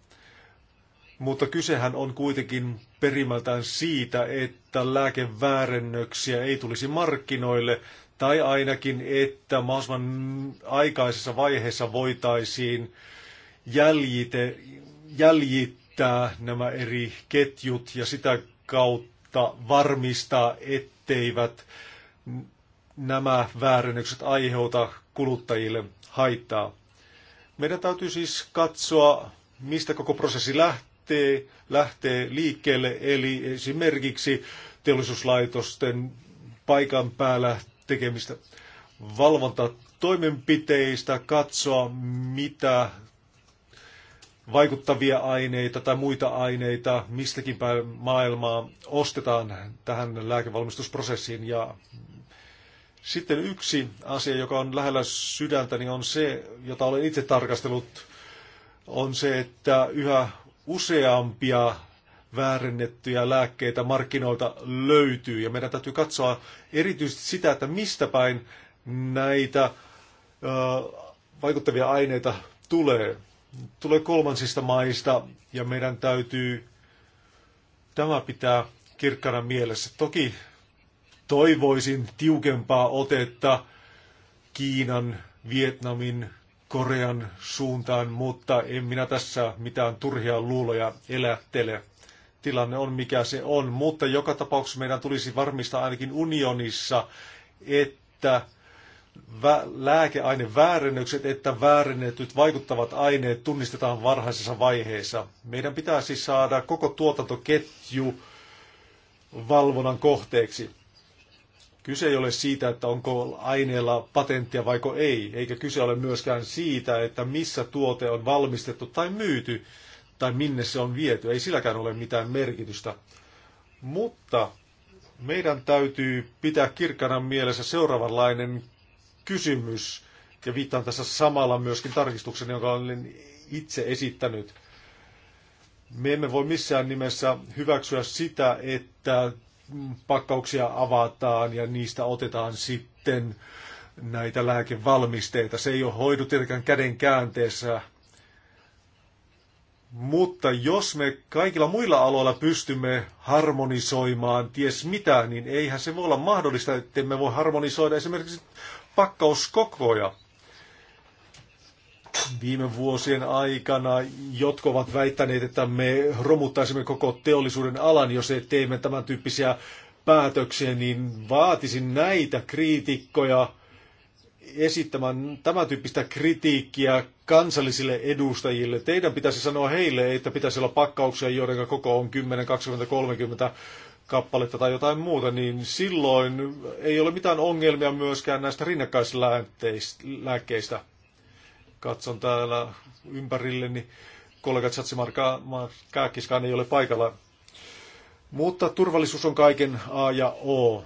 Mutta kysehän on kuitenkin perimältään siitä, että lääkeväärennöksiä ei tulisi markkinoille tai ainakin, että mahdollisimman aikaisessa vaiheessa voitaisiin jäljite, jäljittää nämä eri ketjut ja sitä kautta varmistaa, etteivät nämä väärennykset aiheuta kuluttajille haittaa. Meidän täytyy siis katsoa, mistä koko prosessi lähtee, lähtee liikkeelle, eli esimerkiksi teollisuuslaitosten paikan päällä tekemistä valvontatoimenpiteistä, katsoa mitä vaikuttavia aineita tai muita aineita mistäkin päin maailmaa ostetaan tähän lääkevalmistusprosessiin. Ja sitten yksi asia, joka on lähellä sydäntäni, niin on se, jota olen itse tarkastellut, on se, että yhä useampia väärennettyjä lääkkeitä markkinoilta löytyy. Ja meidän täytyy katsoa erityisesti sitä, että mistä päin näitä vaikuttavia aineita tulee. Tulee kolmansista maista ja meidän täytyy tämä pitää kirkkana mielessä. Toki toivoisin tiukempaa otetta Kiinan, Vietnamin, Korean suuntaan, mutta en minä tässä mitään turhia luuloja elättele tilanne on mikä se on, mutta joka tapauksessa meidän tulisi varmistaa ainakin unionissa, että lääkeaineväärennökset, että väärennetyt vaikuttavat aineet tunnistetaan varhaisessa vaiheessa. Meidän pitää siis saada koko tuotantoketju valvonnan kohteeksi. Kyse ei ole siitä, että onko aineella patenttia vaiko ei, eikä kyse ole myöskään siitä, että missä tuote on valmistettu tai myyty tai minne se on viety. Ei silläkään ole mitään merkitystä. Mutta meidän täytyy pitää kirkkana mielessä seuraavanlainen kysymys, ja viittaan tässä samalla myöskin tarkistuksen, jonka olen itse esittänyt. Me emme voi missään nimessä hyväksyä sitä, että pakkauksia avataan ja niistä otetaan sitten näitä lääkevalmisteita. Se ei ole hoidu tietenkään käden käänteessä, mutta jos me kaikilla muilla aloilla pystymme harmonisoimaan ties mitä, niin eihän se voi olla mahdollista, että me voi harmonisoida esimerkiksi pakkauskokoja. Viime vuosien aikana jotkut ovat väittäneet, että me romuttaisimme koko teollisuuden alan, jos teemme tämän tyyppisiä päätöksiä, niin vaatisin näitä kriitikkoja esittämään tämän tyyppistä kritiikkiä kansallisille edustajille. Teidän pitäisi sanoa heille, että pitäisi olla pakkauksia, joiden koko on 10, 20, 30 kappaletta tai jotain muuta, niin silloin ei ole mitään ongelmia myöskään näistä rinnakkaislääkkeistä. Katson täällä ympärilleni, niin kollega Tsatsimarka Kääkkiskaan ei ole paikalla. Mutta turvallisuus on kaiken A ja O.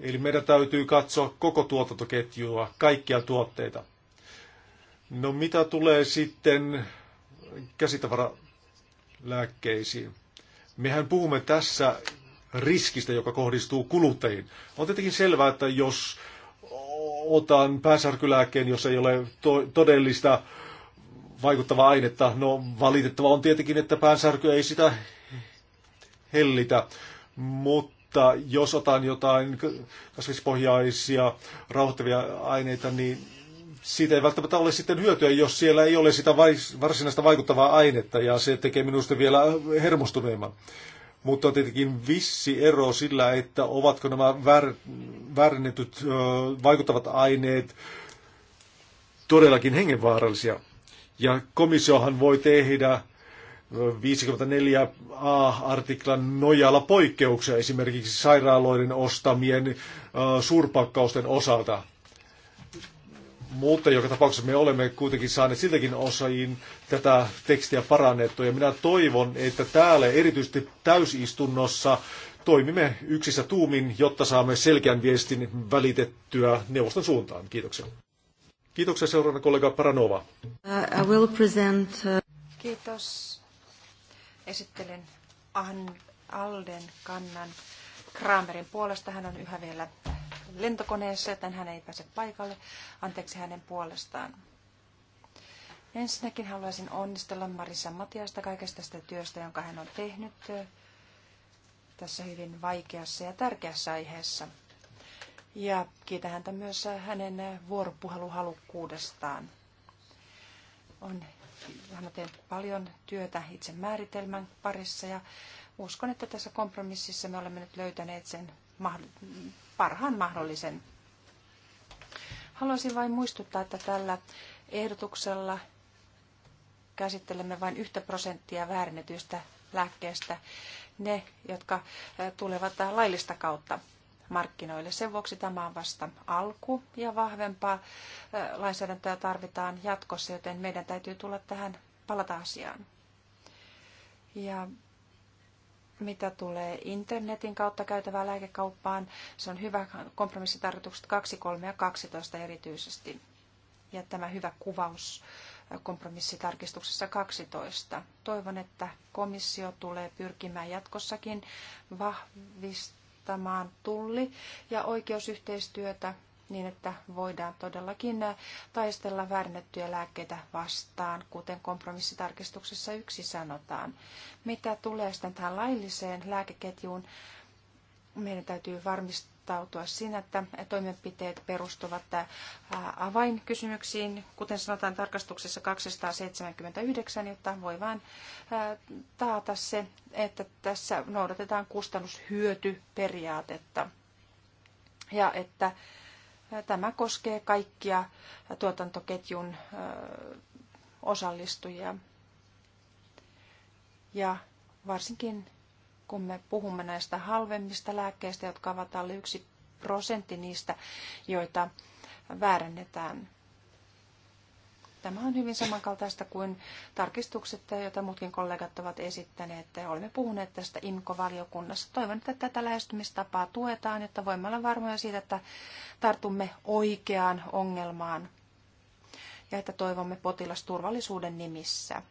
Eli meidän täytyy katsoa koko tuotantoketjua, kaikkia tuotteita. No mitä tulee sitten käsitavaralääkkeisiin? Mehän puhumme tässä riskistä, joka kohdistuu kuluttajiin. On tietenkin selvää, että jos otan pääsärkylääkkeen, jos ei ole to- todellista vaikuttavaa ainetta, no valitettava on tietenkin, että päänsärky ei sitä hellitä, mutta mutta jos otan jotain kasvispohjaisia rauhoittavia aineita, niin siitä ei välttämättä ole sitten hyötyä, jos siellä ei ole sitä varsinaista vaikuttavaa ainetta, ja se tekee minusta vielä hermostuneemman. Mutta on tietenkin vissi ero sillä, että ovatko nämä väär, väärennetyt vaikuttavat aineet todellakin hengenvaarallisia. Ja komissiohan voi tehdä 54a-artiklan nojalla poikkeuksia esimerkiksi sairaaloiden ostamien suurpakkausten osalta. Mutta joka tapauksessa me olemme kuitenkin saaneet siltäkin osain tätä tekstiä parannettua ja minä toivon, että täällä erityisesti täysistunnossa toimimme yksissä tuumin, jotta saamme selkeän viestin välitettyä neuvoston suuntaan. Kiitoksia. Kiitoksia seuraavana kollega Paranova. Uh, I will present, uh... Kiitos esittelen Alden kannan Kramerin puolesta. Hän on yhä vielä lentokoneessa, joten hän ei pääse paikalle. Anteeksi hänen puolestaan. Ensinnäkin haluaisin onnistella Marissa Matiasta kaikesta tästä työstä, jonka hän on tehnyt tässä hyvin vaikeassa ja tärkeässä aiheessa. Ja kiitän häntä myös hänen vuoropuheluhalukkuudestaan. On mä teen paljon työtä itse määritelmän parissa ja uskon, että tässä kompromississa me olemme nyt löytäneet sen parhaan mahdollisen. Haluaisin vain muistuttaa, että tällä ehdotuksella käsittelemme vain yhtä prosenttia väärennetyistä lääkkeistä, ne, jotka tulevat laillista kautta markkinoille. Sen vuoksi tämä on vasta alku ja vahvempaa lainsäädäntöä tarvitaan jatkossa, joten meidän täytyy tulla tähän palata asiaan. Ja mitä tulee internetin kautta käytävään lääkekauppaan, se on hyvä kompromissitarkoitukset 2, 3 ja 12 erityisesti. Ja tämä hyvä kuvaus kompromissitarkistuksessa 12. Toivon, että komissio tulee pyrkimään jatkossakin vahvistamaan parantamaan tulli- ja oikeusyhteistyötä niin, että voidaan todellakin taistella väärennettyjä lääkkeitä vastaan, kuten kompromissitarkistuksessa yksi sanotaan. Mitä tulee sitten tähän lailliseen lääkeketjuun, meidän täytyy varmistaa, osoittautua siinä, että toimenpiteet perustuvat äh, avainkysymyksiin, kuten sanotaan tarkastuksessa 279, jotta voi vain äh, taata se, että tässä noudatetaan kustannushyötyperiaatetta ja että äh, tämä koskee kaikkia tuotantoketjun osallistujia ja varsinkin kun me puhumme näistä halvemmista lääkkeistä, jotka ovat alle yksi prosentti niistä, joita väärennetään. Tämä on hyvin samankaltaista kuin tarkistukset, joita muutkin kollegat ovat esittäneet. Olemme puhuneet tästä IMKO-valiokunnassa. Toivon, että tätä lähestymistapaa tuetaan, jotta voimme olla varmoja siitä, että tartumme oikeaan ongelmaan ja että toivomme potilasturvallisuuden nimissä.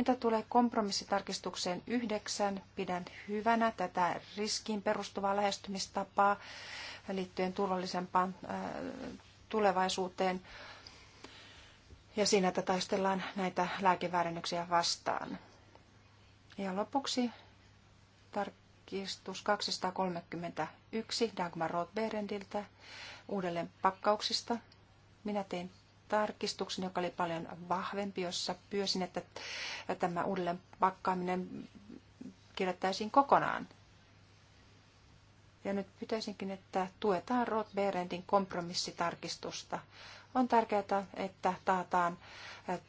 Mitä tulee kompromissitarkistukseen yhdeksän, pidän hyvänä tätä riskiin perustuvaa lähestymistapaa liittyen turvallisempaan äh, tulevaisuuteen ja siinä, että taistellaan näitä lääkeväärennyksiä vastaan. Ja lopuksi tarkistus 231 Dagmar Rothberendiltä uudelleen pakkauksista. Minä tein tarkistuksen, joka oli paljon vahvempi, jossa pyysin, että tämä uudelleen pakkaaminen kirjattaisiin kokonaan. Ja nyt pyytäisinkin, että tuetaan Roth kompromissitarkistusta. On tärkeää, että taataan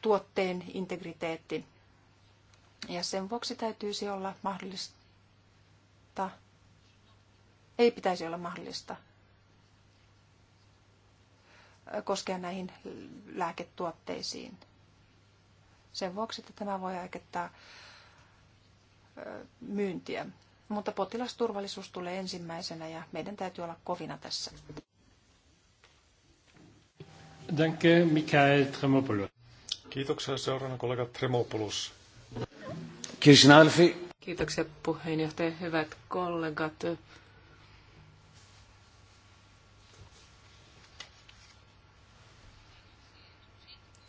tuotteen integriteetti. Ja sen vuoksi täytyisi olla mahdollista, ei pitäisi olla mahdollista koskea näihin lääketuotteisiin. Sen vuoksi, että tämä voi aiheuttaa myyntiä. Mutta potilasturvallisuus tulee ensimmäisenä ja meidän täytyy olla kovina tässä. Danke, Mikael Tremopoulos. Kiitoksia seuraavana kollega Tremopoulos. Kiitoksia puheenjohtaja, hyvät kollegat.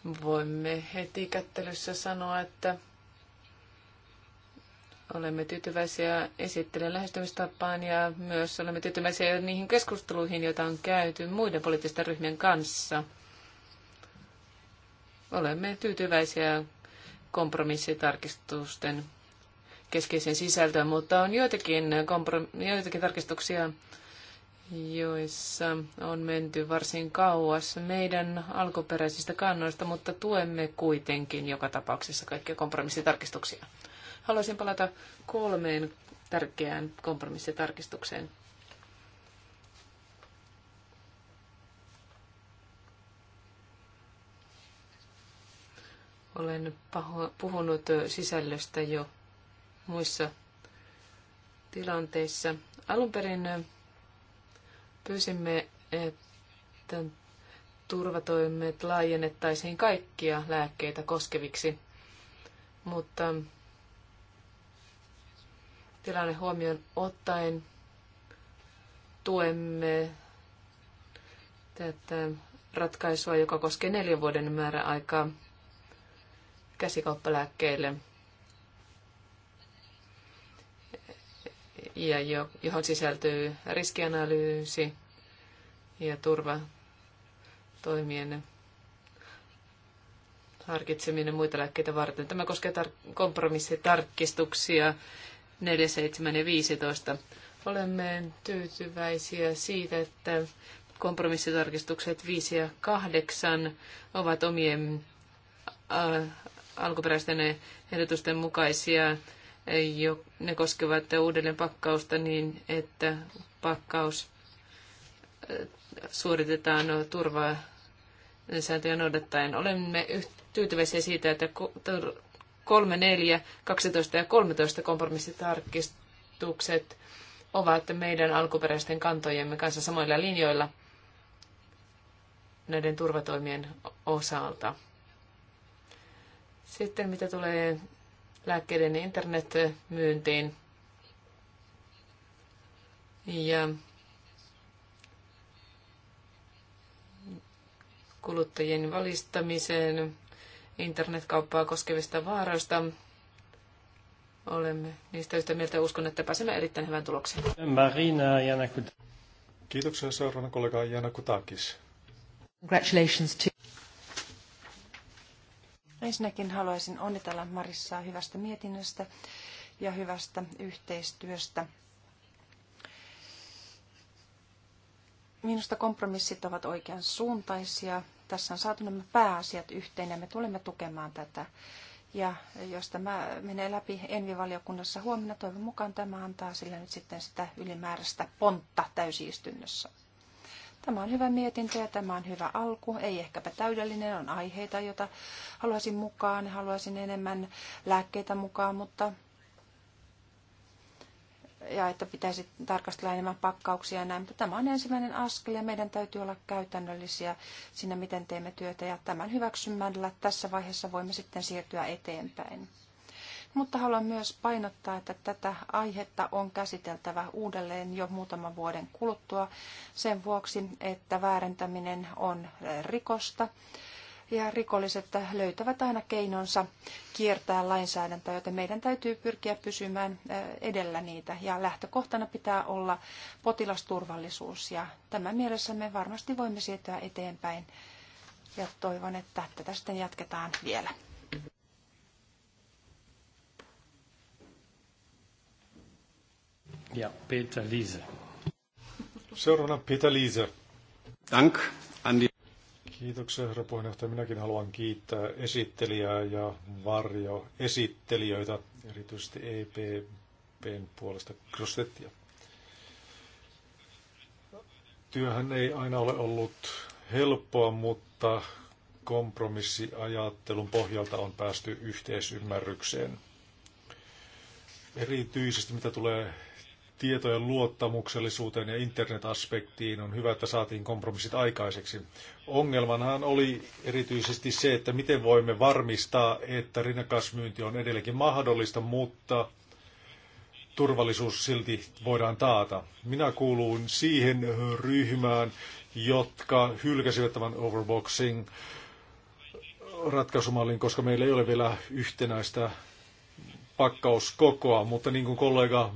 Voimme heti kättelyssä sanoa, että olemme tyytyväisiä esittelen lähestymistapaan ja myös olemme tyytyväisiä niihin keskusteluihin, joita on käyty muiden poliittisten ryhmien kanssa. Olemme tyytyväisiä kompromissitarkistusten keskeisen sisältöön, mutta on joitakin, komprom- joitakin tarkistuksia, joissa on menty varsin kauas meidän alkuperäisistä kannoista, mutta tuemme kuitenkin joka tapauksessa kaikkia kompromissitarkistuksia. Haluaisin palata kolmeen tärkeään kompromissitarkistukseen. Olen puhunut sisällöstä jo muissa tilanteissa. Alun perin Pyysimme, että turvatoimet laajennettaisiin kaikkia lääkkeitä koskeviksi, mutta tilanne huomioon ottaen tuemme tätä ratkaisua, joka koskee neljän vuoden määräaikaa käsikauppalääkkeille. ja johon sisältyy riskianalyysi ja turvatoimien harkitseminen muita lääkkeitä varten. Tämä koskee tar- kompromissitarkistuksia 4, 7 ja 15. Olemme tyytyväisiä siitä, että kompromissitarkistukset 5 ja 8 ovat omien alkuperäisten ehdotusten mukaisia jo, ne koskevat uudelleen pakkausta niin, että pakkaus äh, suoritetaan turvaa sääntöjä noudattaen. Olemme tyytyväisiä siitä, että 3, 4, 12 ja 13 kompromissitarkistukset ovat meidän alkuperäisten kantojemme kanssa samoilla linjoilla näiden turvatoimien osalta. Sitten mitä tulee lääkkeiden internetmyyntiin. Ja kuluttajien valistamiseen internetkauppaa koskevista vaaroista. Olemme niistä yhtä mieltä uskon, että pääsemme erittäin hyvään tulokseen. Marina Janakutakis. Kiitoksia seuraavana kollega Janakutakis. Congratulations to Ensinnäkin haluaisin onnitella Marissaa hyvästä mietinnöstä ja hyvästä yhteistyöstä. Minusta kompromissit ovat oikean suuntaisia. Tässä on saatu nämä pääasiat yhteen ja me tulemme tukemaan tätä. Ja jos tämä menee läpi Envivaliokunnassa huomenna, toivon mukaan tämä antaa sillä nyt sitten sitä ylimääräistä pontta täysistynnössä. Tämä on hyvä mietintö ja tämä on hyvä alku. Ei ehkäpä täydellinen, on aiheita, joita haluaisin mukaan, haluaisin enemmän lääkkeitä mukaan, mutta ja että pitäisi tarkastella enemmän pakkauksia ja näin, mutta tämä on ensimmäinen askel ja meidän täytyy olla käytännöllisiä siinä, miten teemme työtä ja tämän hyväksymällä tässä vaiheessa voimme sitten siirtyä eteenpäin. Mutta haluan myös painottaa, että tätä aihetta on käsiteltävä uudelleen jo muutaman vuoden kuluttua sen vuoksi, että väärentäminen on eh, rikosta ja rikolliset löytävät aina keinonsa kiertää lainsäädäntöä, joten meidän täytyy pyrkiä pysymään eh, edellä niitä. Ja lähtökohtana pitää olla potilasturvallisuus ja tämän mielessä me varmasti voimme siirtyä eteenpäin. Ja toivon, että tätä sitten jatketaan vielä. Ja Peter Liese. Seuraavana Peter Liese. Dank, Andi. Kiitoksia, herra puheenjohtaja. Minäkin haluan kiittää esittelijää ja varjoesittelijöitä, erityisesti EPPn puolesta Grossettia. Työhän ei aina ole ollut helppoa, mutta kompromissiajattelun pohjalta on päästy yhteisymmärrykseen. Erityisesti mitä tulee tietojen luottamuksellisuuteen ja internetaspektiin on hyvä, että saatiin kompromissit aikaiseksi. Ongelmanhan oli erityisesti se, että miten voimme varmistaa, että rinnakasmyynti on edelleenkin mahdollista, mutta turvallisuus silti voidaan taata. Minä kuuluun siihen ryhmään, jotka hylkäsivät tämän overboxing ratkaisumallin, koska meillä ei ole vielä yhtenäistä pakkauskokoa, mutta niin kuin kollega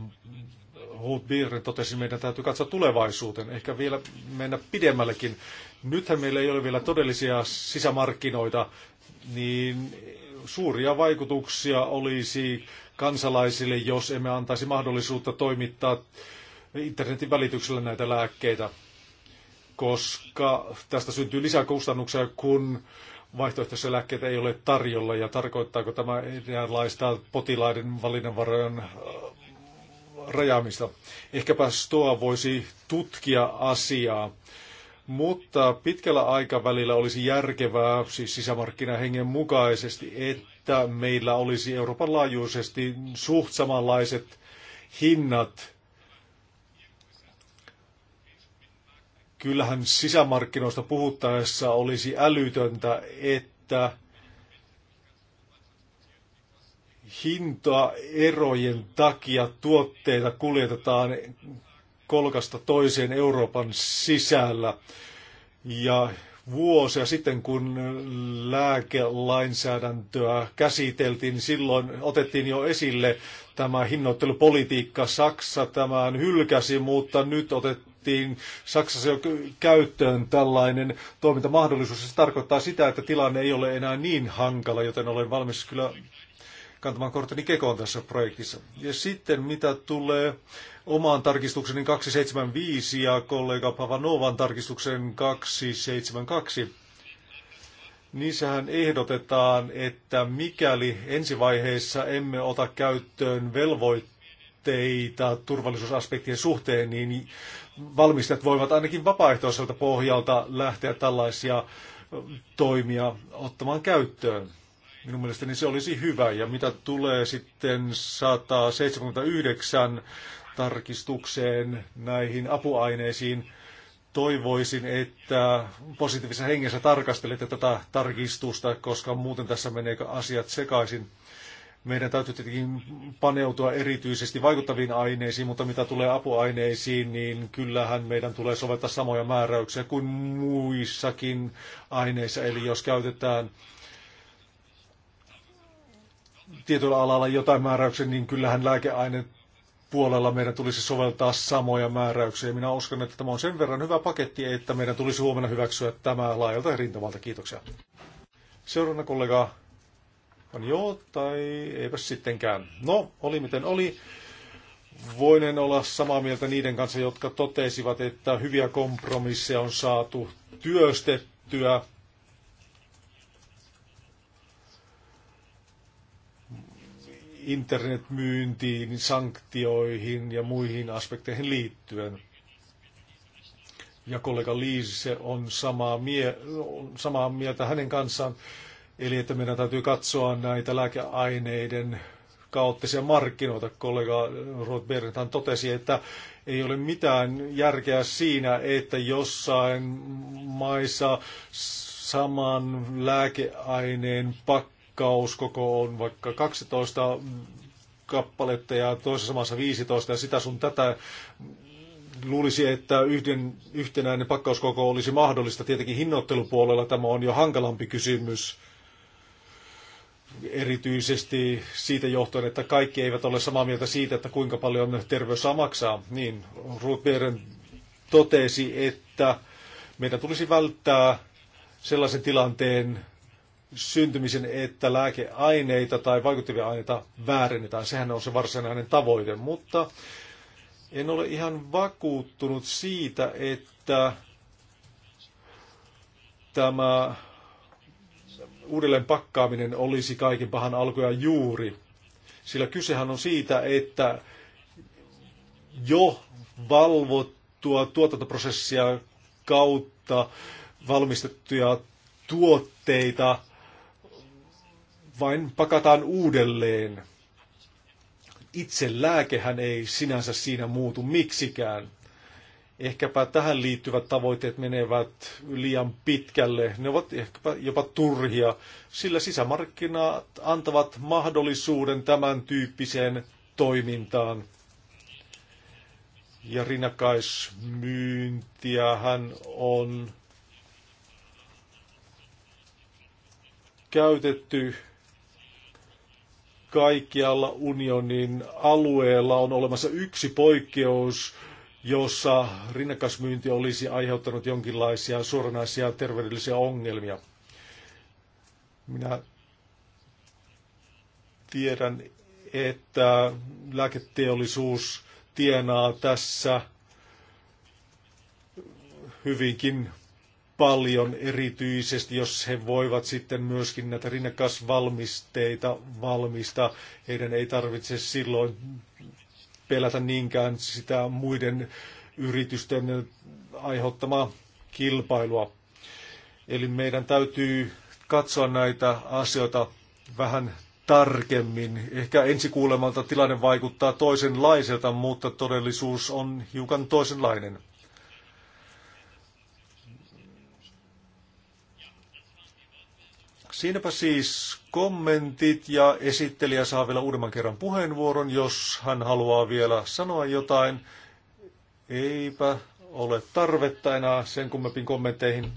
Ruth Bieren totesi, meidän täytyy katsoa tulevaisuuteen, ehkä vielä mennä pidemmällekin. Nythän meillä ei ole vielä todellisia sisämarkkinoita, niin suuria vaikutuksia olisi kansalaisille, jos emme antaisi mahdollisuutta toimittaa internetin välityksellä näitä lääkkeitä, koska tästä syntyy lisää kustannuksia, kun vaihtoehtoisia lääkkeitä ei ole tarjolla ja tarkoittaako tämä erilaista potilaiden valinnanvarojen rajaamista. Ehkäpä STOA voisi tutkia asiaa, mutta pitkällä aikavälillä olisi järkevää, siis sisämarkkinahengen mukaisesti, että meillä olisi Euroopan laajuisesti suht samanlaiset hinnat kyllähän sisämarkkinoista puhuttaessa olisi älytöntä, että hintaerojen takia tuotteita kuljetetaan kolkasta toiseen Euroopan sisällä. Ja vuosia sitten, kun lääkelainsäädäntöä käsiteltiin, niin silloin otettiin jo esille tämä hinnoittelupolitiikka. Saksa tämän hylkäsi, mutta nyt otettiin Saksassa jo käyttöön tällainen toimintamahdollisuus. Se tarkoittaa sitä, että tilanne ei ole enää niin hankala, joten olen valmis kyllä kantamaan kortteni kekoon tässä projektissa. Ja sitten mitä tulee omaan tarkistukseni 275 ja kollega Pavanovan tarkistuksen 272, Niissähän ehdotetaan, että mikäli ensivaiheessa emme ota käyttöön velvoitteita turvallisuusaspektien suhteen, niin valmistajat voivat ainakin vapaaehtoiselta pohjalta lähteä tällaisia toimia ottamaan käyttöön. Minun mielestäni se olisi hyvä. Ja mitä tulee sitten 179 tarkistukseen näihin apuaineisiin, toivoisin, että positiivisessa hengessä tarkastelette tätä tarkistusta, koska muuten tässä menee asiat sekaisin. Meidän täytyy tietenkin paneutua erityisesti vaikuttaviin aineisiin, mutta mitä tulee apuaineisiin, niin kyllähän meidän tulee soveltaa samoja määräyksiä kuin muissakin aineissa. Eli jos käytetään tietyllä alalla jotain määräyksiä, niin kyllähän lääkeaine puolella meidän tulisi soveltaa samoja määräyksiä. Minä uskon, että tämä on sen verran hyvä paketti, että meidän tulisi huomenna hyväksyä tämä laajalta rintamalta. Kiitoksia. Seuraavana kollega on joo, tai eipä sittenkään. No, oli miten oli. Voinen olla samaa mieltä niiden kanssa, jotka totesivat, että hyviä kompromisseja on saatu työstettyä internetmyyntiin, sanktioihin ja muihin aspekteihin liittyen. Ja kollega Liise on samaa, mie- on samaa mieltä hänen kanssaan, eli että meidän täytyy katsoa näitä lääkeaineiden kaoottisia markkinoita. Kollega Ruth totesi, että ei ole mitään järkeä siinä, että jossain maissa saman lääkeaineen pakko pakkauskoko on vaikka 12 kappaletta ja toisessa maassa 15 ja sitä sun tätä. Luulisi, että yhden, yhtenäinen pakkauskoko olisi mahdollista. Tietenkin hinnoittelupuolella tämä on jo hankalampi kysymys erityisesti siitä johtuen, että kaikki eivät ole samaa mieltä siitä, että kuinka paljon terveys saa maksaa. Niin, Ruth Beren totesi, että meidän tulisi välttää sellaisen tilanteen, syntymisen, että lääkeaineita tai vaikuttavia aineita väärennetään. Sehän on se varsinainen tavoite, mutta en ole ihan vakuuttunut siitä, että tämä uudelleen pakkaaminen olisi kaiken pahan alkuja juuri. Sillä kysehän on siitä, että jo valvottua tuotantoprosessia kautta valmistettuja tuotteita vain pakataan uudelleen. Itse lääkehän ei sinänsä siinä muutu miksikään. Ehkäpä tähän liittyvät tavoitteet menevät liian pitkälle. Ne ovat ehkäpä jopa turhia, sillä sisämarkkinat antavat mahdollisuuden tämän tyyppiseen toimintaan. Ja rinnakkaismyyntiähän on käytetty kaikkialla unionin alueella on olemassa yksi poikkeus, jossa rinnakkaismyynti olisi aiheuttanut jonkinlaisia suoranaisia terveydellisiä ongelmia. Minä tiedän, että lääketeollisuus tienaa tässä hyvinkin paljon, erityisesti jos he voivat sitten myöskin näitä rinnakkaisvalmisteita valmistaa. Heidän ei tarvitse silloin pelätä niinkään sitä muiden yritysten aiheuttamaa kilpailua. Eli meidän täytyy katsoa näitä asioita vähän tarkemmin. Ehkä ensi kuulemalta tilanne vaikuttaa toisenlaiselta, mutta todellisuus on hiukan toisenlainen. Siinäpä siis kommentit ja esittelijä saa vielä uudemman kerran puheenvuoron, jos hän haluaa vielä sanoa jotain. Eipä ole tarvetta enää sen kummempiin kommentteihin.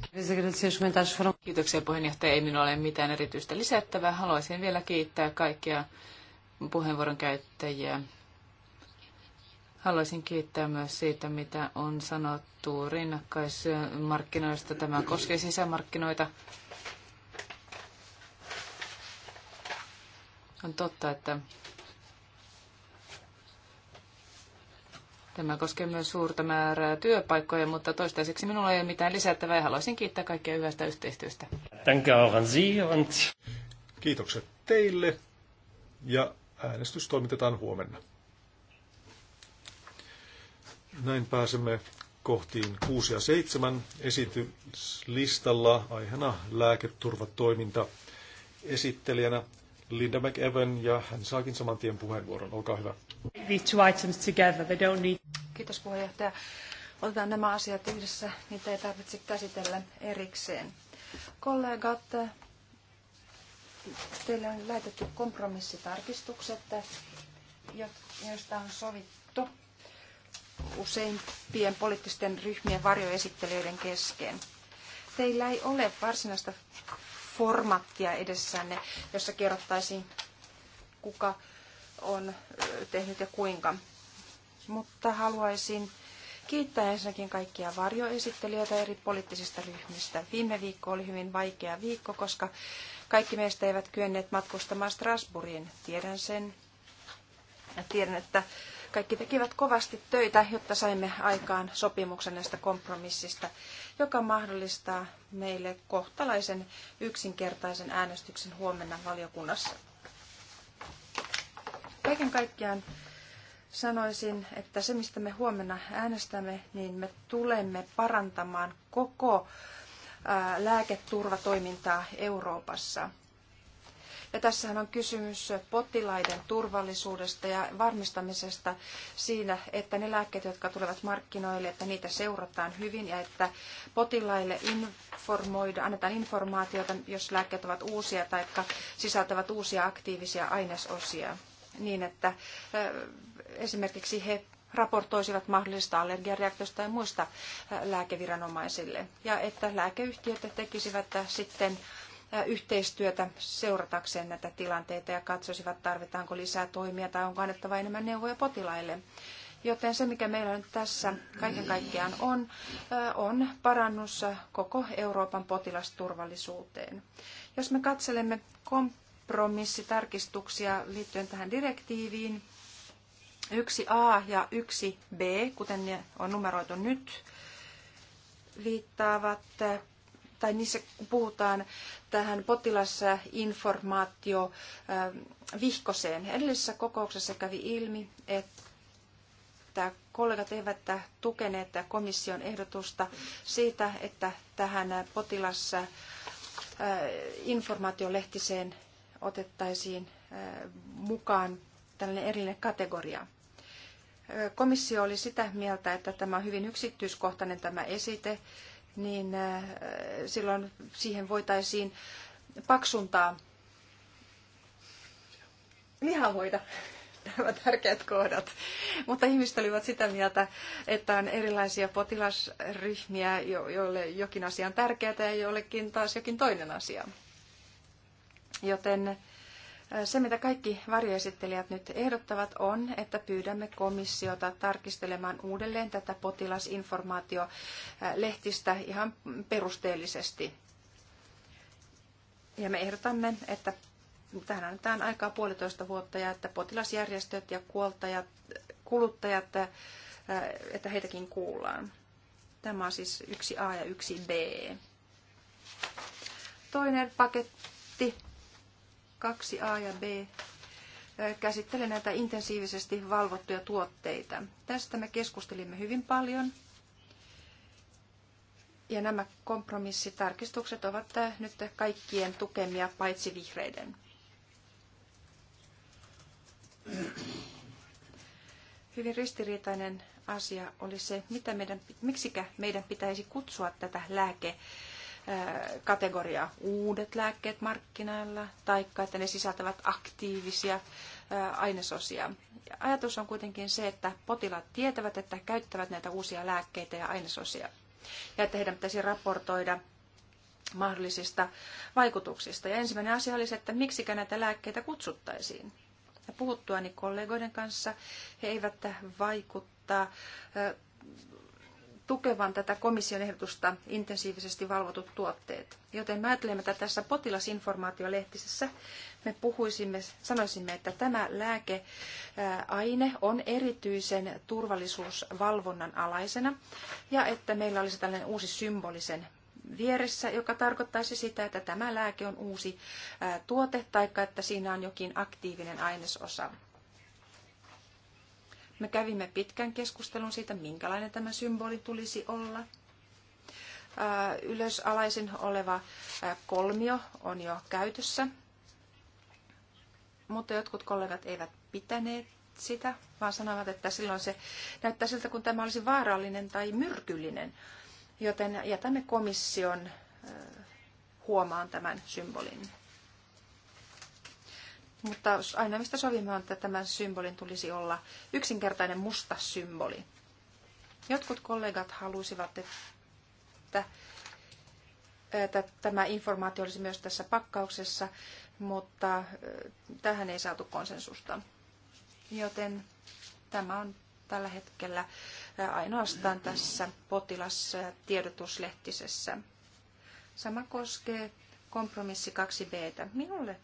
Kiitoksia puheenjohtaja. Ei minulla ole mitään erityistä lisättävää. Haluaisin vielä kiittää kaikkia puheenvuoron käyttäjiä. Haluaisin kiittää myös siitä, mitä on sanottu rinnakkaismarkkinoista. Tämä koskee sisämarkkinoita On totta, että Tämä koskee myös suurta määrää työpaikkoja, mutta toistaiseksi minulla ei ole mitään lisättävää ja haluaisin kiittää kaikkia hyvästä yhteistyöstä. Danke auch an Sie und... Kiitokset teille ja äänestys toimitetaan huomenna. Näin pääsemme kohtiin 6 ja 7 esityslistalla aiheena lääketurvatoiminta esittelijänä Linda McEwen ja hän saakin saman tien puheenvuoron. Olkaa hyvä. Kiitos puheenjohtaja. Otetaan nämä asiat yhdessä, niitä ei tarvitse käsitellä erikseen. Kollegat, teille on lähetetty kompromissitarkistukset, joista on sovittu useimpien poliittisten ryhmien varjoesittelijöiden kesken. Teillä ei ole varsinaista formattia edessänne, jossa kerrottaisiin, kuka on tehnyt ja kuinka. Mutta haluaisin kiittää ensinnäkin kaikkia varjoesittelijöitä eri poliittisista ryhmistä. Viime viikko oli hyvin vaikea viikko, koska kaikki meistä eivät kyenneet matkustamaan Strasbourgin. Tiedän sen. Ja tiedän, että kaikki tekivät kovasti töitä, jotta saimme aikaan sopimuksen näistä kompromissista joka mahdollistaa meille kohtalaisen yksinkertaisen äänestyksen huomenna valiokunnassa. Kaiken kaikkiaan sanoisin, että se mistä me huomenna äänestämme, niin me tulemme parantamaan koko lääketurvatoimintaa Euroopassa. Ja tässähän on kysymys potilaiden turvallisuudesta ja varmistamisesta siinä, että ne lääkkeet, jotka tulevat markkinoille, että niitä seurataan hyvin ja että potilaille informoida, annetaan informaatiota, jos lääkkeet ovat uusia tai sisältävät uusia aktiivisia ainesosia, niin että esimerkiksi he raportoisivat mahdollisista allergiareaktioista ja muista lääkeviranomaisille. Ja että lääkeyhtiöt tekisivät sitten yhteistyötä seuratakseen näitä tilanteita ja katsoisivat, tarvitaanko lisää toimia tai onko annettava enemmän neuvoja potilaille. Joten se, mikä meillä nyt tässä kaiken kaikkiaan on, on parannus koko Euroopan potilasturvallisuuteen. Jos me katselemme kompromissitarkistuksia liittyen tähän direktiiviin, 1a ja 1b, kuten ne on numeroitu nyt, viittaavat tai niissä puhutaan tähän potilasinformaatio ähm, vihkoseen. Edellisessä kokouksessa kävi ilmi, että kollegat eivät tukeneet komission ehdotusta siitä, että tähän potilasinformaatiolehtiseen äh, otettaisiin äh, mukaan tällainen erillinen kategoria. Äh, komissio oli sitä mieltä, että tämä on hyvin yksityiskohtainen tämä esite niin äh, silloin siihen voitaisiin paksuntaa lihavoida nämä tärkeät kohdat. Mutta ihmiset olivat sitä mieltä, että on erilaisia potilasryhmiä, joille jokin asia on tärkeää ja jollekin taas jokin toinen asia. Joten se, mitä kaikki varjoesittelijät nyt ehdottavat, on, että pyydämme komissiota tarkistelemaan uudelleen tätä potilasinformaatiolehtistä ihan perusteellisesti. Ja me ehdotamme, että tähän annetaan aikaa puolitoista vuotta ja että potilasjärjestöt ja kuoltajat, kuluttajat, äh, että heitäkin kuullaan. Tämä on siis yksi a ja yksi b Toinen paketti 2a ja b käsittelee näitä intensiivisesti valvottuja tuotteita. Tästä me keskustelimme hyvin paljon. Ja nämä kompromissitarkistukset ovat nyt kaikkien tukemia, paitsi vihreiden. Hyvin ristiriitainen asia oli se, mitä meidän, miksikä meidän pitäisi kutsua tätä lääke kategoria uudet lääkkeet markkinoilla, tai että ne sisältävät aktiivisia ainesosia. Ajatus on kuitenkin se, että potilaat tietävät, että käyttävät näitä uusia lääkkeitä ja ainesosia, ja että heidän pitäisi raportoida mahdollisista vaikutuksista. Ja ensimmäinen asia oli se, että miksikä näitä lääkkeitä kutsuttaisiin. Ja puhuttuani kollegoiden kanssa he eivät vaikuttaa tukevan tätä komission ehdotusta intensiivisesti valvotut tuotteet. Joten me ajattelemme, että tässä potilasinformaatiolehtisessä me puhuisimme, sanoisimme, että tämä lääkeaine on erityisen turvallisuusvalvonnan alaisena ja että meillä olisi tällainen uusi symbolisen vieressä, joka tarkoittaisi sitä, että tämä lääke on uusi tuote tai että siinä on jokin aktiivinen ainesosa. Me kävimme pitkän keskustelun siitä, minkälainen tämä symboli tulisi olla. Ylösalaisin oleva kolmio on jo käytössä, mutta jotkut kollegat eivät pitäneet sitä, vaan sanovat, että silloin se näyttää siltä, kun tämä olisi vaarallinen tai myrkyllinen. Joten jätämme komission huomaan tämän symbolin. Mutta aina mistä sovimme on, että tämän symbolin tulisi olla yksinkertainen musta symboli. Jotkut kollegat halusivat, että, että tämä informaatio olisi myös tässä pakkauksessa, mutta tähän ei saatu konsensusta. Joten tämä on tällä hetkellä ainoastaan tässä potilastiedotuslehtisessä. Sama koskee kompromissi 2b. Minulle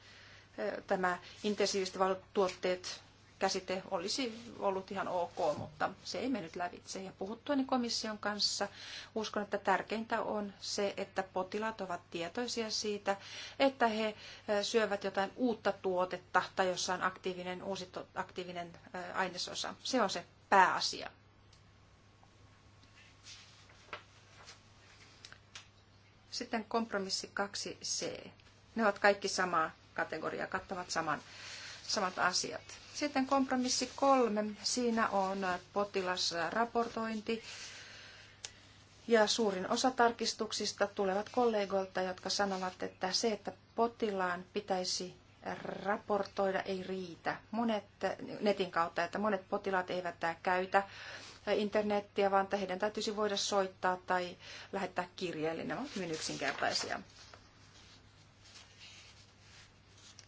tämä intensiiviset tuotteet käsite olisi ollut ihan ok, mutta se ei mennyt lävitse. Ja puhuttuani komission kanssa uskon, että tärkeintä on se, että potilaat ovat tietoisia siitä, että he syövät jotain uutta tuotetta tai jossa on aktiivinen, uusi aktiivinen ainesosa. Se on se pääasia. Sitten kompromissi 2c. Ne ovat kaikki samaa Kategoria kattavat saman, samat asiat. Sitten kompromissi kolme. Siinä on potilasraportointi. Ja suurin osa tarkistuksista tulevat kollegoilta, jotka sanovat, että se, että potilaan pitäisi raportoida ei riitä. Monet netin kautta, että monet potilaat eivät käytä internettiä, vaan että heidän täytyisi voida soittaa tai lähettää kirjeellinen Ne ovat hyvin yksinkertaisia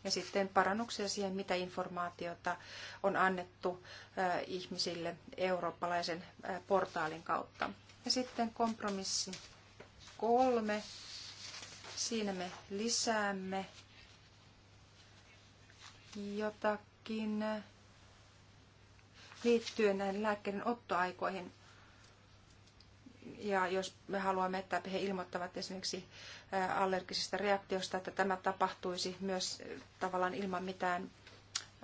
ja sitten parannuksia siihen, mitä informaatiota on annettu ihmisille eurooppalaisen portaalin kautta. Ja sitten kompromissi kolme. Siinä me lisäämme jotakin liittyen näihin lääkkeiden ottoaikoihin ja jos me haluamme, että he ilmoittavat esimerkiksi allergisista reaktiosta, että tämä tapahtuisi myös tavallaan ilman mitään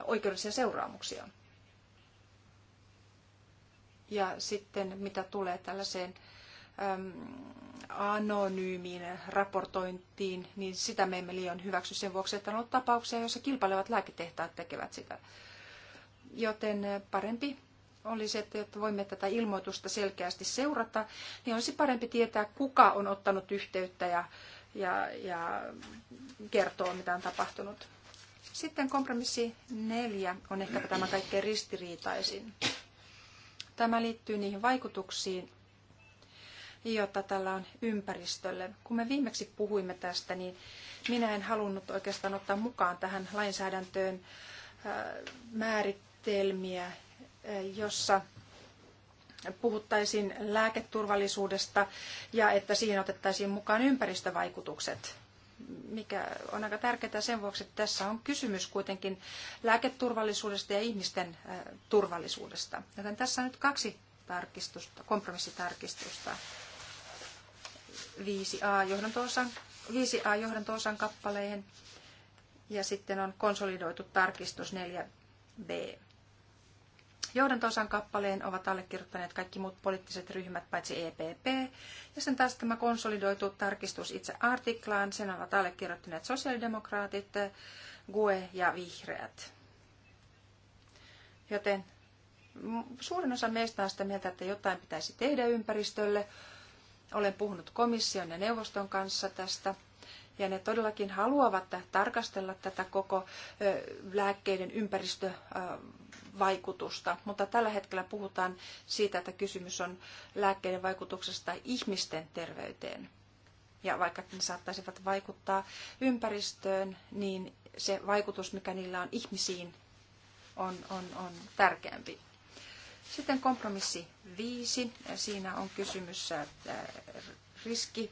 oikeudellisia seuraamuksia. Ja sitten mitä tulee tällaiseen äm, anonyymiin raportointiin, niin sitä me emme liian hyväksy sen vuoksi, että on ollut tapauksia, joissa kilpailevat lääketehtaat tekevät sitä. Joten parempi olisi, että jotta voimme tätä ilmoitusta selkeästi seurata, niin olisi parempi tietää, kuka on ottanut yhteyttä ja, ja, ja kertoo, mitä on tapahtunut. Sitten kompromissi neljä on ehkä tämä kaikkein ristiriitaisin. Tämä liittyy niihin vaikutuksiin, joita tällä on ympäristölle. Kun me viimeksi puhuimme tästä, niin minä en halunnut oikeastaan ottaa mukaan tähän lainsäädäntöön äh, määrittelmiä jossa puhuttaisiin lääketurvallisuudesta ja että siihen otettaisiin mukaan ympäristövaikutukset, mikä on aika tärkeää sen vuoksi, että tässä on kysymys kuitenkin lääketurvallisuudesta ja ihmisten turvallisuudesta. Joten tässä on nyt kaksi tarkistusta, kompromissitarkistusta. 5a johdantoosan, 5a johdantoosan kappaleen ja sitten on konsolidoitu tarkistus 4b johdantosan kappaleen ovat allekirjoittaneet kaikki muut poliittiset ryhmät paitsi EPP, ja sen taas tämä konsolidoitu tarkistus itse artiklaan, sen ovat allekirjoittaneet sosiaalidemokraatit, GUE ja vihreät. Joten suurin osa meistä on sitä mieltä, että jotain pitäisi tehdä ympäristölle. Olen puhunut komission ja neuvoston kanssa tästä ja ne todellakin haluavat tarkastella tätä koko lääkkeiden ympäristövaikutusta, mutta tällä hetkellä puhutaan siitä, että kysymys on lääkkeiden vaikutuksesta ihmisten terveyteen. Ja vaikka ne saattaisivat vaikuttaa ympäristöön, niin se vaikutus, mikä niillä on ihmisiin, on, on, on tärkeämpi. Sitten kompromissi viisi. Siinä on kysymys riski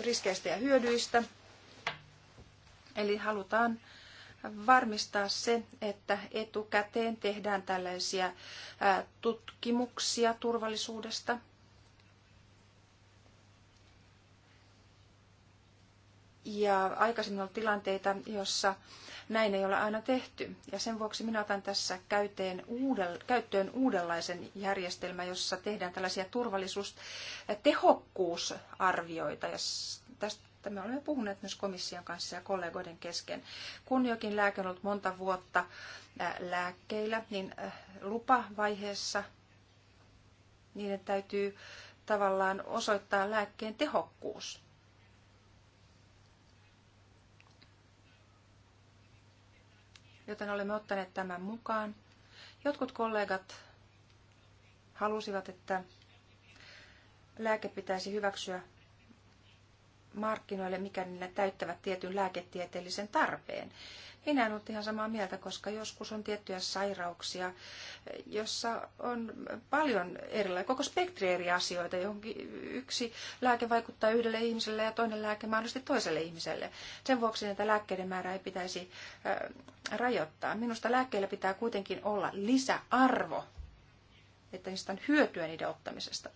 riskeistä ja hyödyistä. Eli halutaan varmistaa se, että etukäteen tehdään tällaisia tutkimuksia turvallisuudesta. Ja aikaisemmin on tilanteita, jossa näin ei ole aina tehty. Ja sen vuoksi minä otan tässä käyteen uudel, käyttöön uudenlaisen järjestelmän, jossa tehdään tällaisia turvallisuus- ja tehokkuusarvioita. Ja tästä me olemme puhuneet myös komission kanssa ja kollegoiden kesken. Kun jokin lääke on ollut monta vuotta äh, lääkkeillä, niin äh, lupavaiheessa niiden täytyy tavallaan osoittaa lääkkeen tehokkuus. joten olemme ottaneet tämän mukaan. Jotkut kollegat halusivat, että lääke pitäisi hyväksyä markkinoille, mikä niillä täyttävät tietyn lääketieteellisen tarpeen. Minä en ollut ihan samaa mieltä, koska joskus on tiettyjä sairauksia, jossa on paljon erilaisia, koko spektri eri asioita, johonkin yksi lääke vaikuttaa yhdelle ihmiselle ja toinen lääke mahdollisesti toiselle ihmiselle. Sen vuoksi näitä lääkkeiden määrää ei pitäisi rajoittaa. Minusta lääkkeillä pitää kuitenkin olla lisäarvo, että niistä on hyötyä niiden ottamisesta.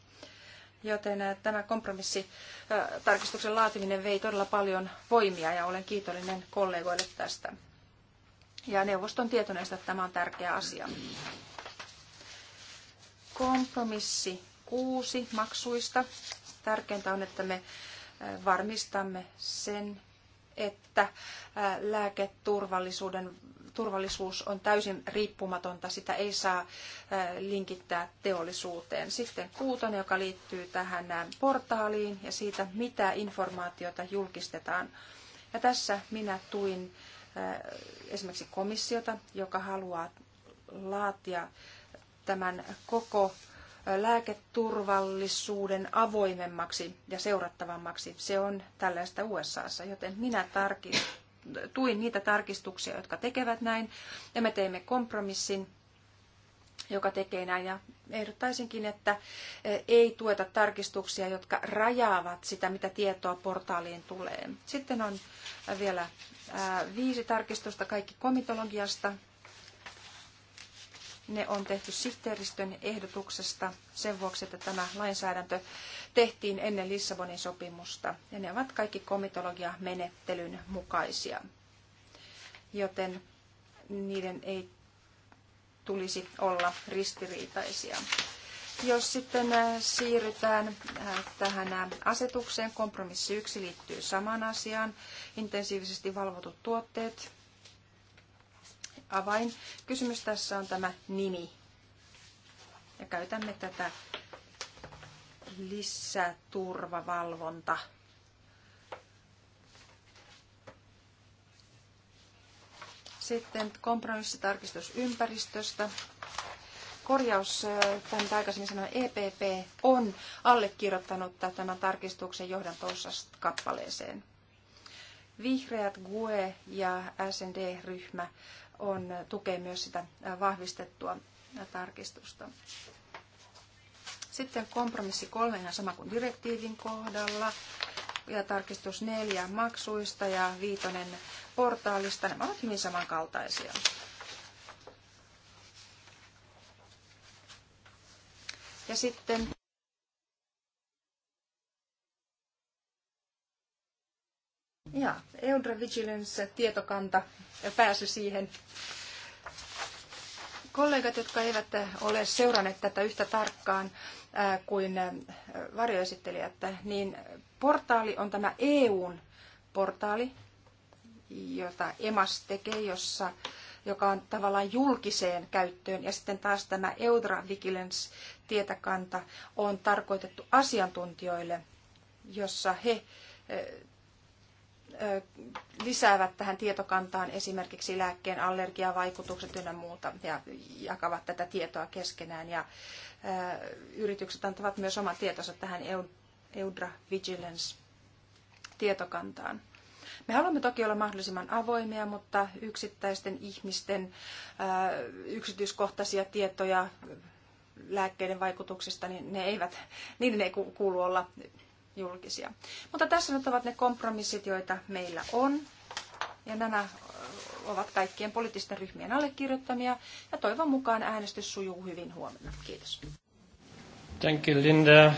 Joten tämä kompromissitarkistuksen laatiminen vei todella paljon voimia ja olen kiitollinen kollegoille tästä. Ja neuvoston tietoneista tämä on tärkeä asia. Kompromissi kuusi maksuista. Tärkeintä on, että me varmistamme sen, että lääketurvallisuuden turvallisuus on täysin riippumatonta, sitä ei saa linkittää teollisuuteen. Sitten kuutonen, joka liittyy tähän portaaliin ja siitä, mitä informaatiota julkistetaan. Ja tässä minä tuin Äh, esimerkiksi komissiota, joka haluaa laatia tämän koko äh, lääketurvallisuuden avoimemmaksi ja seurattavammaksi. Se on tällaista USAssa, joten minä tarkist, tuin niitä tarkistuksia, jotka tekevät näin, ja me teimme kompromissin, joka tekee näin. Ja ehdottaisinkin, että eh, ei tueta tarkistuksia, jotka rajaavat sitä, mitä tietoa portaaliin tulee. Sitten on eh, vielä eh, viisi tarkistusta kaikki komitologiasta. Ne on tehty sihteeristön ehdotuksesta sen vuoksi, että tämä lainsäädäntö tehtiin ennen Lissabonin sopimusta. Ja ne ovat kaikki komitologia-menettelyn mukaisia. Joten niiden ei tulisi olla ristiriitaisia. Jos sitten äh, siirrytään äh, tähän äh, asetukseen, kompromissi 1 liittyy samaan asiaan, intensiivisesti valvotut tuotteet. Avain. Kysymys tässä on tämä nimi. Ja käytämme tätä lisäturvavalvonta Sitten kompromissitarkistus ympäristöstä. Korjaus äh, tämän aikaisemmin sanoin, EPP on allekirjoittanut tämän tarkistuksen johdantoossa kappaleeseen. Vihreät, GUE ja SND-ryhmä on, äh, tukee myös sitä äh, vahvistettua tarkistusta. Sitten kompromissi kolme ihan sama kuin direktiivin kohdalla ja tarkistus neljä maksuista ja viitonen portaalista. Nämä ovat hyvin samankaltaisia. Ja sitten Ja, Eudra Vigilance tietokanta ja pääsy siihen. Kollegat, jotka eivät ole seuranneet tätä yhtä tarkkaan kuin varjoesittelijät, niin portaali on tämä EUn portaali, jota EMAS tekee, jossa, joka on tavallaan julkiseen käyttöön. Ja sitten taas tämä Eudra Vigilance tietokanta on tarkoitettu asiantuntijoille, jossa he lisäävät tähän tietokantaan esimerkiksi lääkkeen allergiavaikutukset ynnä muuta ja jakavat tätä tietoa keskenään. Ja yritykset antavat myös oman tietonsa tähän Eudra Vigilance tietokantaan. Me haluamme toki olla mahdollisimman avoimia, mutta yksittäisten ihmisten yksityiskohtaisia tietoja lääkkeiden vaikutuksista, niin ne eivät, niiden ei kuulu olla julkisia. Mutta tässä nyt ovat ne kompromissit, joita meillä on. Ja nämä ovat kaikkien poliittisten ryhmien allekirjoittamia. Ja toivon mukaan äänestys sujuu hyvin huomenna. Kiitos. Thank you, Linda.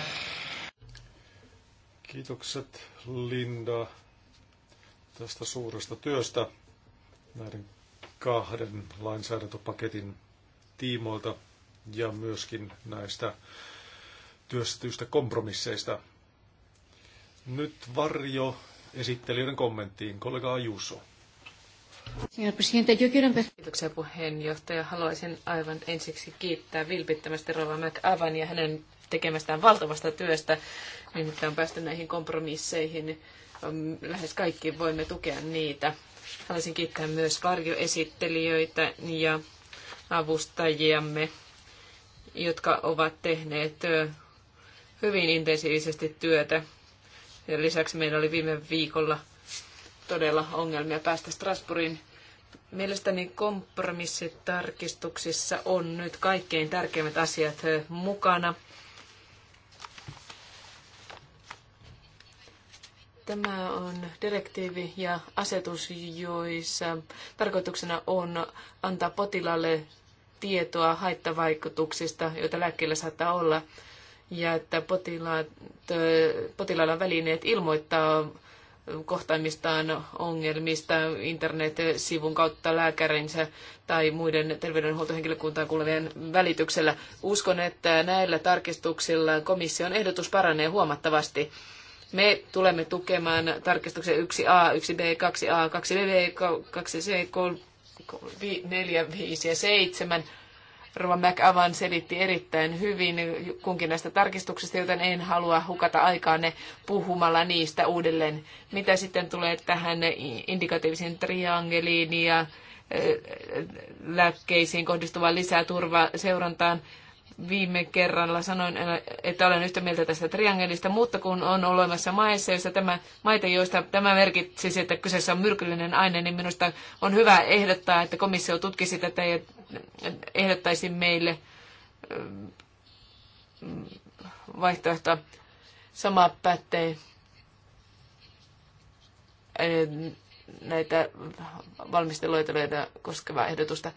Kiitokset, Linda tästä suuresta työstä näiden kahden lainsäädäntöpaketin tiimoilta ja myöskin näistä työstetyistä kompromisseista. Nyt varjo esittelijöiden kommenttiin. Kollega Ajuso. Kiitoksia puheenjohtaja. Haluaisin aivan ensiksi kiittää vilpittömästi Rova McAvan ja hänen tekemästään valtavasta työstä. Nimittäin on päästy näihin kompromisseihin Äh, lähes kaikki voimme tukea niitä. Haluaisin kiittää myös varjoesittelijöitä ja avustajiamme, jotka ovat tehneet hyvin intensiivisesti työtä. Ja lisäksi meillä oli viime viikolla todella ongelmia päästä Strasbourgin. Mielestäni kompromissitarkistuksissa on nyt kaikkein tärkeimmät asiat mukana. Tämä on direktiivi ja asetus, joissa tarkoituksena on antaa potilaalle tietoa haittavaikutuksista, joita lääkkeellä saattaa olla, ja että potilaat, potilailla välineet ilmoittaa kohtaamistaan ongelmista internet-sivun kautta lääkärinsä tai muiden terveydenhuoltohenkilökuntaan kuulevien välityksellä. Uskon, että näillä tarkistuksilla komission ehdotus paranee huomattavasti. Me tulemme tukemaan tarkistuksen 1a, 1b, 2a, 2b, 2c, 4, 5 ja 7. Rova McAvan selitti erittäin hyvin kunkin näistä tarkistuksista, joten en halua hukata aikaa ne puhumalla niistä uudelleen. Mitä sitten tulee tähän indikatiivisiin triangeliin ja lääkkeisiin kohdistuvaan lisäturvaseurantaan, seurantaan, viime kerralla sanoin, että olen yhtä mieltä tästä triangelista, mutta kun on olemassa maissa, joissa tämä, maita, joista tämä merkitsisi, että kyseessä on myrkyllinen aine, niin minusta on hyvä ehdottaa, että komissio tutkisi tätä ja ehdottaisi meille mm, vaihtoehto. Sama pätee eh, näitä valmisteluita koskevaa ehdotusta.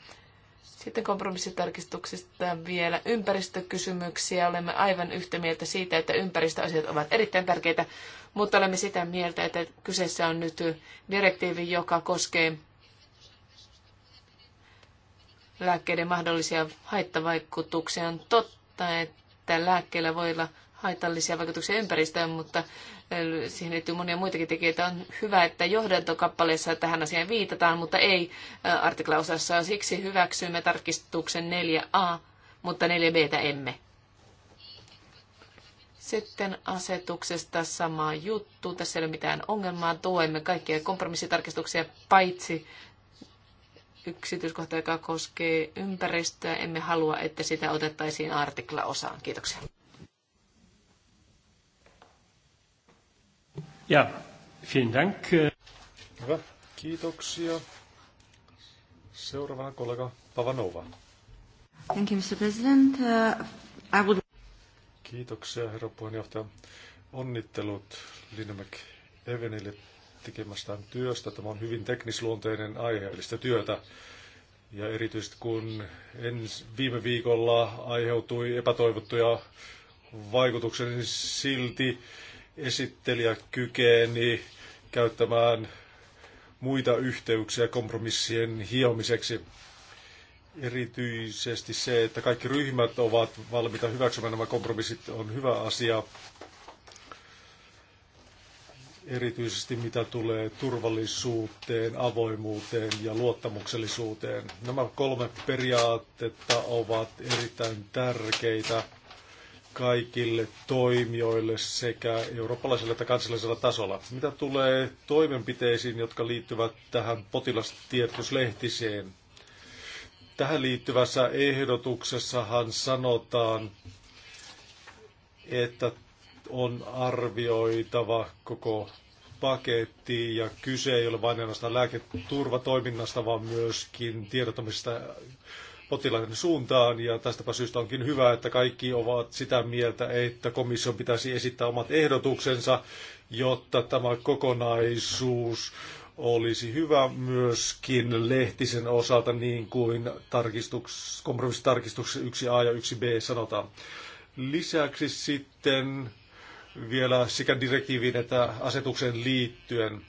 Sitten kompromissitarkistuksista vielä ympäristökysymyksiä. Olemme aivan yhtä mieltä siitä, että ympäristöasiat ovat erittäin tärkeitä, mutta olemme sitä mieltä, että kyseessä on nyt direktiivi, joka koskee lääkkeiden mahdollisia haittavaikutuksia. On totta, että lääkkeillä voi olla haitallisia vaikutuksia ympäristöön, mutta siihen liittyy monia muitakin tekijöitä. On hyvä, että johdantokappaleessa tähän asiaan viitataan, mutta ei artiklaosassa. Siksi hyväksymme tarkistuksen 4a, mutta 4 b emme. Sitten asetuksesta sama juttu. Tässä ei ole mitään ongelmaa. Tuemme kaikkia kompromissitarkistuksia paitsi yksityiskohta, joka koskee ympäristöä. Emme halua, että sitä otettaisiin artiklaosaan. Kiitoksia. Ja, vielen dank. Hyvä, kiitoksia. Seuraavana kollega Pavanova. Thank you, Mr. President. Uh, I would... Kiitoksia, herra puheenjohtaja. Onnittelut Linnemäk Evenille tekemästään työstä. Tämä on hyvin teknisluonteinen aiheellista työtä. Ja erityisesti kun ens, viime viikolla aiheutui epätoivottuja vaikutuksia, niin silti esittelijä kykeni käyttämään muita yhteyksiä kompromissien hiomiseksi. Erityisesti se, että kaikki ryhmät ovat valmiita hyväksymään nämä kompromissit, on hyvä asia. Erityisesti mitä tulee turvallisuuteen, avoimuuteen ja luottamuksellisuuteen. Nämä kolme periaatetta ovat erittäin tärkeitä kaikille toimijoille sekä eurooppalaisella että kansallisella tasolla. Mitä tulee toimenpiteisiin, jotka liittyvät tähän potilastietoslehtiseen? Tähän liittyvässä ehdotuksessahan sanotaan, että on arvioitava koko paketti ja kyse ei ole vain ainoastaan lääketurvatoiminnasta, vaan myöskin tiedottamisesta potilaiden suuntaan ja tästäpä syystä onkin hyvä, että kaikki ovat sitä mieltä, että komission pitäisi esittää omat ehdotuksensa, jotta tämä kokonaisuus olisi hyvä myöskin lehtisen osalta, niin kuin tarkistuks, kompromissitarkistuksessa 1a ja 1b sanotaan. Lisäksi sitten vielä sekä direktiiviin että asetukseen liittyen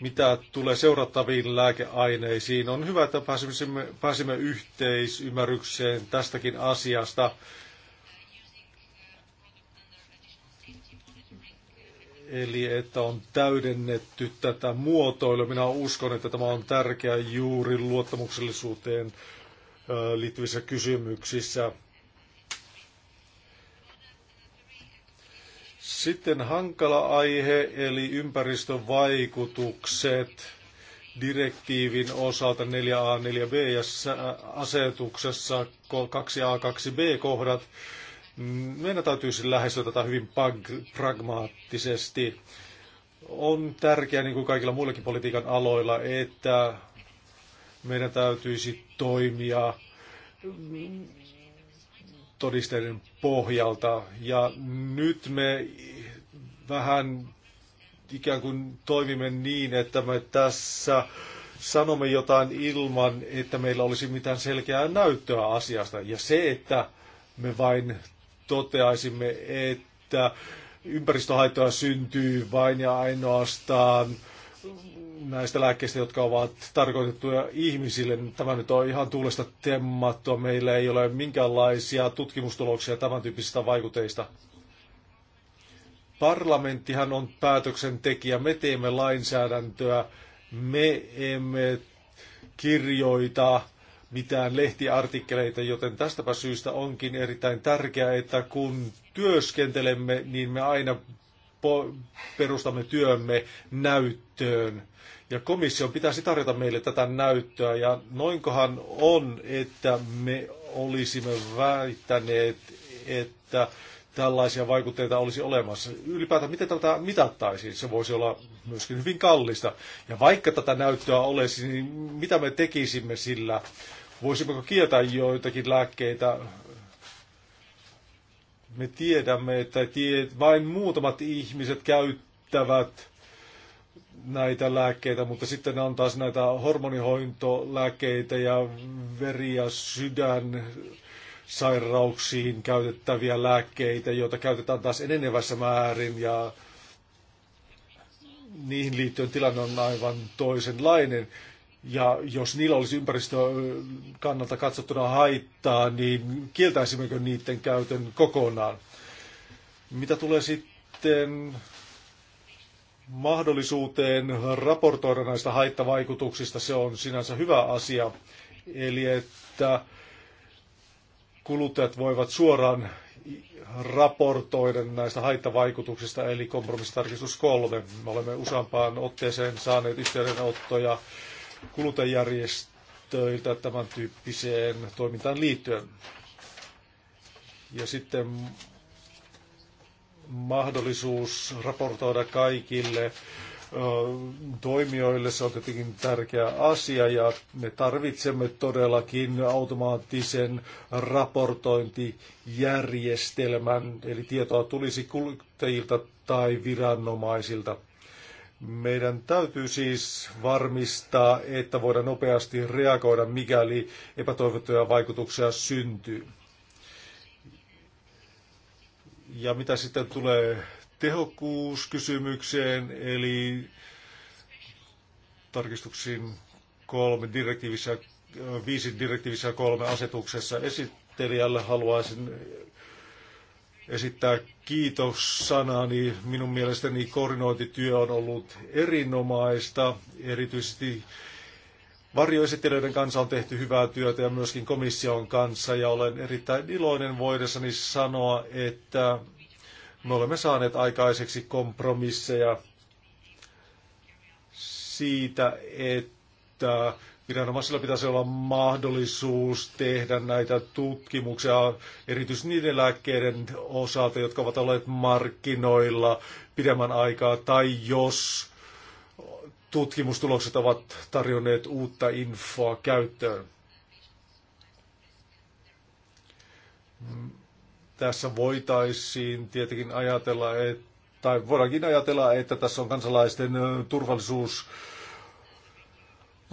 mitä tulee seurattaviin lääkeaineisiin, on hyvä, että pääsimme, pääsimme yhteisymmärrykseen tästäkin asiasta. Eli että on täydennetty tätä muotoilua. Minä uskon, että tämä on tärkeä juuri luottamuksellisuuteen liittyvissä kysymyksissä. Sitten hankala aihe, eli ympäristövaikutukset direktiivin osalta 4a, 4b ja asetuksessa 2a, 2b kohdat. Meidän täytyisi siis lähestyä tätä hyvin pragmaattisesti. On tärkeää, niin kuin kaikilla muillakin politiikan aloilla, että meidän täytyisi toimia todisteiden pohjalta. Ja nyt me vähän ikään kuin toimimme niin, että me tässä sanomme jotain ilman, että meillä olisi mitään selkeää näyttöä asiasta. Ja se, että me vain toteaisimme, että ympäristöhaittoja syntyy vain ja ainoastaan näistä lääkkeistä, jotka ovat tarkoitettuja ihmisille. Tämä nyt on ihan tuulesta temmattua. Meillä ei ole minkäänlaisia tutkimustuloksia tämän tyyppisistä vaikuteista. Parlamenttihan on päätöksentekijä. Me teemme lainsäädäntöä. Me emme kirjoita mitään lehtiartikkeleita, joten tästäpä syystä onkin erittäin tärkeää, että kun työskentelemme, niin me aina perustamme työmme näyttöön. Ja komission pitäisi tarjota meille tätä näyttöä. Ja noinkohan on, että me olisimme väittäneet, että tällaisia vaikutteita olisi olemassa. Ylipäätään miten tätä mitattaisiin, se voisi olla myöskin hyvin kallista. Ja vaikka tätä näyttöä olisi, niin mitä me tekisimme sillä? Voisimmeko kieltää joitakin lääkkeitä me tiedämme, että tie, vain muutamat ihmiset käyttävät näitä lääkkeitä, mutta sitten on taas näitä hormonihointolääkkeitä ja veri- ja sydän sairauksiin käytettäviä lääkkeitä, joita käytetään taas enenevässä määrin ja niihin liittyen tilanne on aivan toisenlainen. Ja jos niillä olisi ympäristön kannalta katsottuna haittaa, niin kieltäisimmekö niiden käytön kokonaan? Mitä tulee sitten mahdollisuuteen raportoida näistä haittavaikutuksista, se on sinänsä hyvä asia. Eli että kuluttajat voivat suoraan raportoida näistä haittavaikutuksista, eli kompromissitarkistus kolme. Me olemme useampaan otteeseen saaneet yhteydenottoja kuluttajärjestöiltä tämän tyyppiseen toimintaan liittyen. Ja sitten mahdollisuus raportoida kaikille toimijoille. Se on tietenkin tärkeä asia ja me tarvitsemme todellakin automaattisen raportointijärjestelmän, eli tietoa tulisi kuluttajilta tai viranomaisilta. Meidän täytyy siis varmistaa, että voidaan nopeasti reagoida, mikäli epätoivottuja vaikutuksia syntyy. Ja mitä sitten tulee tehokkuuskysymykseen, eli tarkistuksiin kolme direktiivissä, viisi direktiivissä ja kolme asetuksessa esittelijälle haluaisin esittää sanani. Minun mielestäni koordinointityö on ollut erinomaista. Erityisesti varjoesittelijöiden kanssa on tehty hyvää työtä ja myöskin komission kanssa. Ja olen erittäin iloinen voidessani sanoa, että me olemme saaneet aikaiseksi kompromisseja siitä, että Viranomaisilla pitäisi olla mahdollisuus tehdä näitä tutkimuksia, erityisesti niiden lääkkeiden osalta, jotka ovat olleet markkinoilla pidemmän aikaa, tai jos tutkimustulokset ovat tarjonneet uutta infoa käyttöön. Tässä voitaisiin tietenkin ajatella, että, tai voidaankin ajatella, että tässä on kansalaisten turvallisuus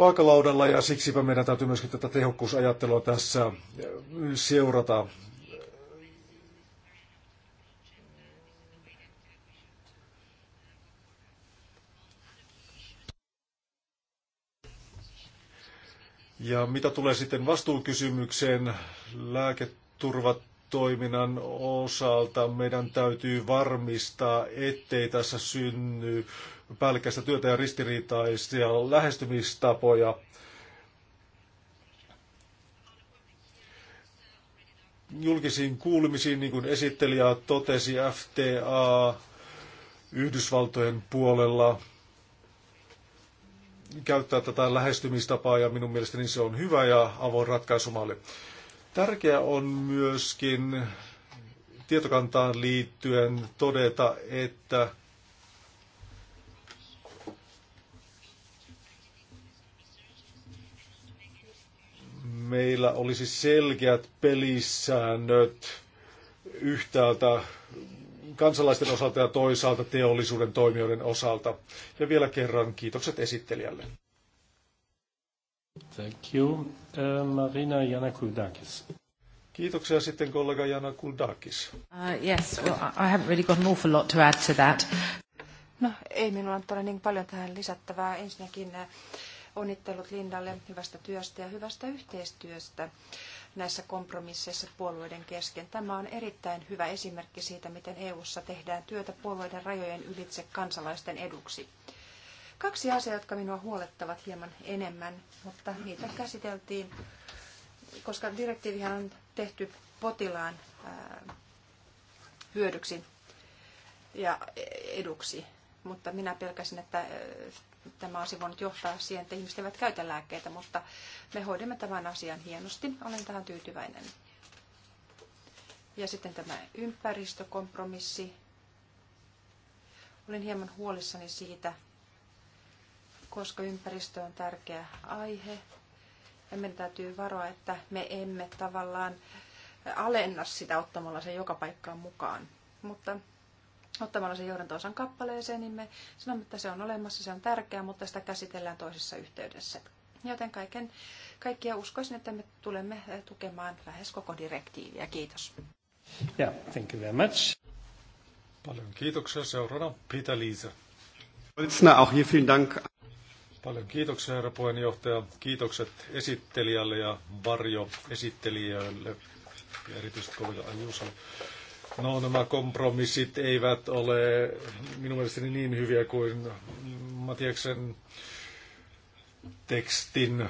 vaakalaudalla ja siksipä meidän täytyy myöskin tätä tehokkuusajattelua tässä äh, seurata. Ja mitä tulee sitten vastuukysymykseen lääketurvatoiminnan osalta, meidän täytyy varmistaa, ettei tässä synny päällekkäistä työtä ja ristiriitaisia lähestymistapoja. Julkisiin kuulumisiin niin kuin esittelijä totesi, FTA Yhdysvaltojen puolella käyttää tätä lähestymistapaa ja minun mielestäni se on hyvä ja avoin ratkaisumalli. Tärkeää on myöskin tietokantaan liittyen todeta, että meillä olisi selkeät pelisäännöt yhtäältä kansalaisten osalta ja toisaalta teollisuuden toimijoiden osalta. Ja vielä kerran kiitokset esittelijälle. Thank you. Uh, Marina Janakuldakis. Kiitoksia sitten kollega Jana Kuldakis. Uh, yes, well, I haven't really got an awful lot to add to that. No, ei minulla ole niin paljon tähän lisättävää. Ensinnäkin uh, Onnittelut Lindalle hyvästä työstä ja hyvästä yhteistyöstä näissä kompromisseissa puolueiden kesken. Tämä on erittäin hyvä esimerkki siitä, miten EU:ssa tehdään työtä puolueiden rajojen ylitse kansalaisten eduksi. Kaksi asiaa, jotka minua huolettavat hieman enemmän, mutta niitä käsiteltiin, koska direktiivihän on tehty potilaan hyödyksi ja eduksi. Mutta minä pelkäsin, että tämä olisi voinut johtaa siihen, että ihmiset eivät käytä lääkkeitä, mutta me hoidimme tämän asian hienosti. Olen tähän tyytyväinen. Ja sitten tämä ympäristökompromissi. Olin hieman huolissani siitä, koska ympäristö on tärkeä aihe. Ja meidän täytyy varoa, että me emme tavallaan alenna sitä ottamalla sen joka paikkaan mukaan. Mutta ottamalla sen johdantoosan kappaleeseen, niin me sanomme, että se on olemassa, se on tärkeää, mutta sitä käsitellään toisessa yhteydessä. Joten kaiken, kaikkia uskoisin, että me tulemme eh, tukemaan lähes koko direktiiviä. Kiitos. Yeah, thank you very much. Paljon kiitoksia. Seuraavana Peter Liese. vielen Paljon kiitoksia, herra puheenjohtaja. Kiitokset esittelijälle ja varjoesittelijöille ja erityisesti kovilla Ajuusalle. No nämä kompromissit eivät ole minun mielestäni niin hyviä kuin Matiaksen tekstin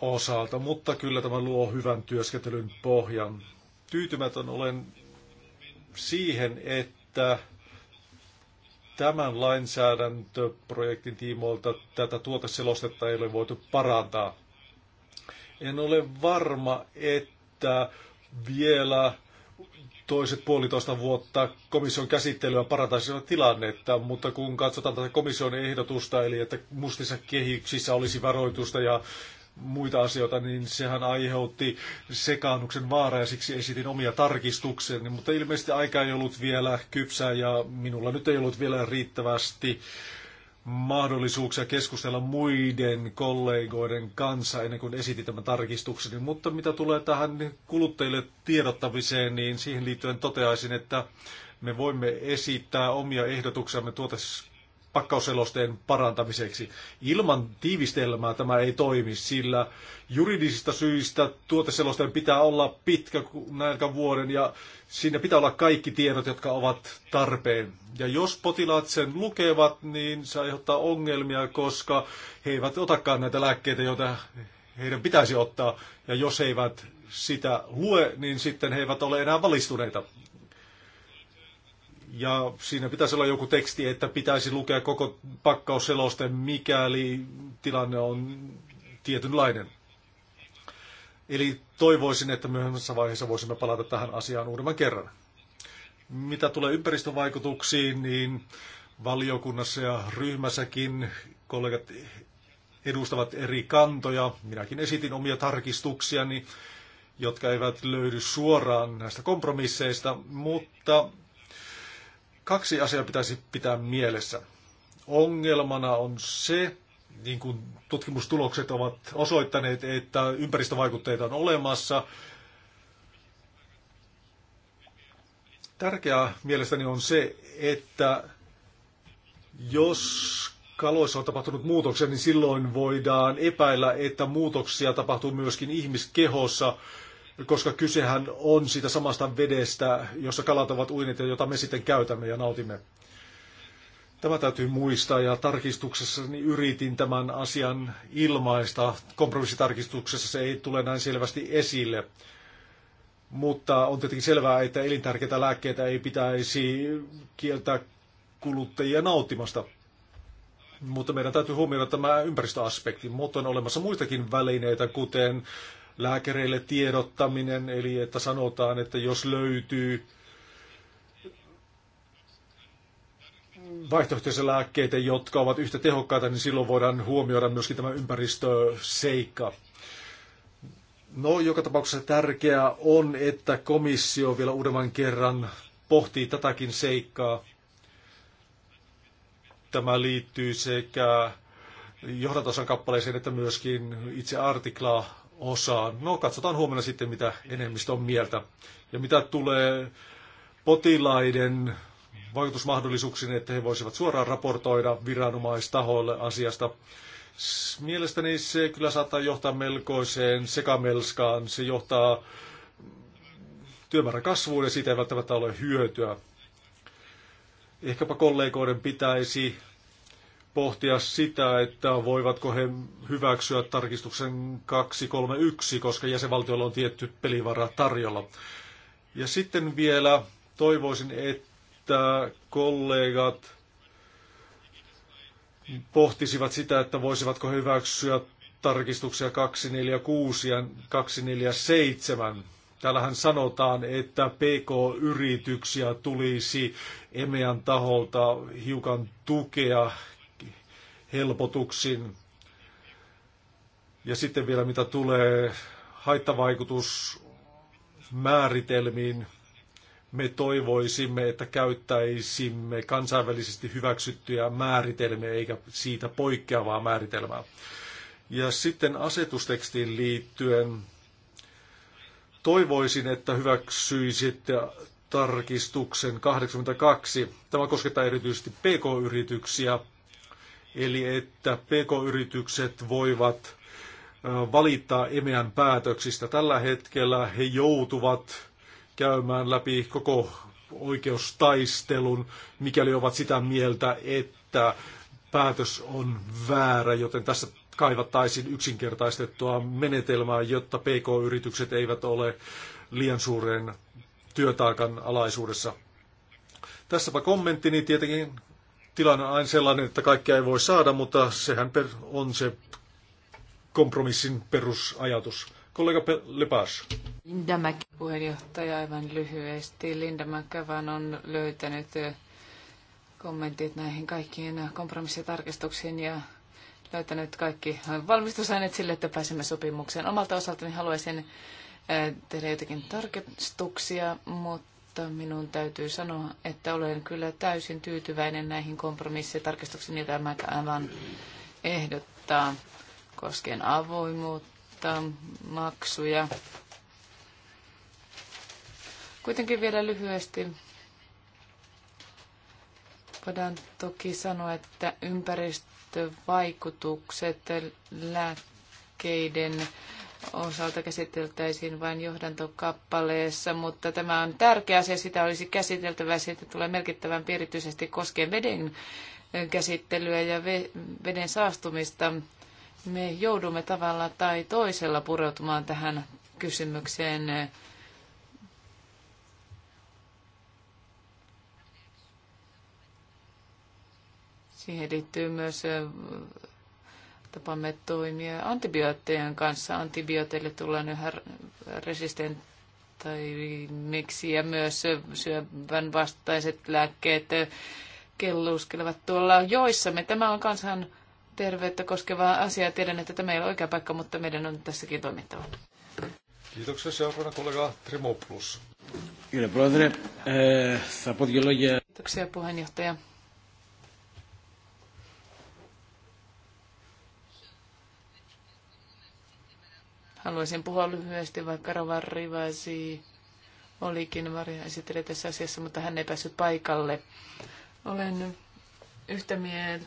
osalta, mutta kyllä tämä luo hyvän työskentelyn pohjan. Tyytymätön olen siihen, että tämän lainsäädäntöprojektin tiimoilta tätä tuoteselostetta ei ole voitu parantaa. En ole varma, että vielä toiset puolitoista vuotta komission käsittelyä parantaisivat tilannetta, mutta kun katsotaan tätä komission ehdotusta, eli että mustissa kehyksissä olisi varoitusta ja muita asioita, niin sehän aiheutti sekaannuksen vaaraa ja siksi esitin omia tarkistukseni, mutta ilmeisesti aika ei ollut vielä kypsää ja minulla nyt ei ollut vielä riittävästi mahdollisuuksia keskustella muiden kollegoiden kanssa ennen kuin esitin tämän tarkistuksen. Mutta mitä tulee tähän kuluttajille tiedottamiseen, niin siihen liittyen toteaisin, että me voimme esittää omia ehdotuksiamme tuotes pakkausselosteen parantamiseksi. Ilman tiivistelmää tämä ei toimi, sillä juridisista syistä tuoteselosteen pitää olla pitkä nälkä vuoden ja siinä pitää olla kaikki tiedot, jotka ovat tarpeen. Ja jos potilaat sen lukevat, niin se aiheuttaa ongelmia, koska he eivät otakaan näitä lääkkeitä, joita heidän pitäisi ottaa. Ja jos he eivät sitä lue, niin sitten he eivät ole enää valistuneita. Ja siinä pitäisi olla joku teksti, että pitäisi lukea koko pakkausseloste, mikäli tilanne on tietynlainen. Eli toivoisin, että myöhemmässä vaiheessa voisimme palata tähän asiaan uudemman kerran. Mitä tulee ympäristövaikutuksiin, niin valiokunnassa ja ryhmässäkin kollegat edustavat eri kantoja. Minäkin esitin omia tarkistuksiani, jotka eivät löydy suoraan näistä kompromisseista, mutta Kaksi asiaa pitäisi pitää mielessä. Ongelmana on se, niin kuin tutkimustulokset ovat osoittaneet, että ympäristövaikutteita on olemassa. Tärkeää mielestäni on se, että jos kaloissa on tapahtunut muutoksia, niin silloin voidaan epäillä, että muutoksia tapahtuu myöskin ihmiskehossa, koska kysehän on siitä samasta vedestä, jossa kalat ovat uineet ja jota me sitten käytämme ja nautimme. Tämä täytyy muistaa ja tarkistuksessani yritin tämän asian ilmaista. Kompromissitarkistuksessa se ei tule näin selvästi esille. Mutta on tietenkin selvää, että elintärkeitä lääkkeitä ei pitäisi kieltää kuluttajia nauttimasta. Mutta meidän täytyy huomioida tämä ympäristöaspekti. Mutta on olemassa muitakin välineitä, kuten lääkäreille tiedottaminen, eli että sanotaan, että jos löytyy vaihtoehtoisia lääkkeitä, jotka ovat yhtä tehokkaita, niin silloin voidaan huomioida myöskin tämä ympäristöseikka. No, joka tapauksessa tärkeää on, että komissio vielä uudemman kerran pohtii tätäkin seikkaa. Tämä liittyy sekä johdatosan kappaleeseen että myöskin itse artiklaa osaan. No, katsotaan huomenna sitten, mitä enemmistö on mieltä. Ja mitä tulee potilaiden vaikutusmahdollisuuksiin, että he voisivat suoraan raportoida viranomaistahoille asiasta. Mielestäni se kyllä saattaa johtaa melkoiseen sekamelskaan. Se johtaa työmäärän kasvuun ja siitä ei välttämättä ole hyötyä. Ehkäpä kollegoiden pitäisi pohtia sitä, että voivatko he hyväksyä tarkistuksen 231, koska jäsenvaltiolla on tietty pelivara tarjolla. Ja sitten vielä toivoisin, että kollegat pohtisivat sitä, että voisivatko he hyväksyä tarkistuksia 246 ja 247. Täällähän sanotaan, että PK-yrityksiä tulisi EMEAn taholta hiukan tukea helpotuksin. Ja sitten vielä mitä tulee haittavaikutusmääritelmiin, me toivoisimme, että käyttäisimme kansainvälisesti hyväksyttyjä määritelmiä eikä siitä poikkeavaa määritelmää. Ja sitten asetustekstiin liittyen toivoisin, että hyväksyisitte tarkistuksen 82. Tämä koskettaa erityisesti pk-yrityksiä, eli että pk-yritykset voivat valittaa EMEAn päätöksistä. Tällä hetkellä he joutuvat käymään läpi koko oikeustaistelun, mikäli ovat sitä mieltä, että päätös on väärä, joten tässä kaivattaisiin yksinkertaistettua menetelmää, jotta PK-yritykset eivät ole liian suuren työtaakan alaisuudessa. Tässäpä kommenttini tietenkin tilanne on aina sellainen, että kaikkea ei voi saada, mutta sehän on se kompromissin perusajatus. Kollega Lepas. Linda Mäk, puheenjohtaja aivan lyhyesti. Linda Mäkävän on löytänyt eh, kommentit näihin kaikkiin kompromissitarkistuksiin ja löytänyt kaikki valmistusaineet sille, että pääsemme sopimukseen. Omalta osaltani haluaisin eh, tehdä jotakin tarkistuksia, mutta mutta minun täytyy sanoa, että olen kyllä täysin tyytyväinen näihin kompromissitarkistuksiin, joita aivan ehdottaa koskien avoimuutta, maksuja. Kuitenkin vielä lyhyesti voidaan toki sanoa, että ympäristövaikutukset lääkkeiden osalta käsiteltäisiin vain johdantokappaleessa, mutta tämä on tärkeä asia, sitä olisi käsiteltävä, siitä tulee merkittävämpi erityisesti koskien veden käsittelyä ja veden saastumista. Me joudumme tavalla tai toisella pureutumaan tähän kysymykseen. Siihen liittyy myös tapamme toimia antibioottien kanssa. Antibiooteille tullaan yhä resistenttiimiksi ja myös syövän vastaiset lääkkeet kelluskelevat tuolla joissamme. Tämä on kansan terveyttä koskeva asia. Tiedän, että tämä ei ole oikea paikka, mutta meidän on tässäkin toimittava. Kiitoksia seuraavana kollega Trimoplus. Kiitoksia puheenjohtaja. Haluaisin puhua lyhyesti, vaikka Ravan Rivasi olikin Maria esitteli tässä asiassa, mutta hän ei päässyt paikalle. Olen yhtä mieltä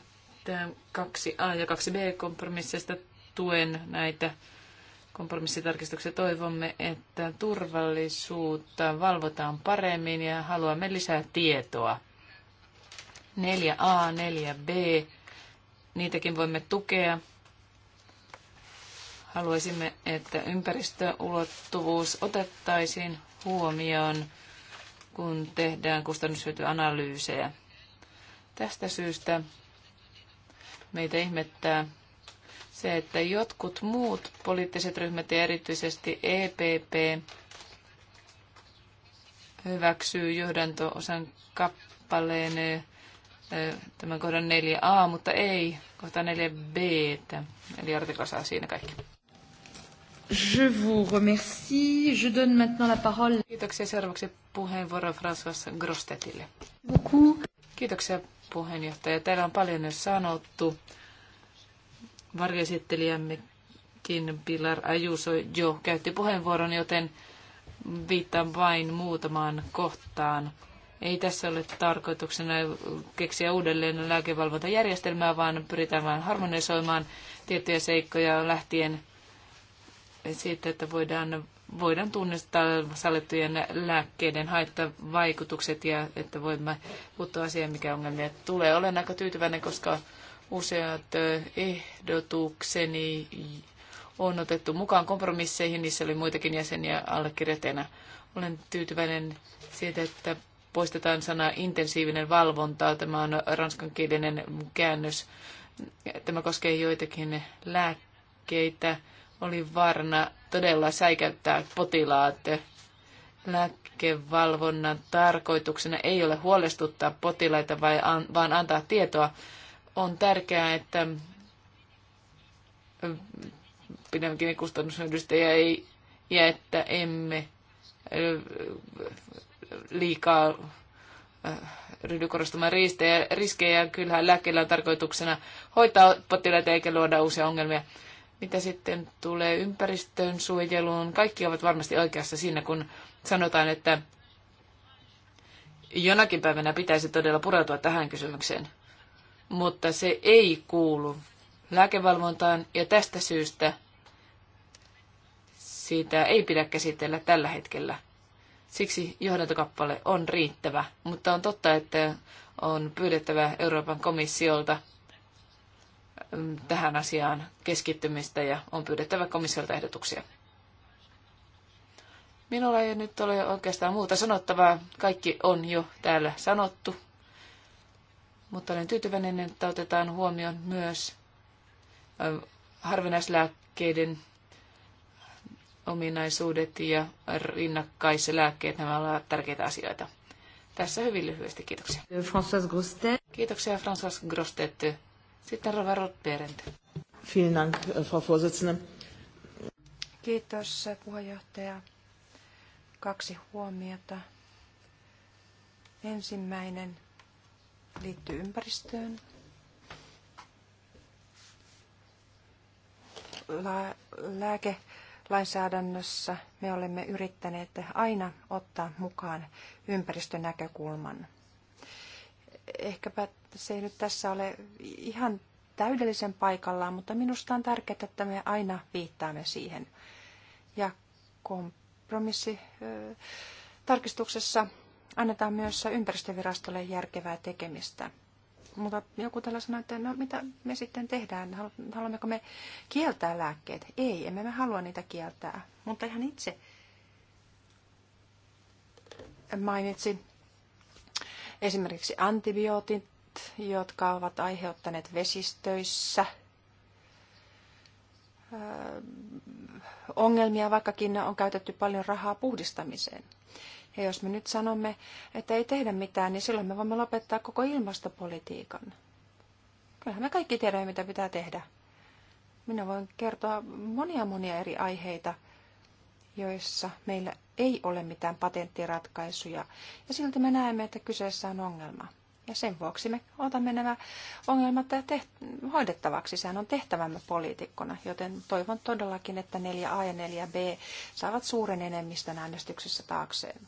2a ja 2b kompromissista tuen näitä kompromissitarkistuksia. Toivomme, että turvallisuutta valvotaan paremmin ja haluamme lisää tietoa. 4a, 4b, niitäkin voimme tukea Haluaisimme, että ympäristöulottuvuus otettaisiin huomioon, kun tehdään kustannushyötyanalyysejä. Tästä syystä meitä ihmettää se, että jotkut muut poliittiset ryhmät ja erityisesti EPP hyväksyy johdanto-osan kappaleen tämän kohdan 4a, mutta ei kohta 4b, eli artiklassa siinä kaikki. Je vous remercie. Je donne maintenant la parole. Kiitoksia seuraavaksi puheenvuoro François Grostetille. Beaucoup. Kiitoksia puheenjohtaja. Täällä on paljon jo sanottu. Varjoesittelijämmekin Pilar Ajuso jo käytti puheenvuoron, joten viittaan vain muutamaan kohtaan. Ei tässä ole tarkoituksena keksiä uudelleen lääkevalvontajärjestelmää, vaan pyritään vain harmonisoimaan tiettyjä seikkoja lähtien siitä, että voidaan, voidaan tunnistaa sallittujen lääkkeiden haittavaikutukset ja että voimme puuttua asiaan, mikä ongelmia tulee. Olen aika tyytyväinen, koska useat ehdotukseni on otettu mukaan kompromisseihin. Niissä oli muitakin jäseniä allekirjoittajana. Olen tyytyväinen siitä, että poistetaan sana intensiivinen valvonta. Tämä on ranskankielinen käännös. Tämä koskee joitakin lääkkeitä oli varna todella säikäyttää potilaat. Lääkevalvonnan tarkoituksena ei ole huolestuttaa potilaita, vaan antaa tietoa. On tärkeää, että pidemmäkin kustannusyhdistäjä ei, ja että emme liikaa ryhdy korostamaan riistejä, riskejä. Kyllähän lääkkeellä on tarkoituksena hoitaa potilaita eikä luoda uusia ongelmia. Mitä sitten tulee ympäristön suojeluun? Kaikki ovat varmasti oikeassa siinä, kun sanotaan, että jonakin päivänä pitäisi todella pureutua tähän kysymykseen. Mutta se ei kuulu lääkevalvontaan ja tästä syystä siitä ei pidä käsitellä tällä hetkellä. Siksi johdantokappale on riittävä, mutta on totta, että on pyydettävä Euroopan komissiolta – tähän asiaan keskittymistä ja on pyydettävä komissiolta ehdotuksia. Minulla ei nyt ole oikeastaan muuta sanottavaa. Kaikki on jo täällä sanottu. Mutta olen tyytyväinen, että otetaan huomioon myös harvinaislääkkeiden ominaisuudet ja rinnakkaislääkkeet. Nämä ovat tärkeitä asioita. Tässä hyvin lyhyesti. Kiitoksia. François Grostet. Kiitoksia François Grostet. Sitten Rova Vielen Dank, äh, Frau Vorsitzende. Kiitos äh, puheenjohtaja. Kaksi huomiota. Ensimmäinen liittyy ympäristöön. La- lääke me olemme yrittäneet aina ottaa mukaan ympäristönäkökulman – ehkäpä se ei nyt tässä ole ihan täydellisen paikallaan, mutta minusta on tärkeää, että me aina viittaamme siihen. Ja kompromissi tarkistuksessa annetaan myös ympäristövirastolle järkevää tekemistä. Mutta joku tällä sanoi, että no mitä me sitten tehdään, haluammeko me kieltää lääkkeet? Ei, emme me halua niitä kieltää, mutta ihan itse mainitsin Esimerkiksi antibiootit, jotka ovat aiheuttaneet vesistöissä ongelmia, vaikkakin on käytetty paljon rahaa puhdistamiseen. Ja jos me nyt sanomme, että ei tehdä mitään, niin silloin me voimme lopettaa koko ilmastopolitiikan. Kyllähän me kaikki tiedämme, mitä pitää tehdä. Minä voin kertoa monia monia eri aiheita – joissa meillä ei ole mitään patenttiratkaisuja, ja silti me näemme, että kyseessä on ongelma. Ja sen vuoksi me otamme nämä ongelmat teht- hoidettavaksi. Sehän on tehtävämme poliitikkona, joten toivon todellakin, että 4a ja 4b saavat suuren enemmistön äänestyksessä taakseen.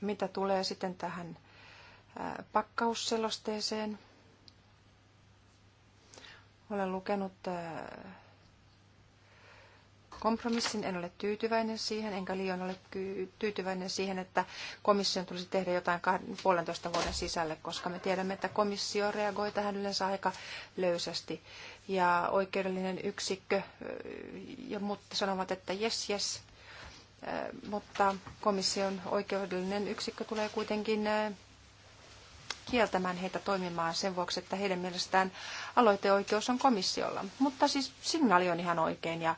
Mitä tulee sitten tähän pakkausselosteeseen? Olen lukenut kompromissin. En ole tyytyväinen siihen, enkä liian ole tyytyväinen siihen, että komission tulisi tehdä jotain puolentoista vuoden sisälle, koska me tiedämme, että komissio reagoi tähän yleensä aika löysästi. Ja oikeudellinen yksikkö ja muut sanovat, että jes, jes, mutta komission oikeudellinen yksikkö tulee kuitenkin kieltämään heitä toimimaan sen vuoksi, että heidän mielestään aloiteoikeus on komissiolla. Mutta siis signaali on ihan oikein ja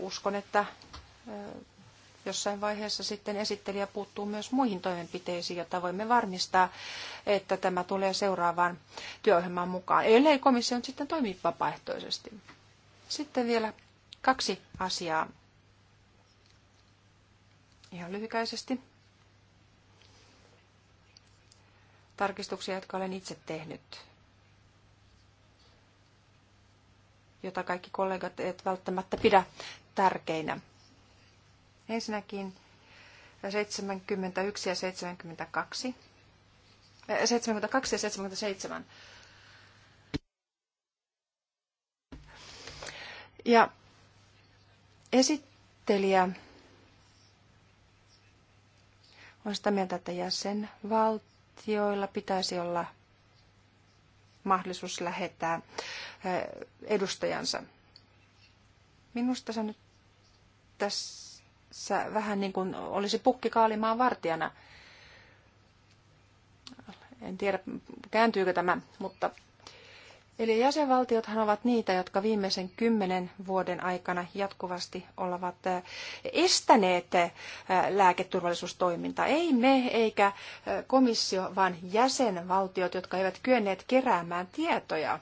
uskon, että jossain vaiheessa sitten esittelijä puuttuu myös muihin toimenpiteisiin, jotta voimme varmistaa, että tämä tulee seuraavaan työohjelmaan mukaan, ellei komissio nyt sitten toimi vapaaehtoisesti. Sitten vielä kaksi asiaa ihan lyhykäisesti. Tarkistuksia, jotka olen itse tehnyt. jota kaikki kollegat eivät välttämättä pidä tärkeinä. Ensinnäkin 71 ja 72. 72 äh, ja 77. Ja esittelijä on sitä mieltä, että jäsenvaltioilla pitäisi olla mahdollisuus lähettää Eh, edustajansa. Minusta se nyt tässä vähän niin kuin olisi pukki kaalimaan vartijana. En tiedä, kääntyykö tämä, mutta Eli jäsenvaltiothan ovat niitä, jotka viimeisen kymmenen vuoden aikana jatkuvasti ovat eh, estäneet eh, lääketurvallisuustoimintaa. Ei me eikä komissio, vaan jäsenvaltiot, jotka eivät kyenneet keräämään tietoja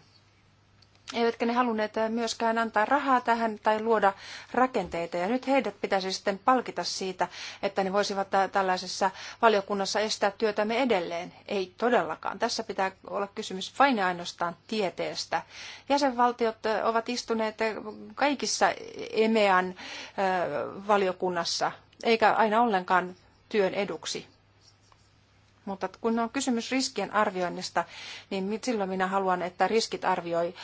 eivätkä ne halunneet myöskään antaa rahaa tähän tai luoda rakenteita. Ja nyt heidät pitäisi sitten palkita siitä, että ne voisivat tällaisessa valiokunnassa estää työtämme edelleen. Ei todellakaan. Tässä pitää olla kysymys vain ja ainoastaan tieteestä. Jäsenvaltiot ovat istuneet kaikissa EMEAN valiokunnassa, eikä aina ollenkaan työn eduksi. Mutta kun on kysymys riskien arvioinnista, niin silloin minä haluan, että riskit arvioi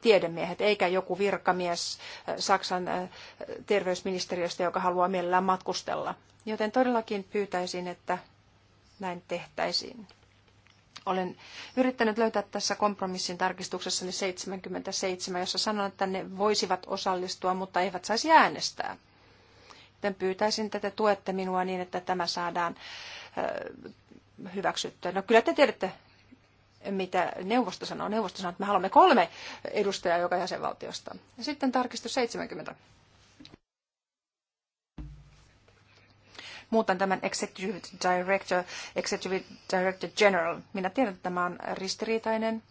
tiedemiehet, eikä joku virkamies Saksan terveysministeriöstä, joka haluaa mielellään matkustella. Joten todellakin pyytäisin, että näin tehtäisiin. Olen yrittänyt löytää tässä kompromissin tarkistuksessani 77, jossa sanon, että ne voisivat osallistua, mutta eivät saisi äänestää. Joten pyytäisin, että te tuette minua niin, että tämä saadaan hyväksyttyä. No kyllä te tiedätte, mitä neuvosto sanoo. Neuvosto sanoo, että me haluamme kolme edustajaa joka jäsenvaltiosta. Ja sitten tarkistus 70. Muutan tämän Executive Director, Executive Director General. Minä tiedän, että tämä on ristiriitainen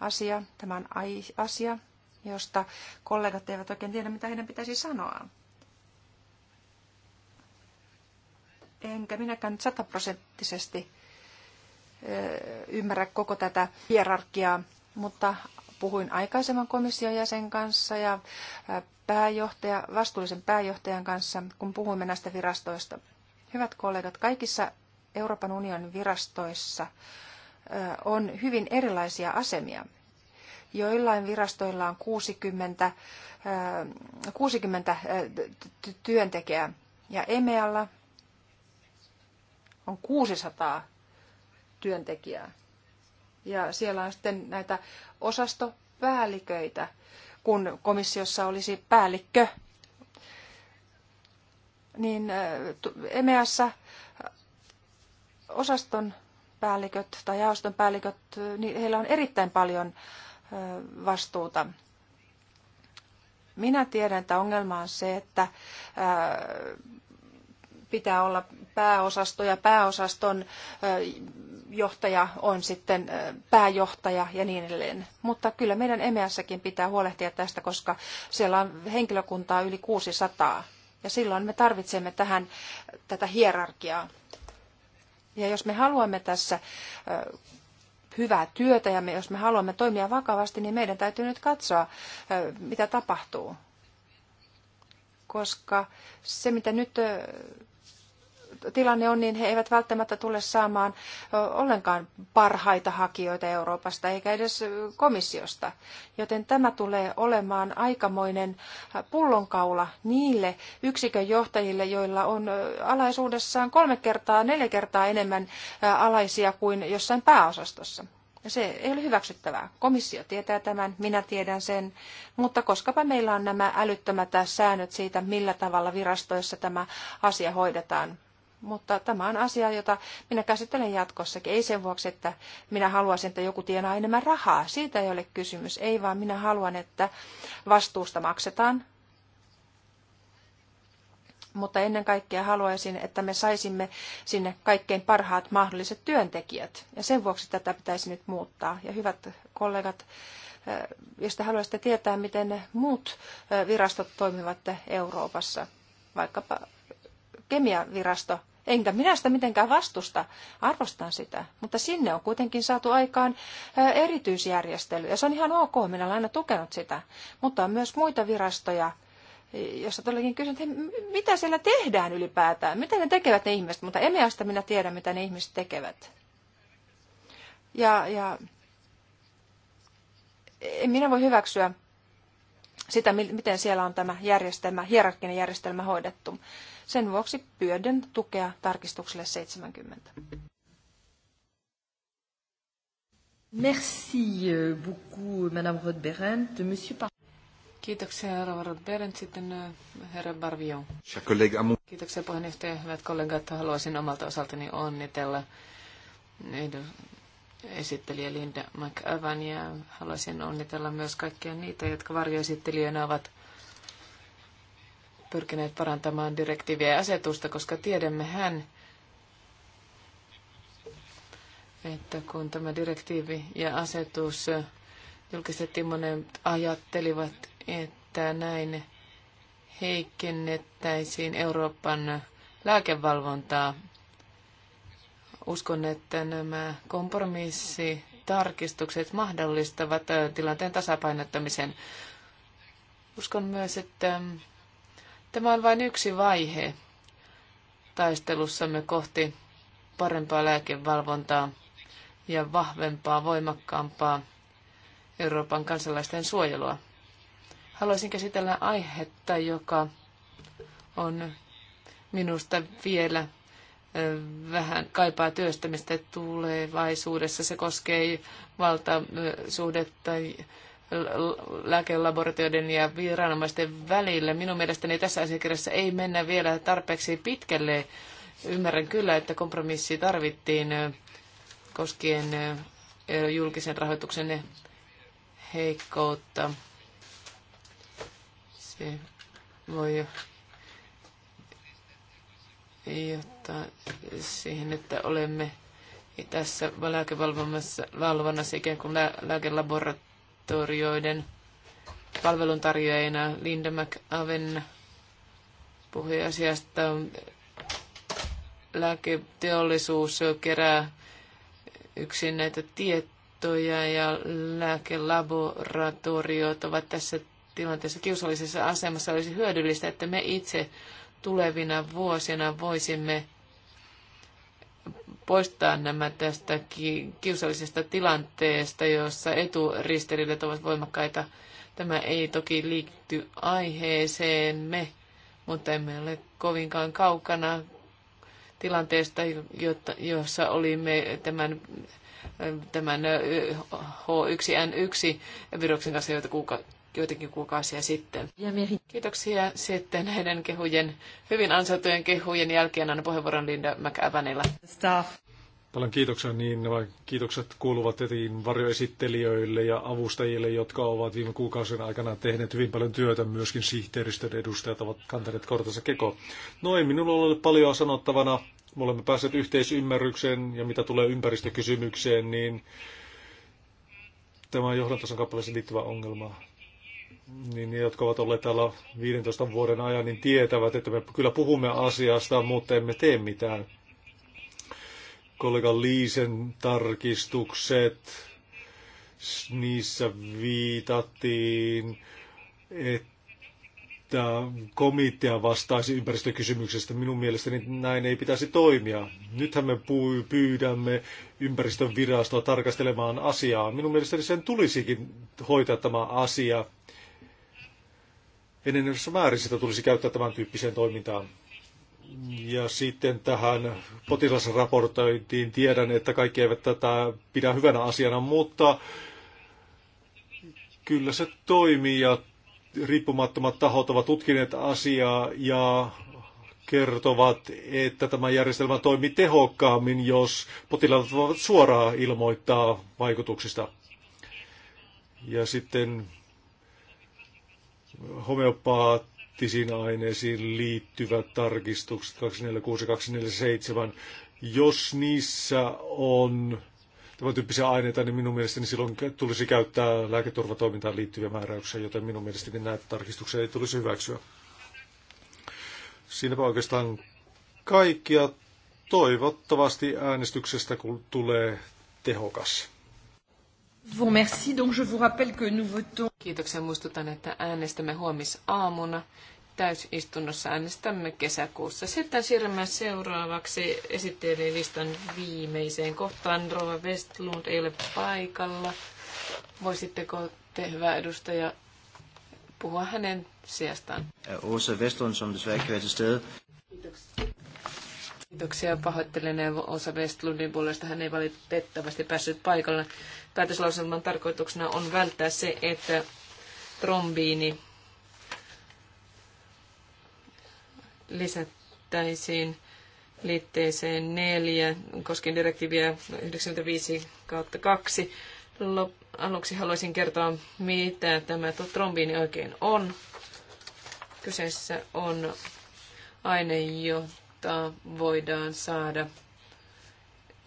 asia. Tämä on asia, josta kollegat eivät oikein tiedä, mitä heidän pitäisi sanoa. enkä minäkään nyt sataprosenttisesti ymmärrä koko tätä hierarkiaa, mutta puhuin aikaisemman komission jäsen kanssa ja pääjohtaja, vastuullisen pääjohtajan kanssa, kun puhuimme näistä virastoista. Hyvät kollegat, kaikissa Euroopan unionin virastoissa on hyvin erilaisia asemia. Joillain virastoilla on 60, 60 työntekijää ja EMEAlla on 600 työntekijää. Ja siellä on sitten näitä osastopäälliköitä, kun komissiossa olisi päällikkö. Niin äh, EMEassa osaston päälliköt tai jaoston päälliköt, äh, niin heillä on erittäin paljon äh, vastuuta. Minä tiedän, että ongelma on se, että pitää olla pääosasto ja pääosaston johtaja on sitten pääjohtaja ja niin edelleen. Mutta kyllä meidän EMEAssakin pitää huolehtia tästä, koska siellä on henkilökuntaa yli 600 ja silloin me tarvitsemme tähän tätä hierarkiaa. Ja jos me haluamme tässä hyvää työtä ja me, jos me haluamme toimia vakavasti, niin meidän täytyy nyt katsoa, mitä tapahtuu. Koska se, mitä nyt tilanne on, niin he eivät välttämättä tule saamaan ollenkaan parhaita hakijoita Euroopasta eikä edes komissiosta. Joten tämä tulee olemaan aikamoinen pullonkaula niille yksikön johtajille, joilla on alaisuudessaan kolme kertaa, neljä kertaa enemmän alaisia kuin jossain pääosastossa. Se ei ole hyväksyttävää. Komissio tietää tämän, minä tiedän sen, mutta koskapa meillä on nämä älyttömät säännöt siitä, millä tavalla virastoissa tämä asia hoidetaan. Mutta tämä on asia, jota minä käsittelen jatkossakin. Ei sen vuoksi, että minä haluaisin, että joku tienaa enemmän rahaa. Siitä ei ole kysymys. Ei vaan minä haluan, että vastuusta maksetaan. Mutta ennen kaikkea haluaisin, että me saisimme sinne kaikkein parhaat mahdolliset työntekijät. Ja sen vuoksi tätä pitäisi nyt muuttaa. Ja hyvät kollegat, eh, jos te haluaisitte tietää, miten muut eh, virastot toimivat Euroopassa, vaikkapa kemiavirasto. Enkä minä sitä mitenkään vastusta, arvostan sitä, mutta sinne on kuitenkin saatu aikaan erityisjärjestely, ja se on ihan ok, minä olen aina tukenut sitä. Mutta on myös muita virastoja, jossa todellakin kysyn, että he, mitä siellä tehdään ylipäätään, mitä ne tekevät ne ihmiset, mutta EMEAsta minä tiedän, mitä ne ihmiset tekevät. Ja, ja en minä voi hyväksyä sitä, miten siellä on tämä järjestelmä, hierarkkinen järjestelmä hoidettu. Sen vuoksi pyydän tukea tarkistukselle 70. Merci euh, beaucoup, Madame Rodberent. Monsieur Par- Kiitoksia, äh, herra Rodberent. Sitten herra Barvio. Kiitoksia, puheenjohtaja. Hyvät kollegat, haluaisin omalta osaltani onnitella esittelijä Linda McAvan ja haluaisin onnitella myös kaikkia niitä, jotka varjoesittelijöinä ovat pyrkineet parantamaan direktiiviä ja asetusta, koska tiedämme hän, että kun tämä direktiivi ja asetus julkistettiin, monet ajattelivat, että näin heikennettäisiin Euroopan lääkevalvontaa. Uskon, että nämä kompromissitarkistukset mahdollistavat tilanteen tasapainottamisen. Uskon myös, että Tämä on vain yksi vaihe taistelussamme kohti parempaa lääkevalvontaa ja vahvempaa, voimakkaampaa Euroopan kansalaisten suojelua. Haluaisin käsitellä aihetta, joka on minusta vielä vähän kaipaa työstämistä tulevaisuudessa. Se koskee valtasuhdetta lääkelaboratioiden ja viranomaisten välillä. Minun mielestäni tässä asiakirjassa ei mennä vielä tarpeeksi pitkälle. Ymmärrän kyllä, että kompromissi tarvittiin koskien julkisen rahoituksen heikkoutta. Se voi johtaa siihen, että olemme tässä lääkevalvonnassa ikään kuin lääkelaboratorioiden torjoiden palveluntarjoajina Linda McAven puhui asiasta. Lääketeollisuus kerää yksin näitä tietoja ja lääkelaboratoriot ovat tässä tilanteessa kiusallisessa asemassa. Olisi hyödyllistä, että me itse tulevina vuosina voisimme poistaa nämä tästä kiusallisesta tilanteesta, jossa eturistiriidat ovat voimakkaita. Tämä ei toki liitty aiheeseemme, mutta emme ole kovinkaan kaukana tilanteesta, jossa olimme tämän, tämän H1N1-viruksen kanssa joita kuukautta joitakin kuukausia sitten. Kiitoksia sitten näiden kehujen, hyvin ansaitujen kehujen jälkeen annan puheenvuoron Linda McAvanilla. Staff. Paljon kiitoksia, niin nämä kiitokset kuuluvat etiin varjoesittelijöille ja avustajille, jotka ovat viime kuukausien aikana tehneet hyvin paljon työtä, myöskin sihteeristön edustajat ovat kantaneet kortansa keko. No ei minulla ole paljon sanottavana, me olemme päässeet yhteisymmärrykseen ja mitä tulee ympäristökysymykseen, niin tämä on johdantason kappaleeseen liittyvä ongelma niin ne, jotka ovat olleet täällä 15 vuoden ajan, niin tietävät, että me kyllä puhumme asiasta, mutta emme tee mitään. Kollega Liisen tarkistukset, niissä viitattiin, että komitea vastaisi ympäristökysymyksestä. Minun mielestäni näin ei pitäisi toimia. Nythän me pyydämme ympäristön virastoa tarkastelemaan asiaa. Minun mielestäni sen tulisikin hoitaa tämä asia enenevässä määrin sitä tulisi käyttää tämän tyyppiseen toimintaan. Ja sitten tähän potilasraportointiin tiedän, että kaikki eivät tätä pidä hyvänä asiana, mutta kyllä se toimii ja riippumattomat tahot ovat tutkineet asiaa ja kertovat, että tämä järjestelmä toimii tehokkaammin, jos potilaat voivat suoraan ilmoittaa vaikutuksista. Ja sitten homeopaattisiin aineisiin liittyvät tarkistukset 246 247, jos niissä on tämän tyyppisiä aineita, niin minun mielestäni silloin tulisi käyttää lääketurvatoimintaan liittyviä määräyksiä, joten minun mielestäni näitä tarkistuksia ei tulisi hyväksyä. Siinäpä oikeastaan kaikkia. Toivottavasti äänestyksestä kun tulee tehokas vous Donc je vous rappelle que nous votons... Kiitoksia. Muistutan, että äänestämme huomisaamuna. Täysistunnossa äänestämme kesäkuussa. Sitten siirrymme seuraavaksi listan viimeiseen kohtaan. Rova Westlund ei ole paikalla. Voisitteko te, hyvä edustaja, puhua hänen sijastaan? Er Åsa Westlund, som desværre ikke Kiitoksia. Kiitoksia. Pahoittelen Osa Westlundin puolesta. Hän ei valitettavasti päässyt paikalle. Päätöslauselman tarkoituksena on välttää se, että trombiini lisättäisiin liitteeseen neljä koskien direktiiviä 95 kautta 2. Aluksi haluaisin kertoa, mitä tämä trombiini oikein on. Kyseessä on aine, jota voidaan saada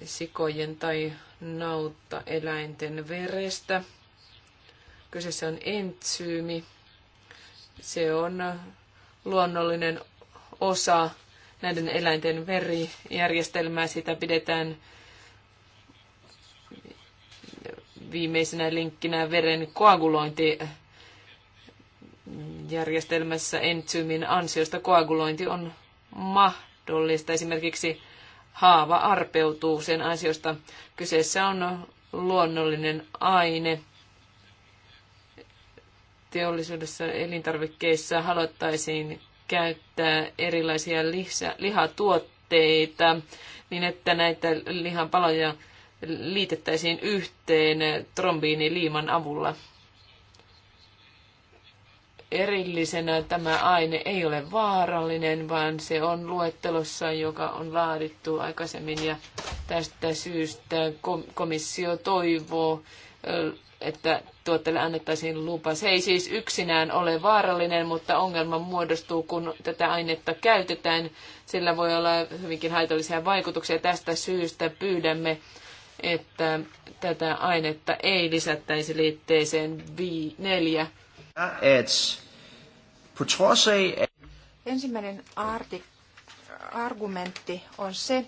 sikojen tai nautta eläinten verestä. Kyseessä on entsyymi. Se on luonnollinen osa näiden eläinten verijärjestelmää. Sitä pidetään viimeisenä linkkinä veren koagulointi järjestelmässä entsyymin ansiosta koagulointi on mahdollista. Esimerkiksi haava arpeutuu sen ansiosta. Kyseessä on luonnollinen aine. Teollisuudessa elintarvikkeissa haluttaisiin käyttää erilaisia lihatuotteita niin, että näitä lihan paloja liitettäisiin yhteen trombiiniliiman avulla erillisenä tämä aine ei ole vaarallinen, vaan se on luettelossa, joka on laadittu aikaisemmin ja tästä syystä komissio toivoo, että tuotteelle annettaisiin lupa. Se ei siis yksinään ole vaarallinen, mutta ongelma muodostuu, kun tätä ainetta käytetään. Sillä voi olla hyvinkin haitallisia vaikutuksia. Tästä syystä pyydämme, että tätä ainetta ei lisättäisi liitteeseen 4 Er, Ensimmäinen artik, argumentti on se,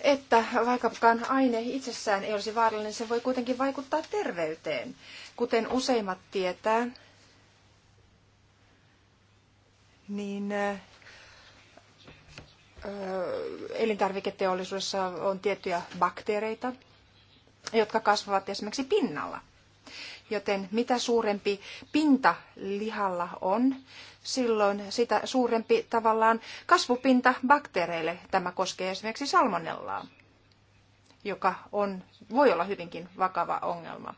että vaikkakaan aine itsessään ei olisi vaarallinen, se voi kuitenkin vaikuttaa terveyteen. Kuten useimmat tietää, niin äh, elintarviketeollisuudessa on tiettyjä bakteereita, jotka kasvavat esimerkiksi pinnalla – Joten mitä suurempi pinta lihalla on, silloin sitä suurempi tavallaan kasvupinta bakteereille. Tämä koskee esimerkiksi salmonellaa, joka on, voi olla hyvinkin vakava ongelma.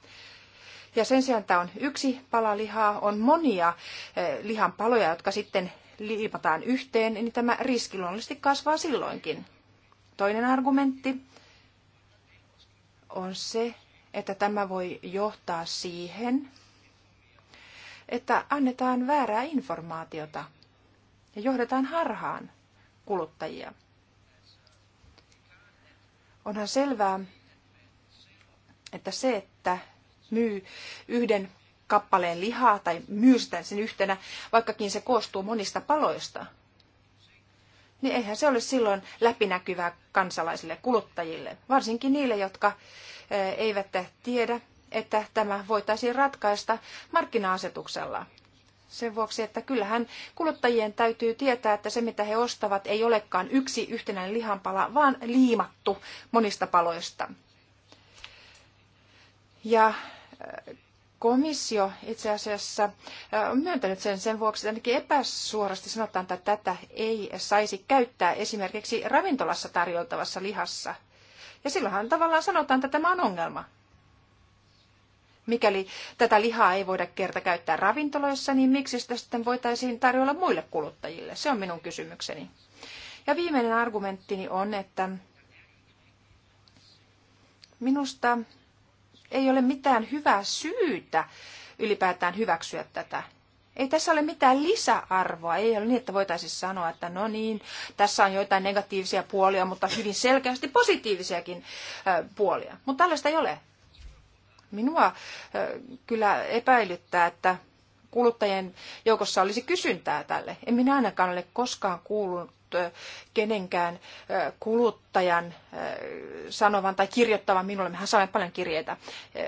Ja sen sijaan tämä on yksi pala lihaa, on monia eh, lihan paloja, jotka sitten liimataan yhteen, niin tämä riski luonnollisesti kasvaa silloinkin. Toinen argumentti on se, että tämä voi johtaa siihen, että annetaan väärää informaatiota ja johdetaan harhaan kuluttajia. Onhan selvää, että se, että myy yhden kappaleen lihaa tai myy sitä sen yhtenä, vaikkakin se koostuu monista paloista, niin eihän se ole silloin läpinäkyvää kansalaisille, kuluttajille, varsinkin niille, jotka eivät tiedä, että tämä voitaisiin ratkaista markkina-asetuksella. Sen vuoksi, että kyllähän kuluttajien täytyy tietää, että se mitä he ostavat ei olekaan yksi yhtenäinen lihanpala, vaan liimattu monista paloista. Ja komissio itse asiassa on myöntänyt sen sen vuoksi, että ainakin epäsuorasti sanotaan, että tätä ei saisi käyttää esimerkiksi ravintolassa tarjoltavassa lihassa. Ja silloinhan tavallaan sanotaan, että tämä on ongelma. Mikäli tätä lihaa ei voida kerta käyttää ravintoloissa, niin miksi sitä sitten voitaisiin tarjolla muille kuluttajille? Se on minun kysymykseni. Ja viimeinen argumenttini on, että minusta ei ole mitään hyvää syytä ylipäätään hyväksyä tätä. Ei tässä ole mitään lisäarvoa. Ei ole niin, että voitaisiin sanoa, että no niin, tässä on joitain negatiivisia puolia, mutta hyvin selkeästi positiivisiakin puolia. Mutta tällaista ei ole. Minua kyllä epäilyttää, että kuluttajien joukossa olisi kysyntää tälle. En minä ainakaan ole koskaan kuullut kenenkään kuluttajan sanovan tai kirjoittavan minulle, mehän saamme paljon kirjeitä,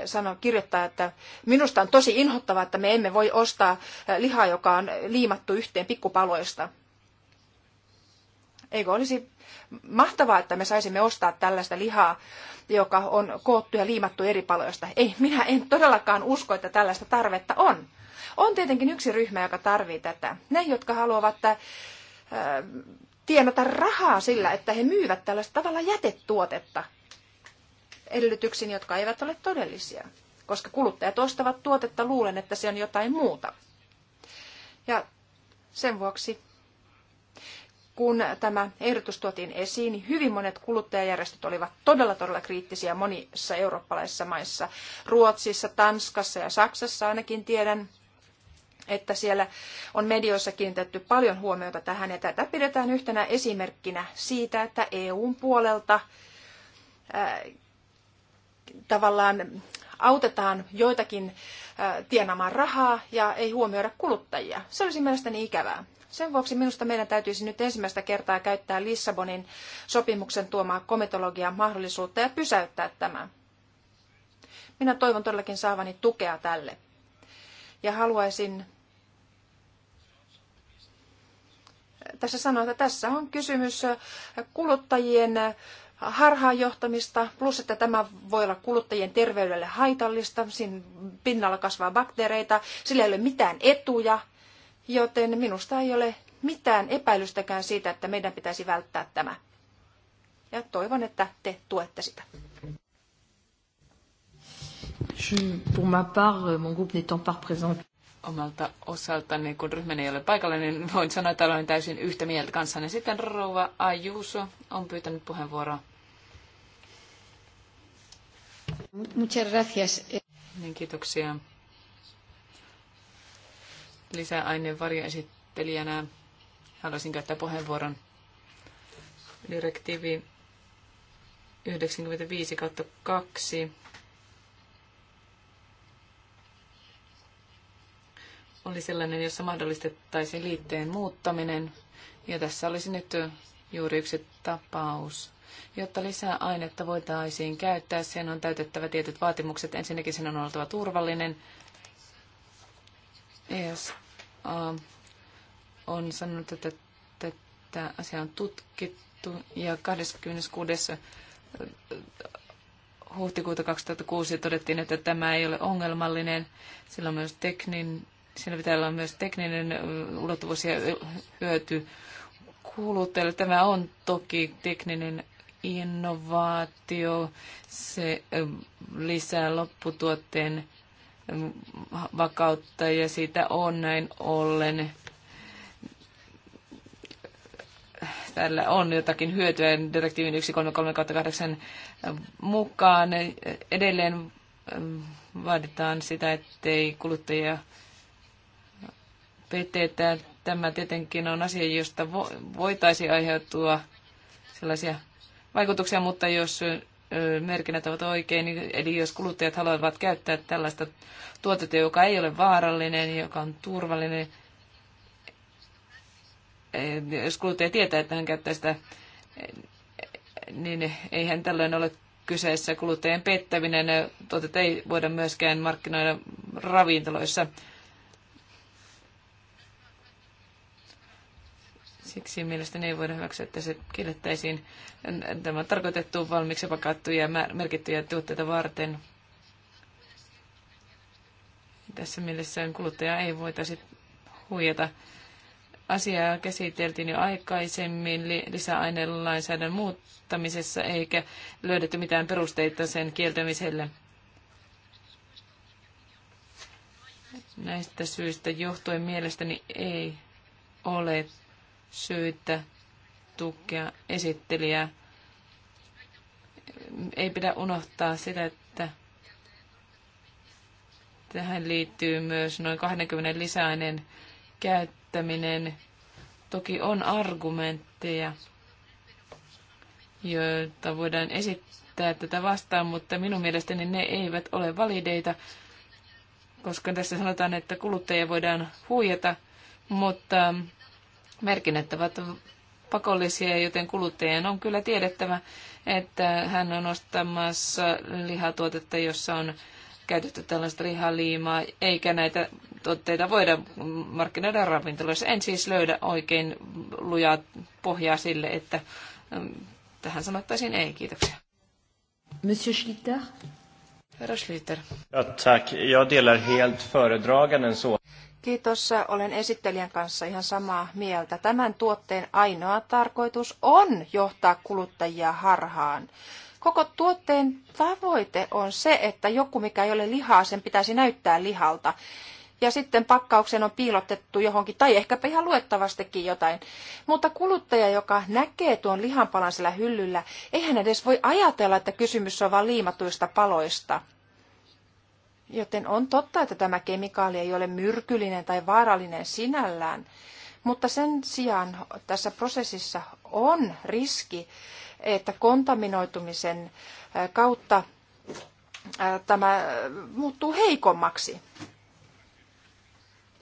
sano, kirjoittaa, että minusta on tosi inhottavaa, että me emme voi ostaa lihaa, joka on liimattu yhteen pikkupaloista. Eikö olisi mahtavaa, että me saisimme ostaa tällaista lihaa, joka on koottu ja liimattu eri paloista? Ei, minä en todellakaan usko, että tällaista tarvetta on. On tietenkin yksi ryhmä, joka tarvitsee tätä. Ne, jotka haluavat äh, tienata rahaa sillä, että he myyvät tällaista tavalla jätetuotetta edellytyksiin, jotka eivät ole todellisia. Koska kuluttajat ostavat tuotetta luulen, että se on jotain muuta. Ja sen vuoksi, kun tämä ehdotus tuotiin esiin, niin hyvin monet kuluttajajärjestöt olivat todella, todella kriittisiä monissa eurooppalaisissa maissa. Ruotsissa, Tanskassa ja Saksassa ainakin tiedän, että siellä on medioissa kiinnitetty paljon huomiota tähän, ja tätä pidetään yhtenä esimerkkinä siitä, että EUn puolelta ää, äh, tavallaan autetaan joitakin ää, äh, tienaamaan rahaa ja ei huomioida kuluttajia. Se olisi mielestäni ikävää. Sen vuoksi minusta meidän täytyisi nyt ensimmäistä kertaa käyttää Lissabonin sopimuksen tuomaa komitologian mahdollisuutta ja pysäyttää tämä. Minä toivon todellakin saavani tukea tälle. Ja haluaisin tässä sanoo, että tässä on kysymys kuluttajien harhaanjohtamista, plus että tämä voi olla kuluttajien terveydelle haitallista, siinä pinnalla kasvaa bakteereita, sillä ei ole mitään etuja, joten minusta ei ole mitään epäilystäkään siitä, että meidän pitäisi välttää tämä. Ja toivon, että te tuette sitä. Je, pour ma part, mon groupe n'étant pas représenté omalta osalta, niin kun ryhmäni ei ole paikalla, niin voin sanoa, että olen täysin yhtä mieltä kanssanne. Sitten Rouva Ajuso on pyytänyt puheenvuoroa. Muchas gracias. Niin, kiitoksia. Lisäaineen varjoesittelijänä haluaisin käyttää puheenvuoron. Direktiivi 95 2 oli sellainen, jossa mahdollistettaisiin liitteen muuttaminen. Ja tässä olisi nyt juuri yksi tapaus. Jotta lisää ainetta voitaisiin käyttää, sen on täytettävä tietyt vaatimukset. Ensinnäkin sen on oltava turvallinen. ESA on sanonut, että tämä asia on tutkittu ja 26. huhtikuuta 2006 todettiin, että tämä ei ole ongelmallinen. Sillä on myös teknin, Siinä pitää olla myös tekninen ulottuvuus ja hyöty kuluttajille. Tämä on toki tekninen innovaatio. Se lisää lopputuotteen vakautta ja siitä on näin ollen tällä on jotakin hyötyä direktiivin 133-8 mukaan. Edelleen vaaditaan sitä, ettei kuluttajia PTT. Tämä tietenkin on asia, josta voitaisiin aiheutua sellaisia vaikutuksia, mutta jos merkinnät ovat oikein, niin eli jos kuluttajat haluavat käyttää tällaista tuotetta, joka ei ole vaarallinen, joka on turvallinen, e, jos kuluttaja tietää, että hän käyttää sitä, e, niin eihän tällöin ole kyseessä kuluttajien pettäminen. Tuotetta ei voida myöskään markkinoida ravintoloissa. Siksi mielestäni ei voida hyväksyä, että se kiellettäisiin. Tämä tarkoitettu valmiiksi pakattuja ja merkittyjä tuotteita varten. Tässä mielessä kuluttaja ei voitaisi huijata. Asiaa käsiteltiin jo aikaisemmin lisäainelainsäädännön muuttamisessa, eikä löydetty mitään perusteita sen kieltämiselle. Näistä syistä johtuen mielestäni ei ole syytä tukea esittelijää. Ei pidä unohtaa sitä, että tähän liittyy myös noin 20 lisäinen käyttäminen. Toki on argumentteja, joita voidaan esittää tätä vastaan, mutta minun mielestäni ne eivät ole valideita, koska tässä sanotaan, että kuluttajia voidaan huijata, mutta Merkinnät ovat pakollisia, joten kuluttajien on kyllä tiedettävä, että hän on ostamassa lihatuotetta, jossa on käytetty tällaista lihaliimaa, eikä näitä tuotteita voida markkinoida ravintoloissa. En siis löydä oikein lujaa pohjaa sille, että mm, tähän sanottaisiin ei. Kiitoksia. Monsieur Schlitter. Herra Schlitter. Ja, tack. Jag delar helt föredraganden så. Kiitos. Olen esittelijän kanssa ihan samaa mieltä. Tämän tuotteen ainoa tarkoitus on johtaa kuluttajia harhaan. Koko tuotteen tavoite on se, että joku, mikä ei ole lihaa, sen pitäisi näyttää lihalta. Ja sitten pakkauksen on piilotettu johonkin, tai ehkäpä ihan luettavastikin jotain. Mutta kuluttaja, joka näkee tuon lihanpalan sillä hyllyllä, eihän edes voi ajatella, että kysymys on vain liimatuista paloista. Joten on totta, että tämä kemikaali ei ole myrkyllinen tai vaarallinen sinällään, mutta sen sijaan tässä prosessissa on riski, että kontaminoitumisen kautta tämä muuttuu heikommaksi.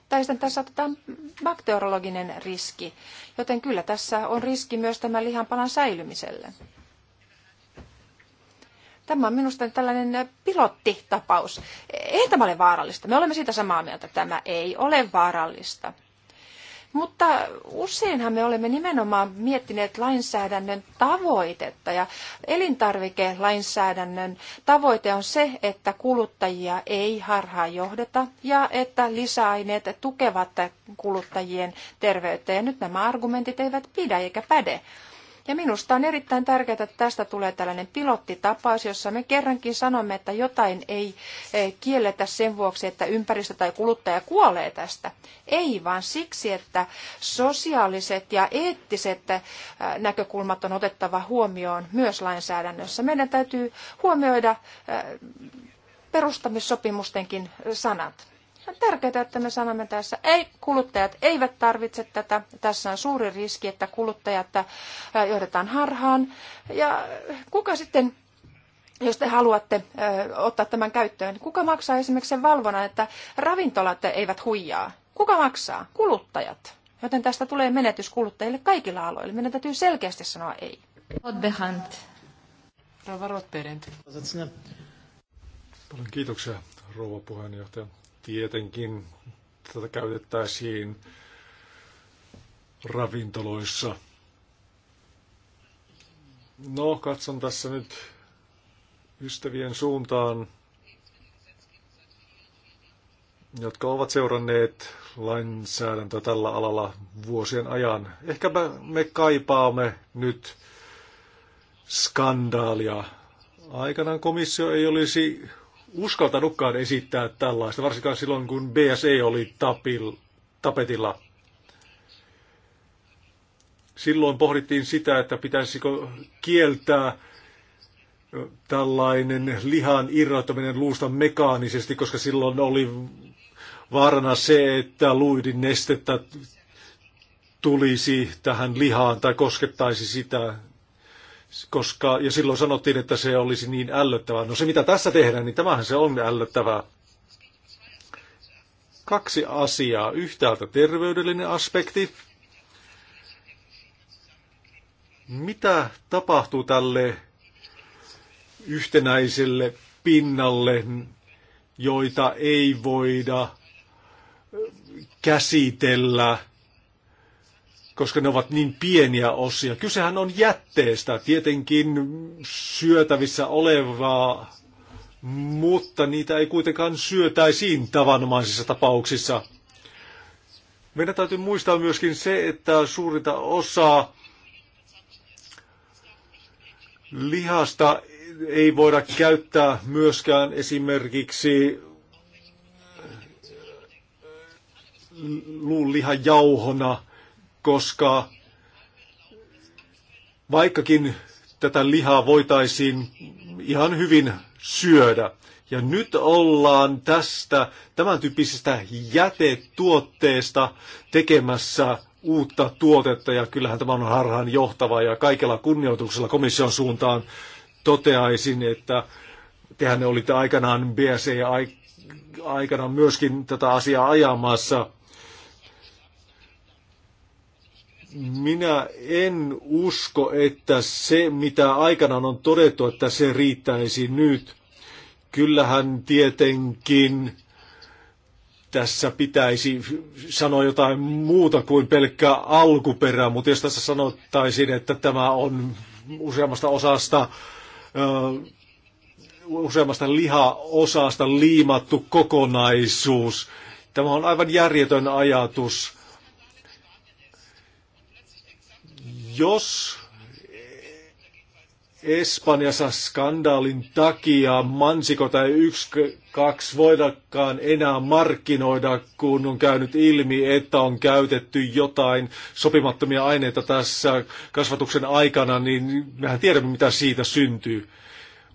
Tai sitten tässä otetaan bakteriologinen riski, joten kyllä tässä on riski myös tämän lihanpalan säilymiselle. Tämä on minusta tällainen pilottitapaus. Ei tämä ole vaarallista. Me olemme siitä samaa mieltä. Tämä ei ole vaarallista. Mutta useinhan me olemme nimenomaan miettineet lainsäädännön tavoitetta ja elintarvikelainsäädännön tavoite on se, että kuluttajia ei harhaa johdeta ja että lisäaineet tukevat kuluttajien terveyttä. Ja nyt nämä argumentit eivät pidä eikä päde. Ja minusta on erittäin tärkeää, että tästä tulee tällainen pilottitapaus, jossa me kerrankin sanomme, että jotain ei eh, kielletä sen vuoksi, että ympäristö tai kuluttaja kuolee tästä. Ei, vaan siksi, että sosiaaliset ja eettiset eh, näkökulmat on otettava huomioon myös lainsäädännössä. Meidän täytyy huomioida eh, perustamissopimustenkin sanat. On tärkeää, että me sanomme tässä, ei, kuluttajat eivät tarvitse tätä. Tässä on suuri riski, että kuluttajat äh, johdetaan harhaan. Ja kuka sitten jos te haluatte äh, ottaa tämän käyttöön, niin kuka maksaa esimerkiksi sen valvonnan, että ravintolat eivät huijaa? Kuka maksaa? Kuluttajat. Joten tästä tulee menetys kuluttajille kaikilla aloilla. Meidän täytyy selkeästi sanoa ei. Rotbehand. Rova Rotberend. Paljon kiitoksia, rouva puheenjohtaja. Tietenkin tätä käytettäisiin ravintoloissa. No, katson tässä nyt ystävien suuntaan, jotka ovat seuranneet lainsäädäntöä tällä alalla vuosien ajan. Ehkä me kaipaamme nyt skandaalia. Aikanaan komissio ei olisi uskaltanutkaan esittää tällaista, varsinkaan silloin kun BSE oli tapil, tapetilla. Silloin pohdittiin sitä, että pitäisikö kieltää tällainen lihan irrottaminen luusta mekaanisesti, koska silloin oli vaarana se, että luidin nestettä tulisi tähän lihaan tai koskettaisi sitä koska, ja silloin sanottiin, että se olisi niin ällöttävää. No se mitä tässä tehdään, niin tämähän se on ällöttävää. Kaksi asiaa. Yhtäältä terveydellinen aspekti. Mitä tapahtuu tälle yhtenäiselle pinnalle, joita ei voida käsitellä – koska ne ovat niin pieniä osia. Kysehän on jätteestä, tietenkin syötävissä olevaa, mutta niitä ei kuitenkaan syötäisiin tavanomaisissa tapauksissa. Meidän täytyy muistaa myöskin se, että suurinta osaa lihasta ei voida käyttää myöskään esimerkiksi luunlihajauhona jauhona koska vaikkakin tätä lihaa voitaisiin ihan hyvin syödä. Ja nyt ollaan tästä tämän tyyppisestä jätetuotteesta tekemässä uutta tuotetta ja kyllähän tämä on harhaan johtava ja kaikella kunnioituksella komission suuntaan toteaisin, että tehän ne olitte aikanaan BSE aikana myöskin tätä asiaa ajamassa. minä en usko, että se mitä aikanaan on todettu, että se riittäisi nyt. Kyllähän tietenkin tässä pitäisi sanoa jotain muuta kuin pelkkää alkuperää, mutta jos tässä sanottaisiin, että tämä on useammasta osasta useammasta lihaosasta liimattu kokonaisuus. Tämä on aivan järjetön ajatus. Jos Espanjassa skandaalin takia mansiko tai yksi, kaksi voidakaan enää markkinoida, kun on käynyt ilmi, että on käytetty jotain sopimattomia aineita tässä kasvatuksen aikana, niin mehän tiedämme, mitä siitä syntyy.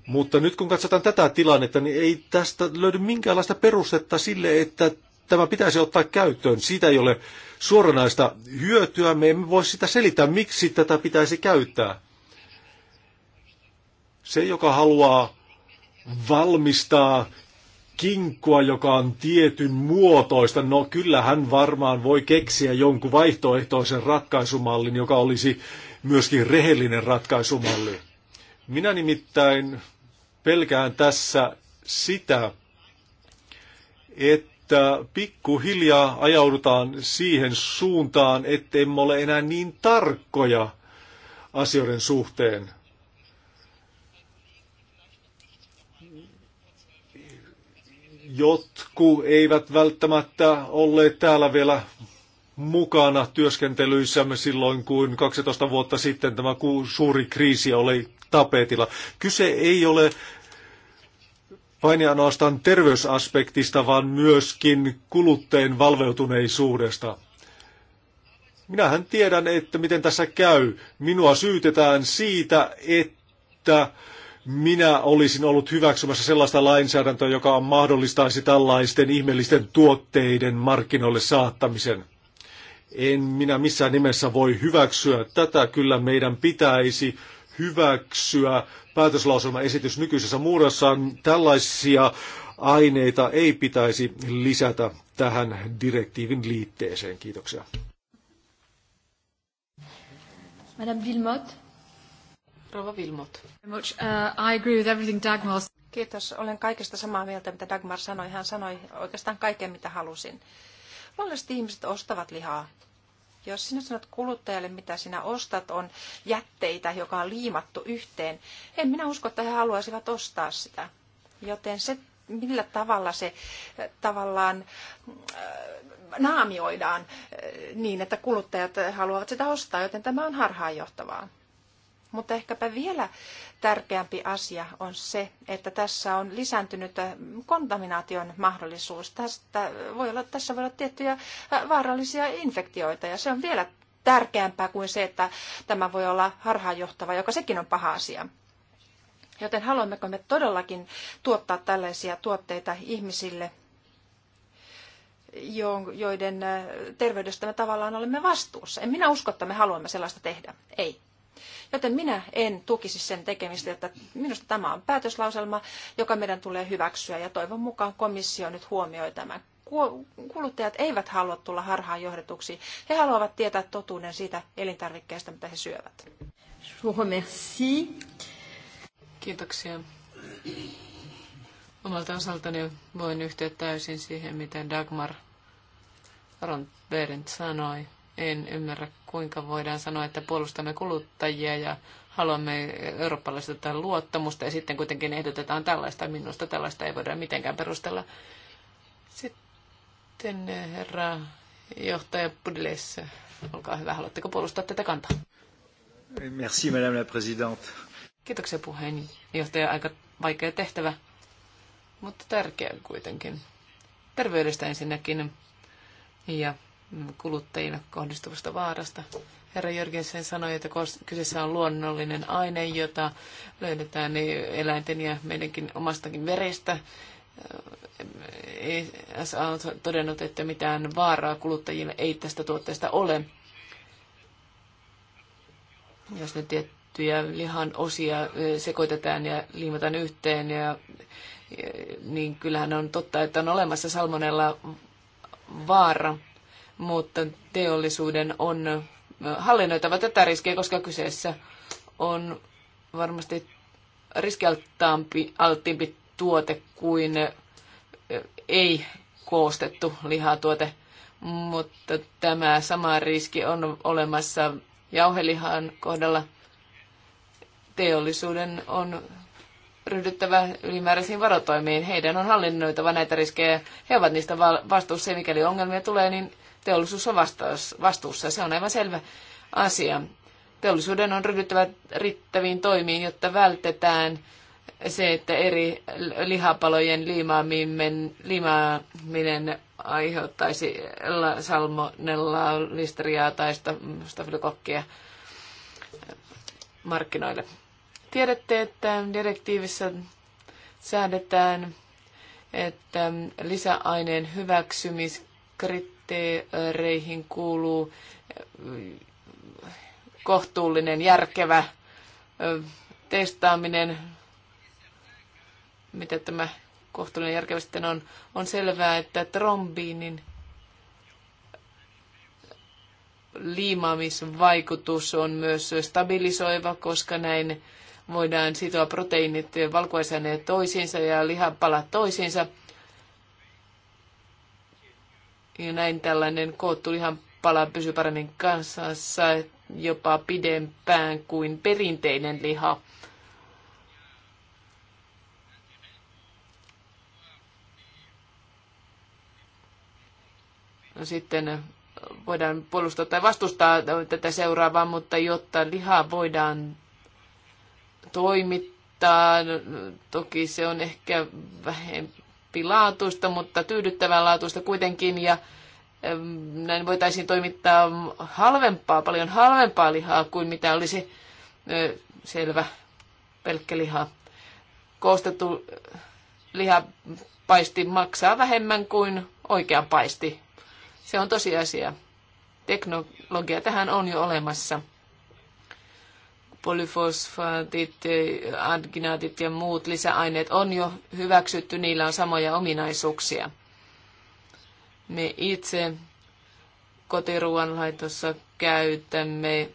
Mutta nyt kun katsotaan tätä tilannetta, niin ei tästä löydy minkäänlaista perustetta sille, että tämä pitäisi ottaa käyttöön. Siitä ei ole suoranaista hyötyä. Me emme voi sitä selittää, miksi tätä pitäisi käyttää. Se, joka haluaa valmistaa kinkkua, joka on tietyn muotoista, no kyllä hän varmaan voi keksiä jonkun vaihtoehtoisen ratkaisumallin, joka olisi myöskin rehellinen ratkaisumalli. Minä nimittäin pelkään tässä sitä, että että pikkuhiljaa ajaudutaan siihen suuntaan, emme ole enää niin tarkkoja asioiden suhteen. Jotku eivät välttämättä olleet täällä vielä mukana työskentelyissämme silloin, kun 12 vuotta sitten tämä suuri kriisi oli tapetilla. Kyse ei ole vain ja ainoastaan terveysaspektista, vaan myöskin kulutteen valveutuneisuudesta. Minähän tiedän, että miten tässä käy. Minua syytetään siitä, että minä olisin ollut hyväksymässä sellaista lainsäädäntöä, joka mahdollistaisi tällaisten ihmeellisten tuotteiden markkinoille saattamisen. En minä missään nimessä voi hyväksyä tätä. Kyllä meidän pitäisi hyväksyä päätöslauselmaesitys nykyisessä muodossaan tällaisia aineita ei pitäisi lisätä tähän direktiivin liitteeseen. Kiitoksia. Madame Vilmot. Rova Vilmot. Much, I agree with everything Dagmar. Kiitos. Olen kaikesta samaa mieltä, mitä Dagmar sanoi. Hän sanoi oikeastaan kaiken, mitä halusin. Luonnollisesti ihmiset ostavat lihaa jos sinä sanot kuluttajalle, mitä sinä ostat, on jätteitä, joka on liimattu yhteen, en minä usko, että he haluaisivat ostaa sitä. Joten se, millä tavalla se eh, tavallaan eh, naamioidaan eh, niin, että kuluttajat haluavat sitä ostaa, joten tämä on harhaanjohtavaa. Mutta ehkäpä vielä tärkeämpi asia on se, että tässä on lisääntynyt äh, kontaminaation mahdollisuus. Tästä voi olla, tässä voi olla tiettyjä äh, vaarallisia infektioita ja se on vielä tärkeämpää kuin se, että tämä voi olla harhaanjohtava, joka sekin on paha asia. Joten haluammeko me todellakin tuottaa tällaisia tuotteita ihmisille, joiden äh, terveydestä me tavallaan olemme vastuussa. En minä usko, että me haluamme sellaista tehdä. Ei. Joten minä en tukisi sen tekemistä, että minusta tämä on päätöslauselma, joka meidän tulee hyväksyä ja toivon mukaan komissio nyt huomioi tämän. Kuluttajat eivät halua tulla harhaan johdetuksi. He haluavat tietää totuuden siitä elintarvikkeesta, mitä he syövät. Kiitoksia. Omalta osaltani voin yhtyä täysin siihen, mitä Dagmar Berend sanoi. En ymmärrä, kuinka voidaan sanoa, että puolustamme kuluttajia ja haluamme eurooppalaisilta luottamusta ja sitten kuitenkin ehdotetaan tällaista. Minusta tällaista ei voida mitenkään perustella. Sitten herra johtaja Pudles, olkaa hyvä. Haluatteko puolustaa tätä kantaa? Merci, madame la présidente. Kiitoksia puheenjohtaja. Aika vaikea tehtävä, mutta tärkeä kuitenkin. Terveydestä ensinnäkin ja kuluttajina kohdistuvasta vaarasta. Herra Jörgensen sanoi, että kyseessä on luonnollinen aine, jota löydetään eläinten ja meidänkin omastakin verestä. E SA on todennut, että mitään vaaraa kuluttajille ei tästä tuotteesta ole. Jos ne tiettyjä lihan osia sekoitetaan ja liimataan yhteen, ja, niin kyllähän on totta, että on olemassa salmonella vaara mutta teollisuuden on hallinnoitava tätä riskiä, koska kyseessä on varmasti riskialttiimpi alttiimpi tuote kuin ei koostettu lihatuote, mutta tämä sama riski on olemassa jauhelihan kohdalla. Teollisuuden on ryhdyttävä ylimääräisiin varotoimiin. Heidän on hallinnoitava näitä riskejä. He ovat niistä vastuussa mikäli ongelmia tulee, niin teollisuus on vastaus, vastuussa. Se on aivan selvä asia. Teollisuuden on ryhdyttävä riittäviin toimiin, jotta vältetään se, että eri lihapalojen liimaaminen, liimaaminen aiheuttaisi salmonella listeriaa tai stafylokokkia markkinoille. Tiedätte, että direktiivissä säädetään, että lisäaineen hyväksymiskriteerit kriteereihin kuuluu kohtuullinen, järkevä testaaminen, mitä tämä kohtuullinen järkevä sitten on, on selvää, että trombiinin liimaamisvaikutus on myös stabilisoiva, koska näin voidaan sitoa proteiinit ja valkuaisaineet toisiinsa ja lihapalat toisiinsa – ja näin tällainen koottu lihan pala pysyy paremmin kansassa jopa pidempään kuin perinteinen liha. No sitten voidaan puolustaa tai vastustaa tätä seuraavaa, mutta jotta liha voidaan toimittaa, no, toki se on ehkä vähemmän laatuista, mutta tyydyttävää laatuista kuitenkin ja näin voitaisiin toimittaa halvempaa, paljon halvempaa lihaa kuin mitä olisi selvä pelkkä liha. Koostettu lihapaisti maksaa vähemmän kuin oikea paisti. Se on tosiasia. Teknologia tähän on jo olemassa polyfosfaatit, eh, adginaatit ja muut lisäaineet on jo hyväksytty, niillä on samoja ominaisuuksia. Me itse kotiruoanlaitossa käytämme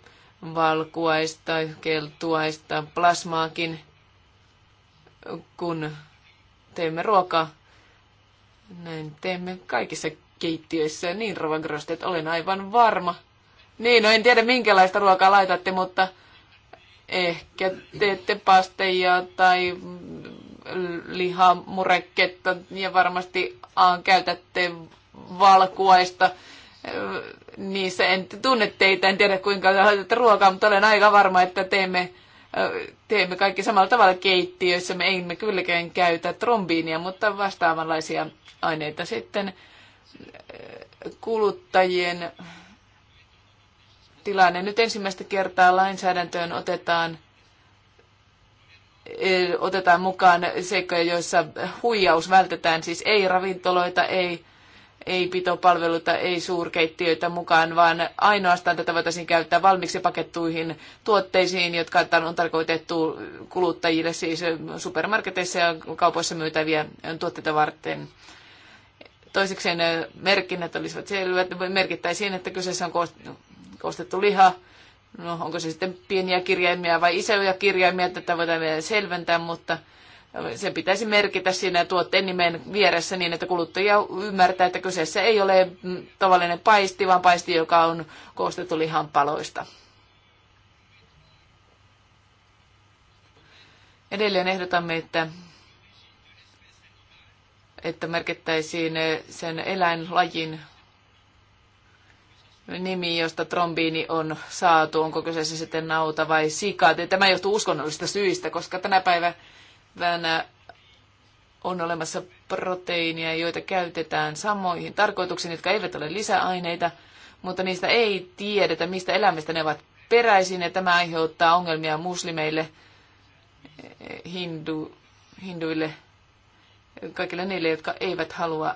valkuaista, keltuaista, plasmaakin, kun teemme ruokaa. Näin teemme kaikissa keittiöissä, niin Rova olen aivan varma. Niin, no en tiedä minkälaista ruokaa laitatte, mutta Ehkä teette pasteja tai lihamureketta ja varmasti käytätte valkuaista se En tunne teitä, en tiedä kuinka laitatte ruokaa, mutta olen aika varma, että teemme, teemme kaikki samalla tavalla keittiöissä. Me emme kylläkään käytä trombiinia, mutta vastaavanlaisia aineita sitten kuluttajien tilanne. Nyt ensimmäistä kertaa lainsäädäntöön otetaan, e, otetaan mukaan seikkoja, joissa huijaus vältetään, siis ei ravintoloita, ei ei pitopalveluita, ei suurkeittiöitä mukaan, vaan ainoastaan tätä voitaisiin käyttää valmiiksi pakettuihin tuotteisiin, jotka on tarkoitettu kuluttajille siis supermarketeissa ja kaupoissa myytäviä tuotteita varten. Toisekseen e, merkinnät olisivat selvät. Merkittäisiin, että kyseessä on koostettu liha. No, onko se sitten pieniä kirjaimia vai isoja kirjaimia, tätä voidaan vielä selventää, mutta se pitäisi merkitä siinä tuotteen nimen vieressä niin, että kuluttaja ymmärtää, että kyseessä ei ole tavallinen paisti, vaan paisti, joka on koostettu lihan paloista. Edelleen ehdotamme, että, että merkittäisiin sen eläinlajin nimi, josta trombiini on saatu, onko kyseessä sitten nauta vai sika. Tämä johtuu uskonnollisista syistä, koska tänä päivänä on olemassa proteiinia, joita käytetään samoihin tarkoituksiin, jotka eivät ole lisäaineita, mutta niistä ei tiedetä, mistä elämistä ne ovat peräisin, ja tämä aiheuttaa ongelmia muslimeille, hindu, hinduille, kaikille niille, jotka eivät halua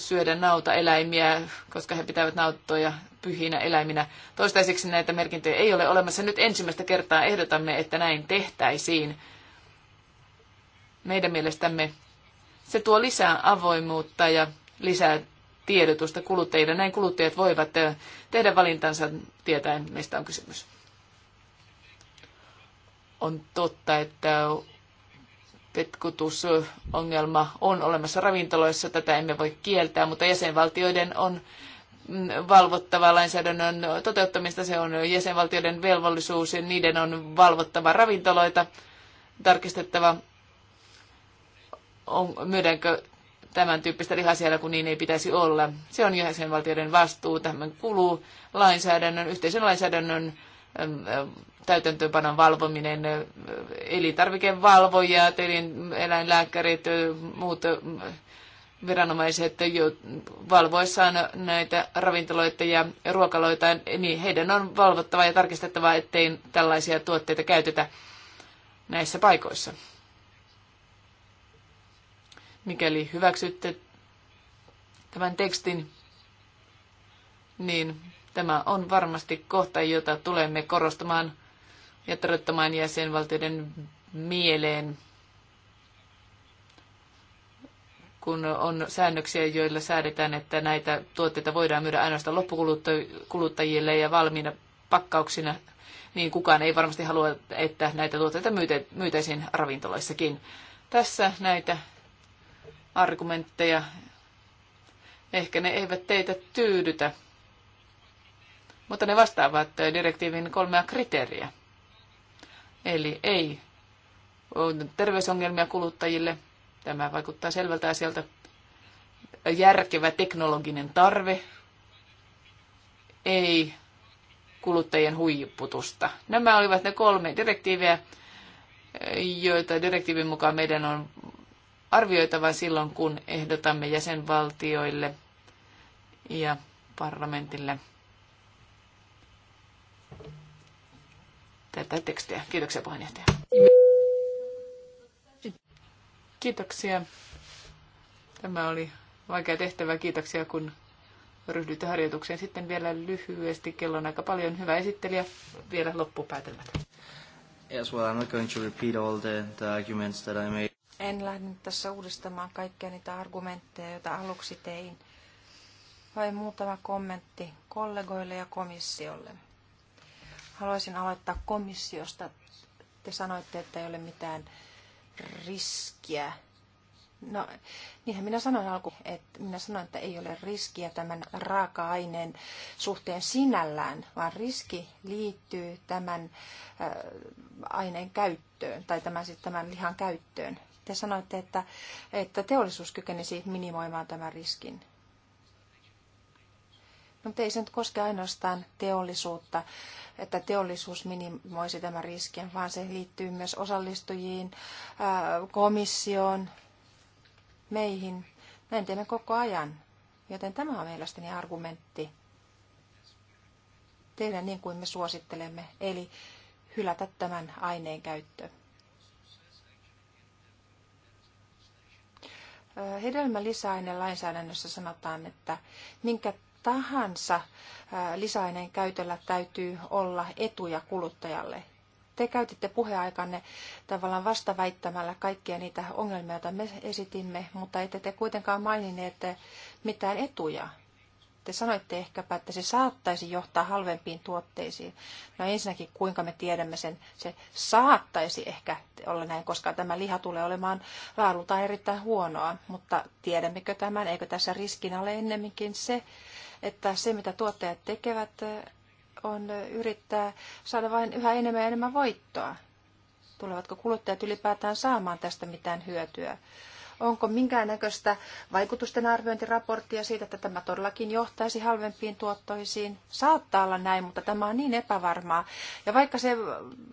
syödä nautaeläimiä, koska he pitävät nauttoja pyhinä eläiminä. Toistaiseksi näitä merkintöjä ei ole olemassa. Nyt ensimmäistä kertaa ehdotamme, että näin tehtäisiin. Meidän mielestämme se tuo lisää avoimuutta ja lisää tiedotusta kuluttajille. Näin kuluttajat voivat tehdä valintansa tietäen, mistä on kysymys. On totta, että petkutusongelma on olemassa ravintoloissa. Tätä emme voi kieltää, mutta jäsenvaltioiden on mm, valvottava lainsäädännön toteuttamista. Se on jäsenvaltioiden velvollisuus ja niiden on valvottava ravintoloita, tarkistettava, on, myydäänkö tämän tyyppistä lihaa siellä, kun niin ei pitäisi olla. Se on jäsenvaltioiden vastuu. Tähän kuluu lainsäädännön, yhteisen lainsäädännön mm, täytäntöönpanon valvominen, elintarvikevalvojat, eläinlääkärit, muut viranomaiset jo valvoissaan näitä ravintoloita ja ruokaloita, niin heidän on valvottava ja tarkistettava, ettei tällaisia tuotteita käytetä näissä paikoissa. Mikäli hyväksytte tämän tekstin, niin tämä on varmasti kohta, jota tulemme korostamaan – ja tarjottamaan jäsenvaltioiden mieleen, kun on säännöksiä, joilla säädetään, että näitä tuotteita voidaan myydä ainoastaan loppukuluttajille ja valmiina pakkauksina, niin kukaan ei varmasti halua, että näitä tuotteita myytäisiin ravintoloissakin. Tässä näitä argumentteja. Ehkä ne eivät teitä tyydytä, mutta ne vastaavat direktiivin kolmea kriteeriä. Eli ei terveysongelmia kuluttajille. Tämä vaikuttaa selvältä asialta. Järkevä teknologinen tarve. Ei kuluttajien huijuputusta. Nämä olivat ne kolme direktiiviä, joita direktiivin mukaan meidän on arvioitava silloin, kun ehdotamme jäsenvaltioille ja parlamentille tätä tekstiä. Kiitoksia puheenjohtaja. Kiitoksia. Tämä oli vaikea tehtävä. Kiitoksia, kun ryhdyitte harjoitukseen. Sitten vielä lyhyesti, kello on aika paljon. Hyvä esittelijä, vielä loppupäätelmät. Yes, well, I'm not going to repeat all the, the arguments that I made. En lähde tässä uudistamaan kaikkia niitä argumentteja, joita aluksi tein. Vain muutama kommentti kollegoille ja komissiolle. Haluaisin aloittaa komissiosta. Te sanoitte, että ei ole mitään riskiä. No, niinhän minä sanoin alku, että minä sanoin, että ei ole riskiä tämän raaka-aineen suhteen sinällään, vaan riski liittyy tämän äh, aineen käyttöön tai tämän, siis tämän lihan käyttöön. Te sanoitte, että, että teollisuus kykenisi minimoimaan tämän riskin. Mutta ei se nyt koske ainoastaan teollisuutta, että teollisuus minimoisi tämän riskin, vaan se liittyy myös osallistujiin, komissioon, meihin. Näin teemme koko ajan. Joten tämä on mielestäni argumentti tehdä niin kuin me suosittelemme, eli hylätä tämän aineen käyttö. lisäaine lainsäädännössä sanotaan, että minkä tahansa lisäaineen käytöllä täytyy olla etuja kuluttajalle. Te käytitte puheaikanne tavallaan vastaväittämällä kaikkia niitä ongelmia, joita me esitimme, mutta ette te kuitenkaan maininneet mitään etuja. Te sanoitte ehkäpä, että se saattaisi johtaa halvempiin tuotteisiin. No ensinnäkin, kuinka me tiedämme sen, se saattaisi ehkä olla näin, koska tämä liha tulee olemaan laadultaan erittäin huonoa, mutta tiedämmekö tämän, eikö tässä riskinä ole ennemminkin se, että se mitä tuottajat tekevät on yrittää saada vain yhä enemmän ja enemmän voittoa. Tulevatko kuluttajat ylipäätään saamaan tästä mitään hyötyä? Onko minkäännäköistä vaikutusten arviointiraporttia siitä, että tämä todellakin johtaisi halvempiin tuottoisiin? Saattaa olla näin, mutta tämä on niin epävarmaa. Ja vaikka se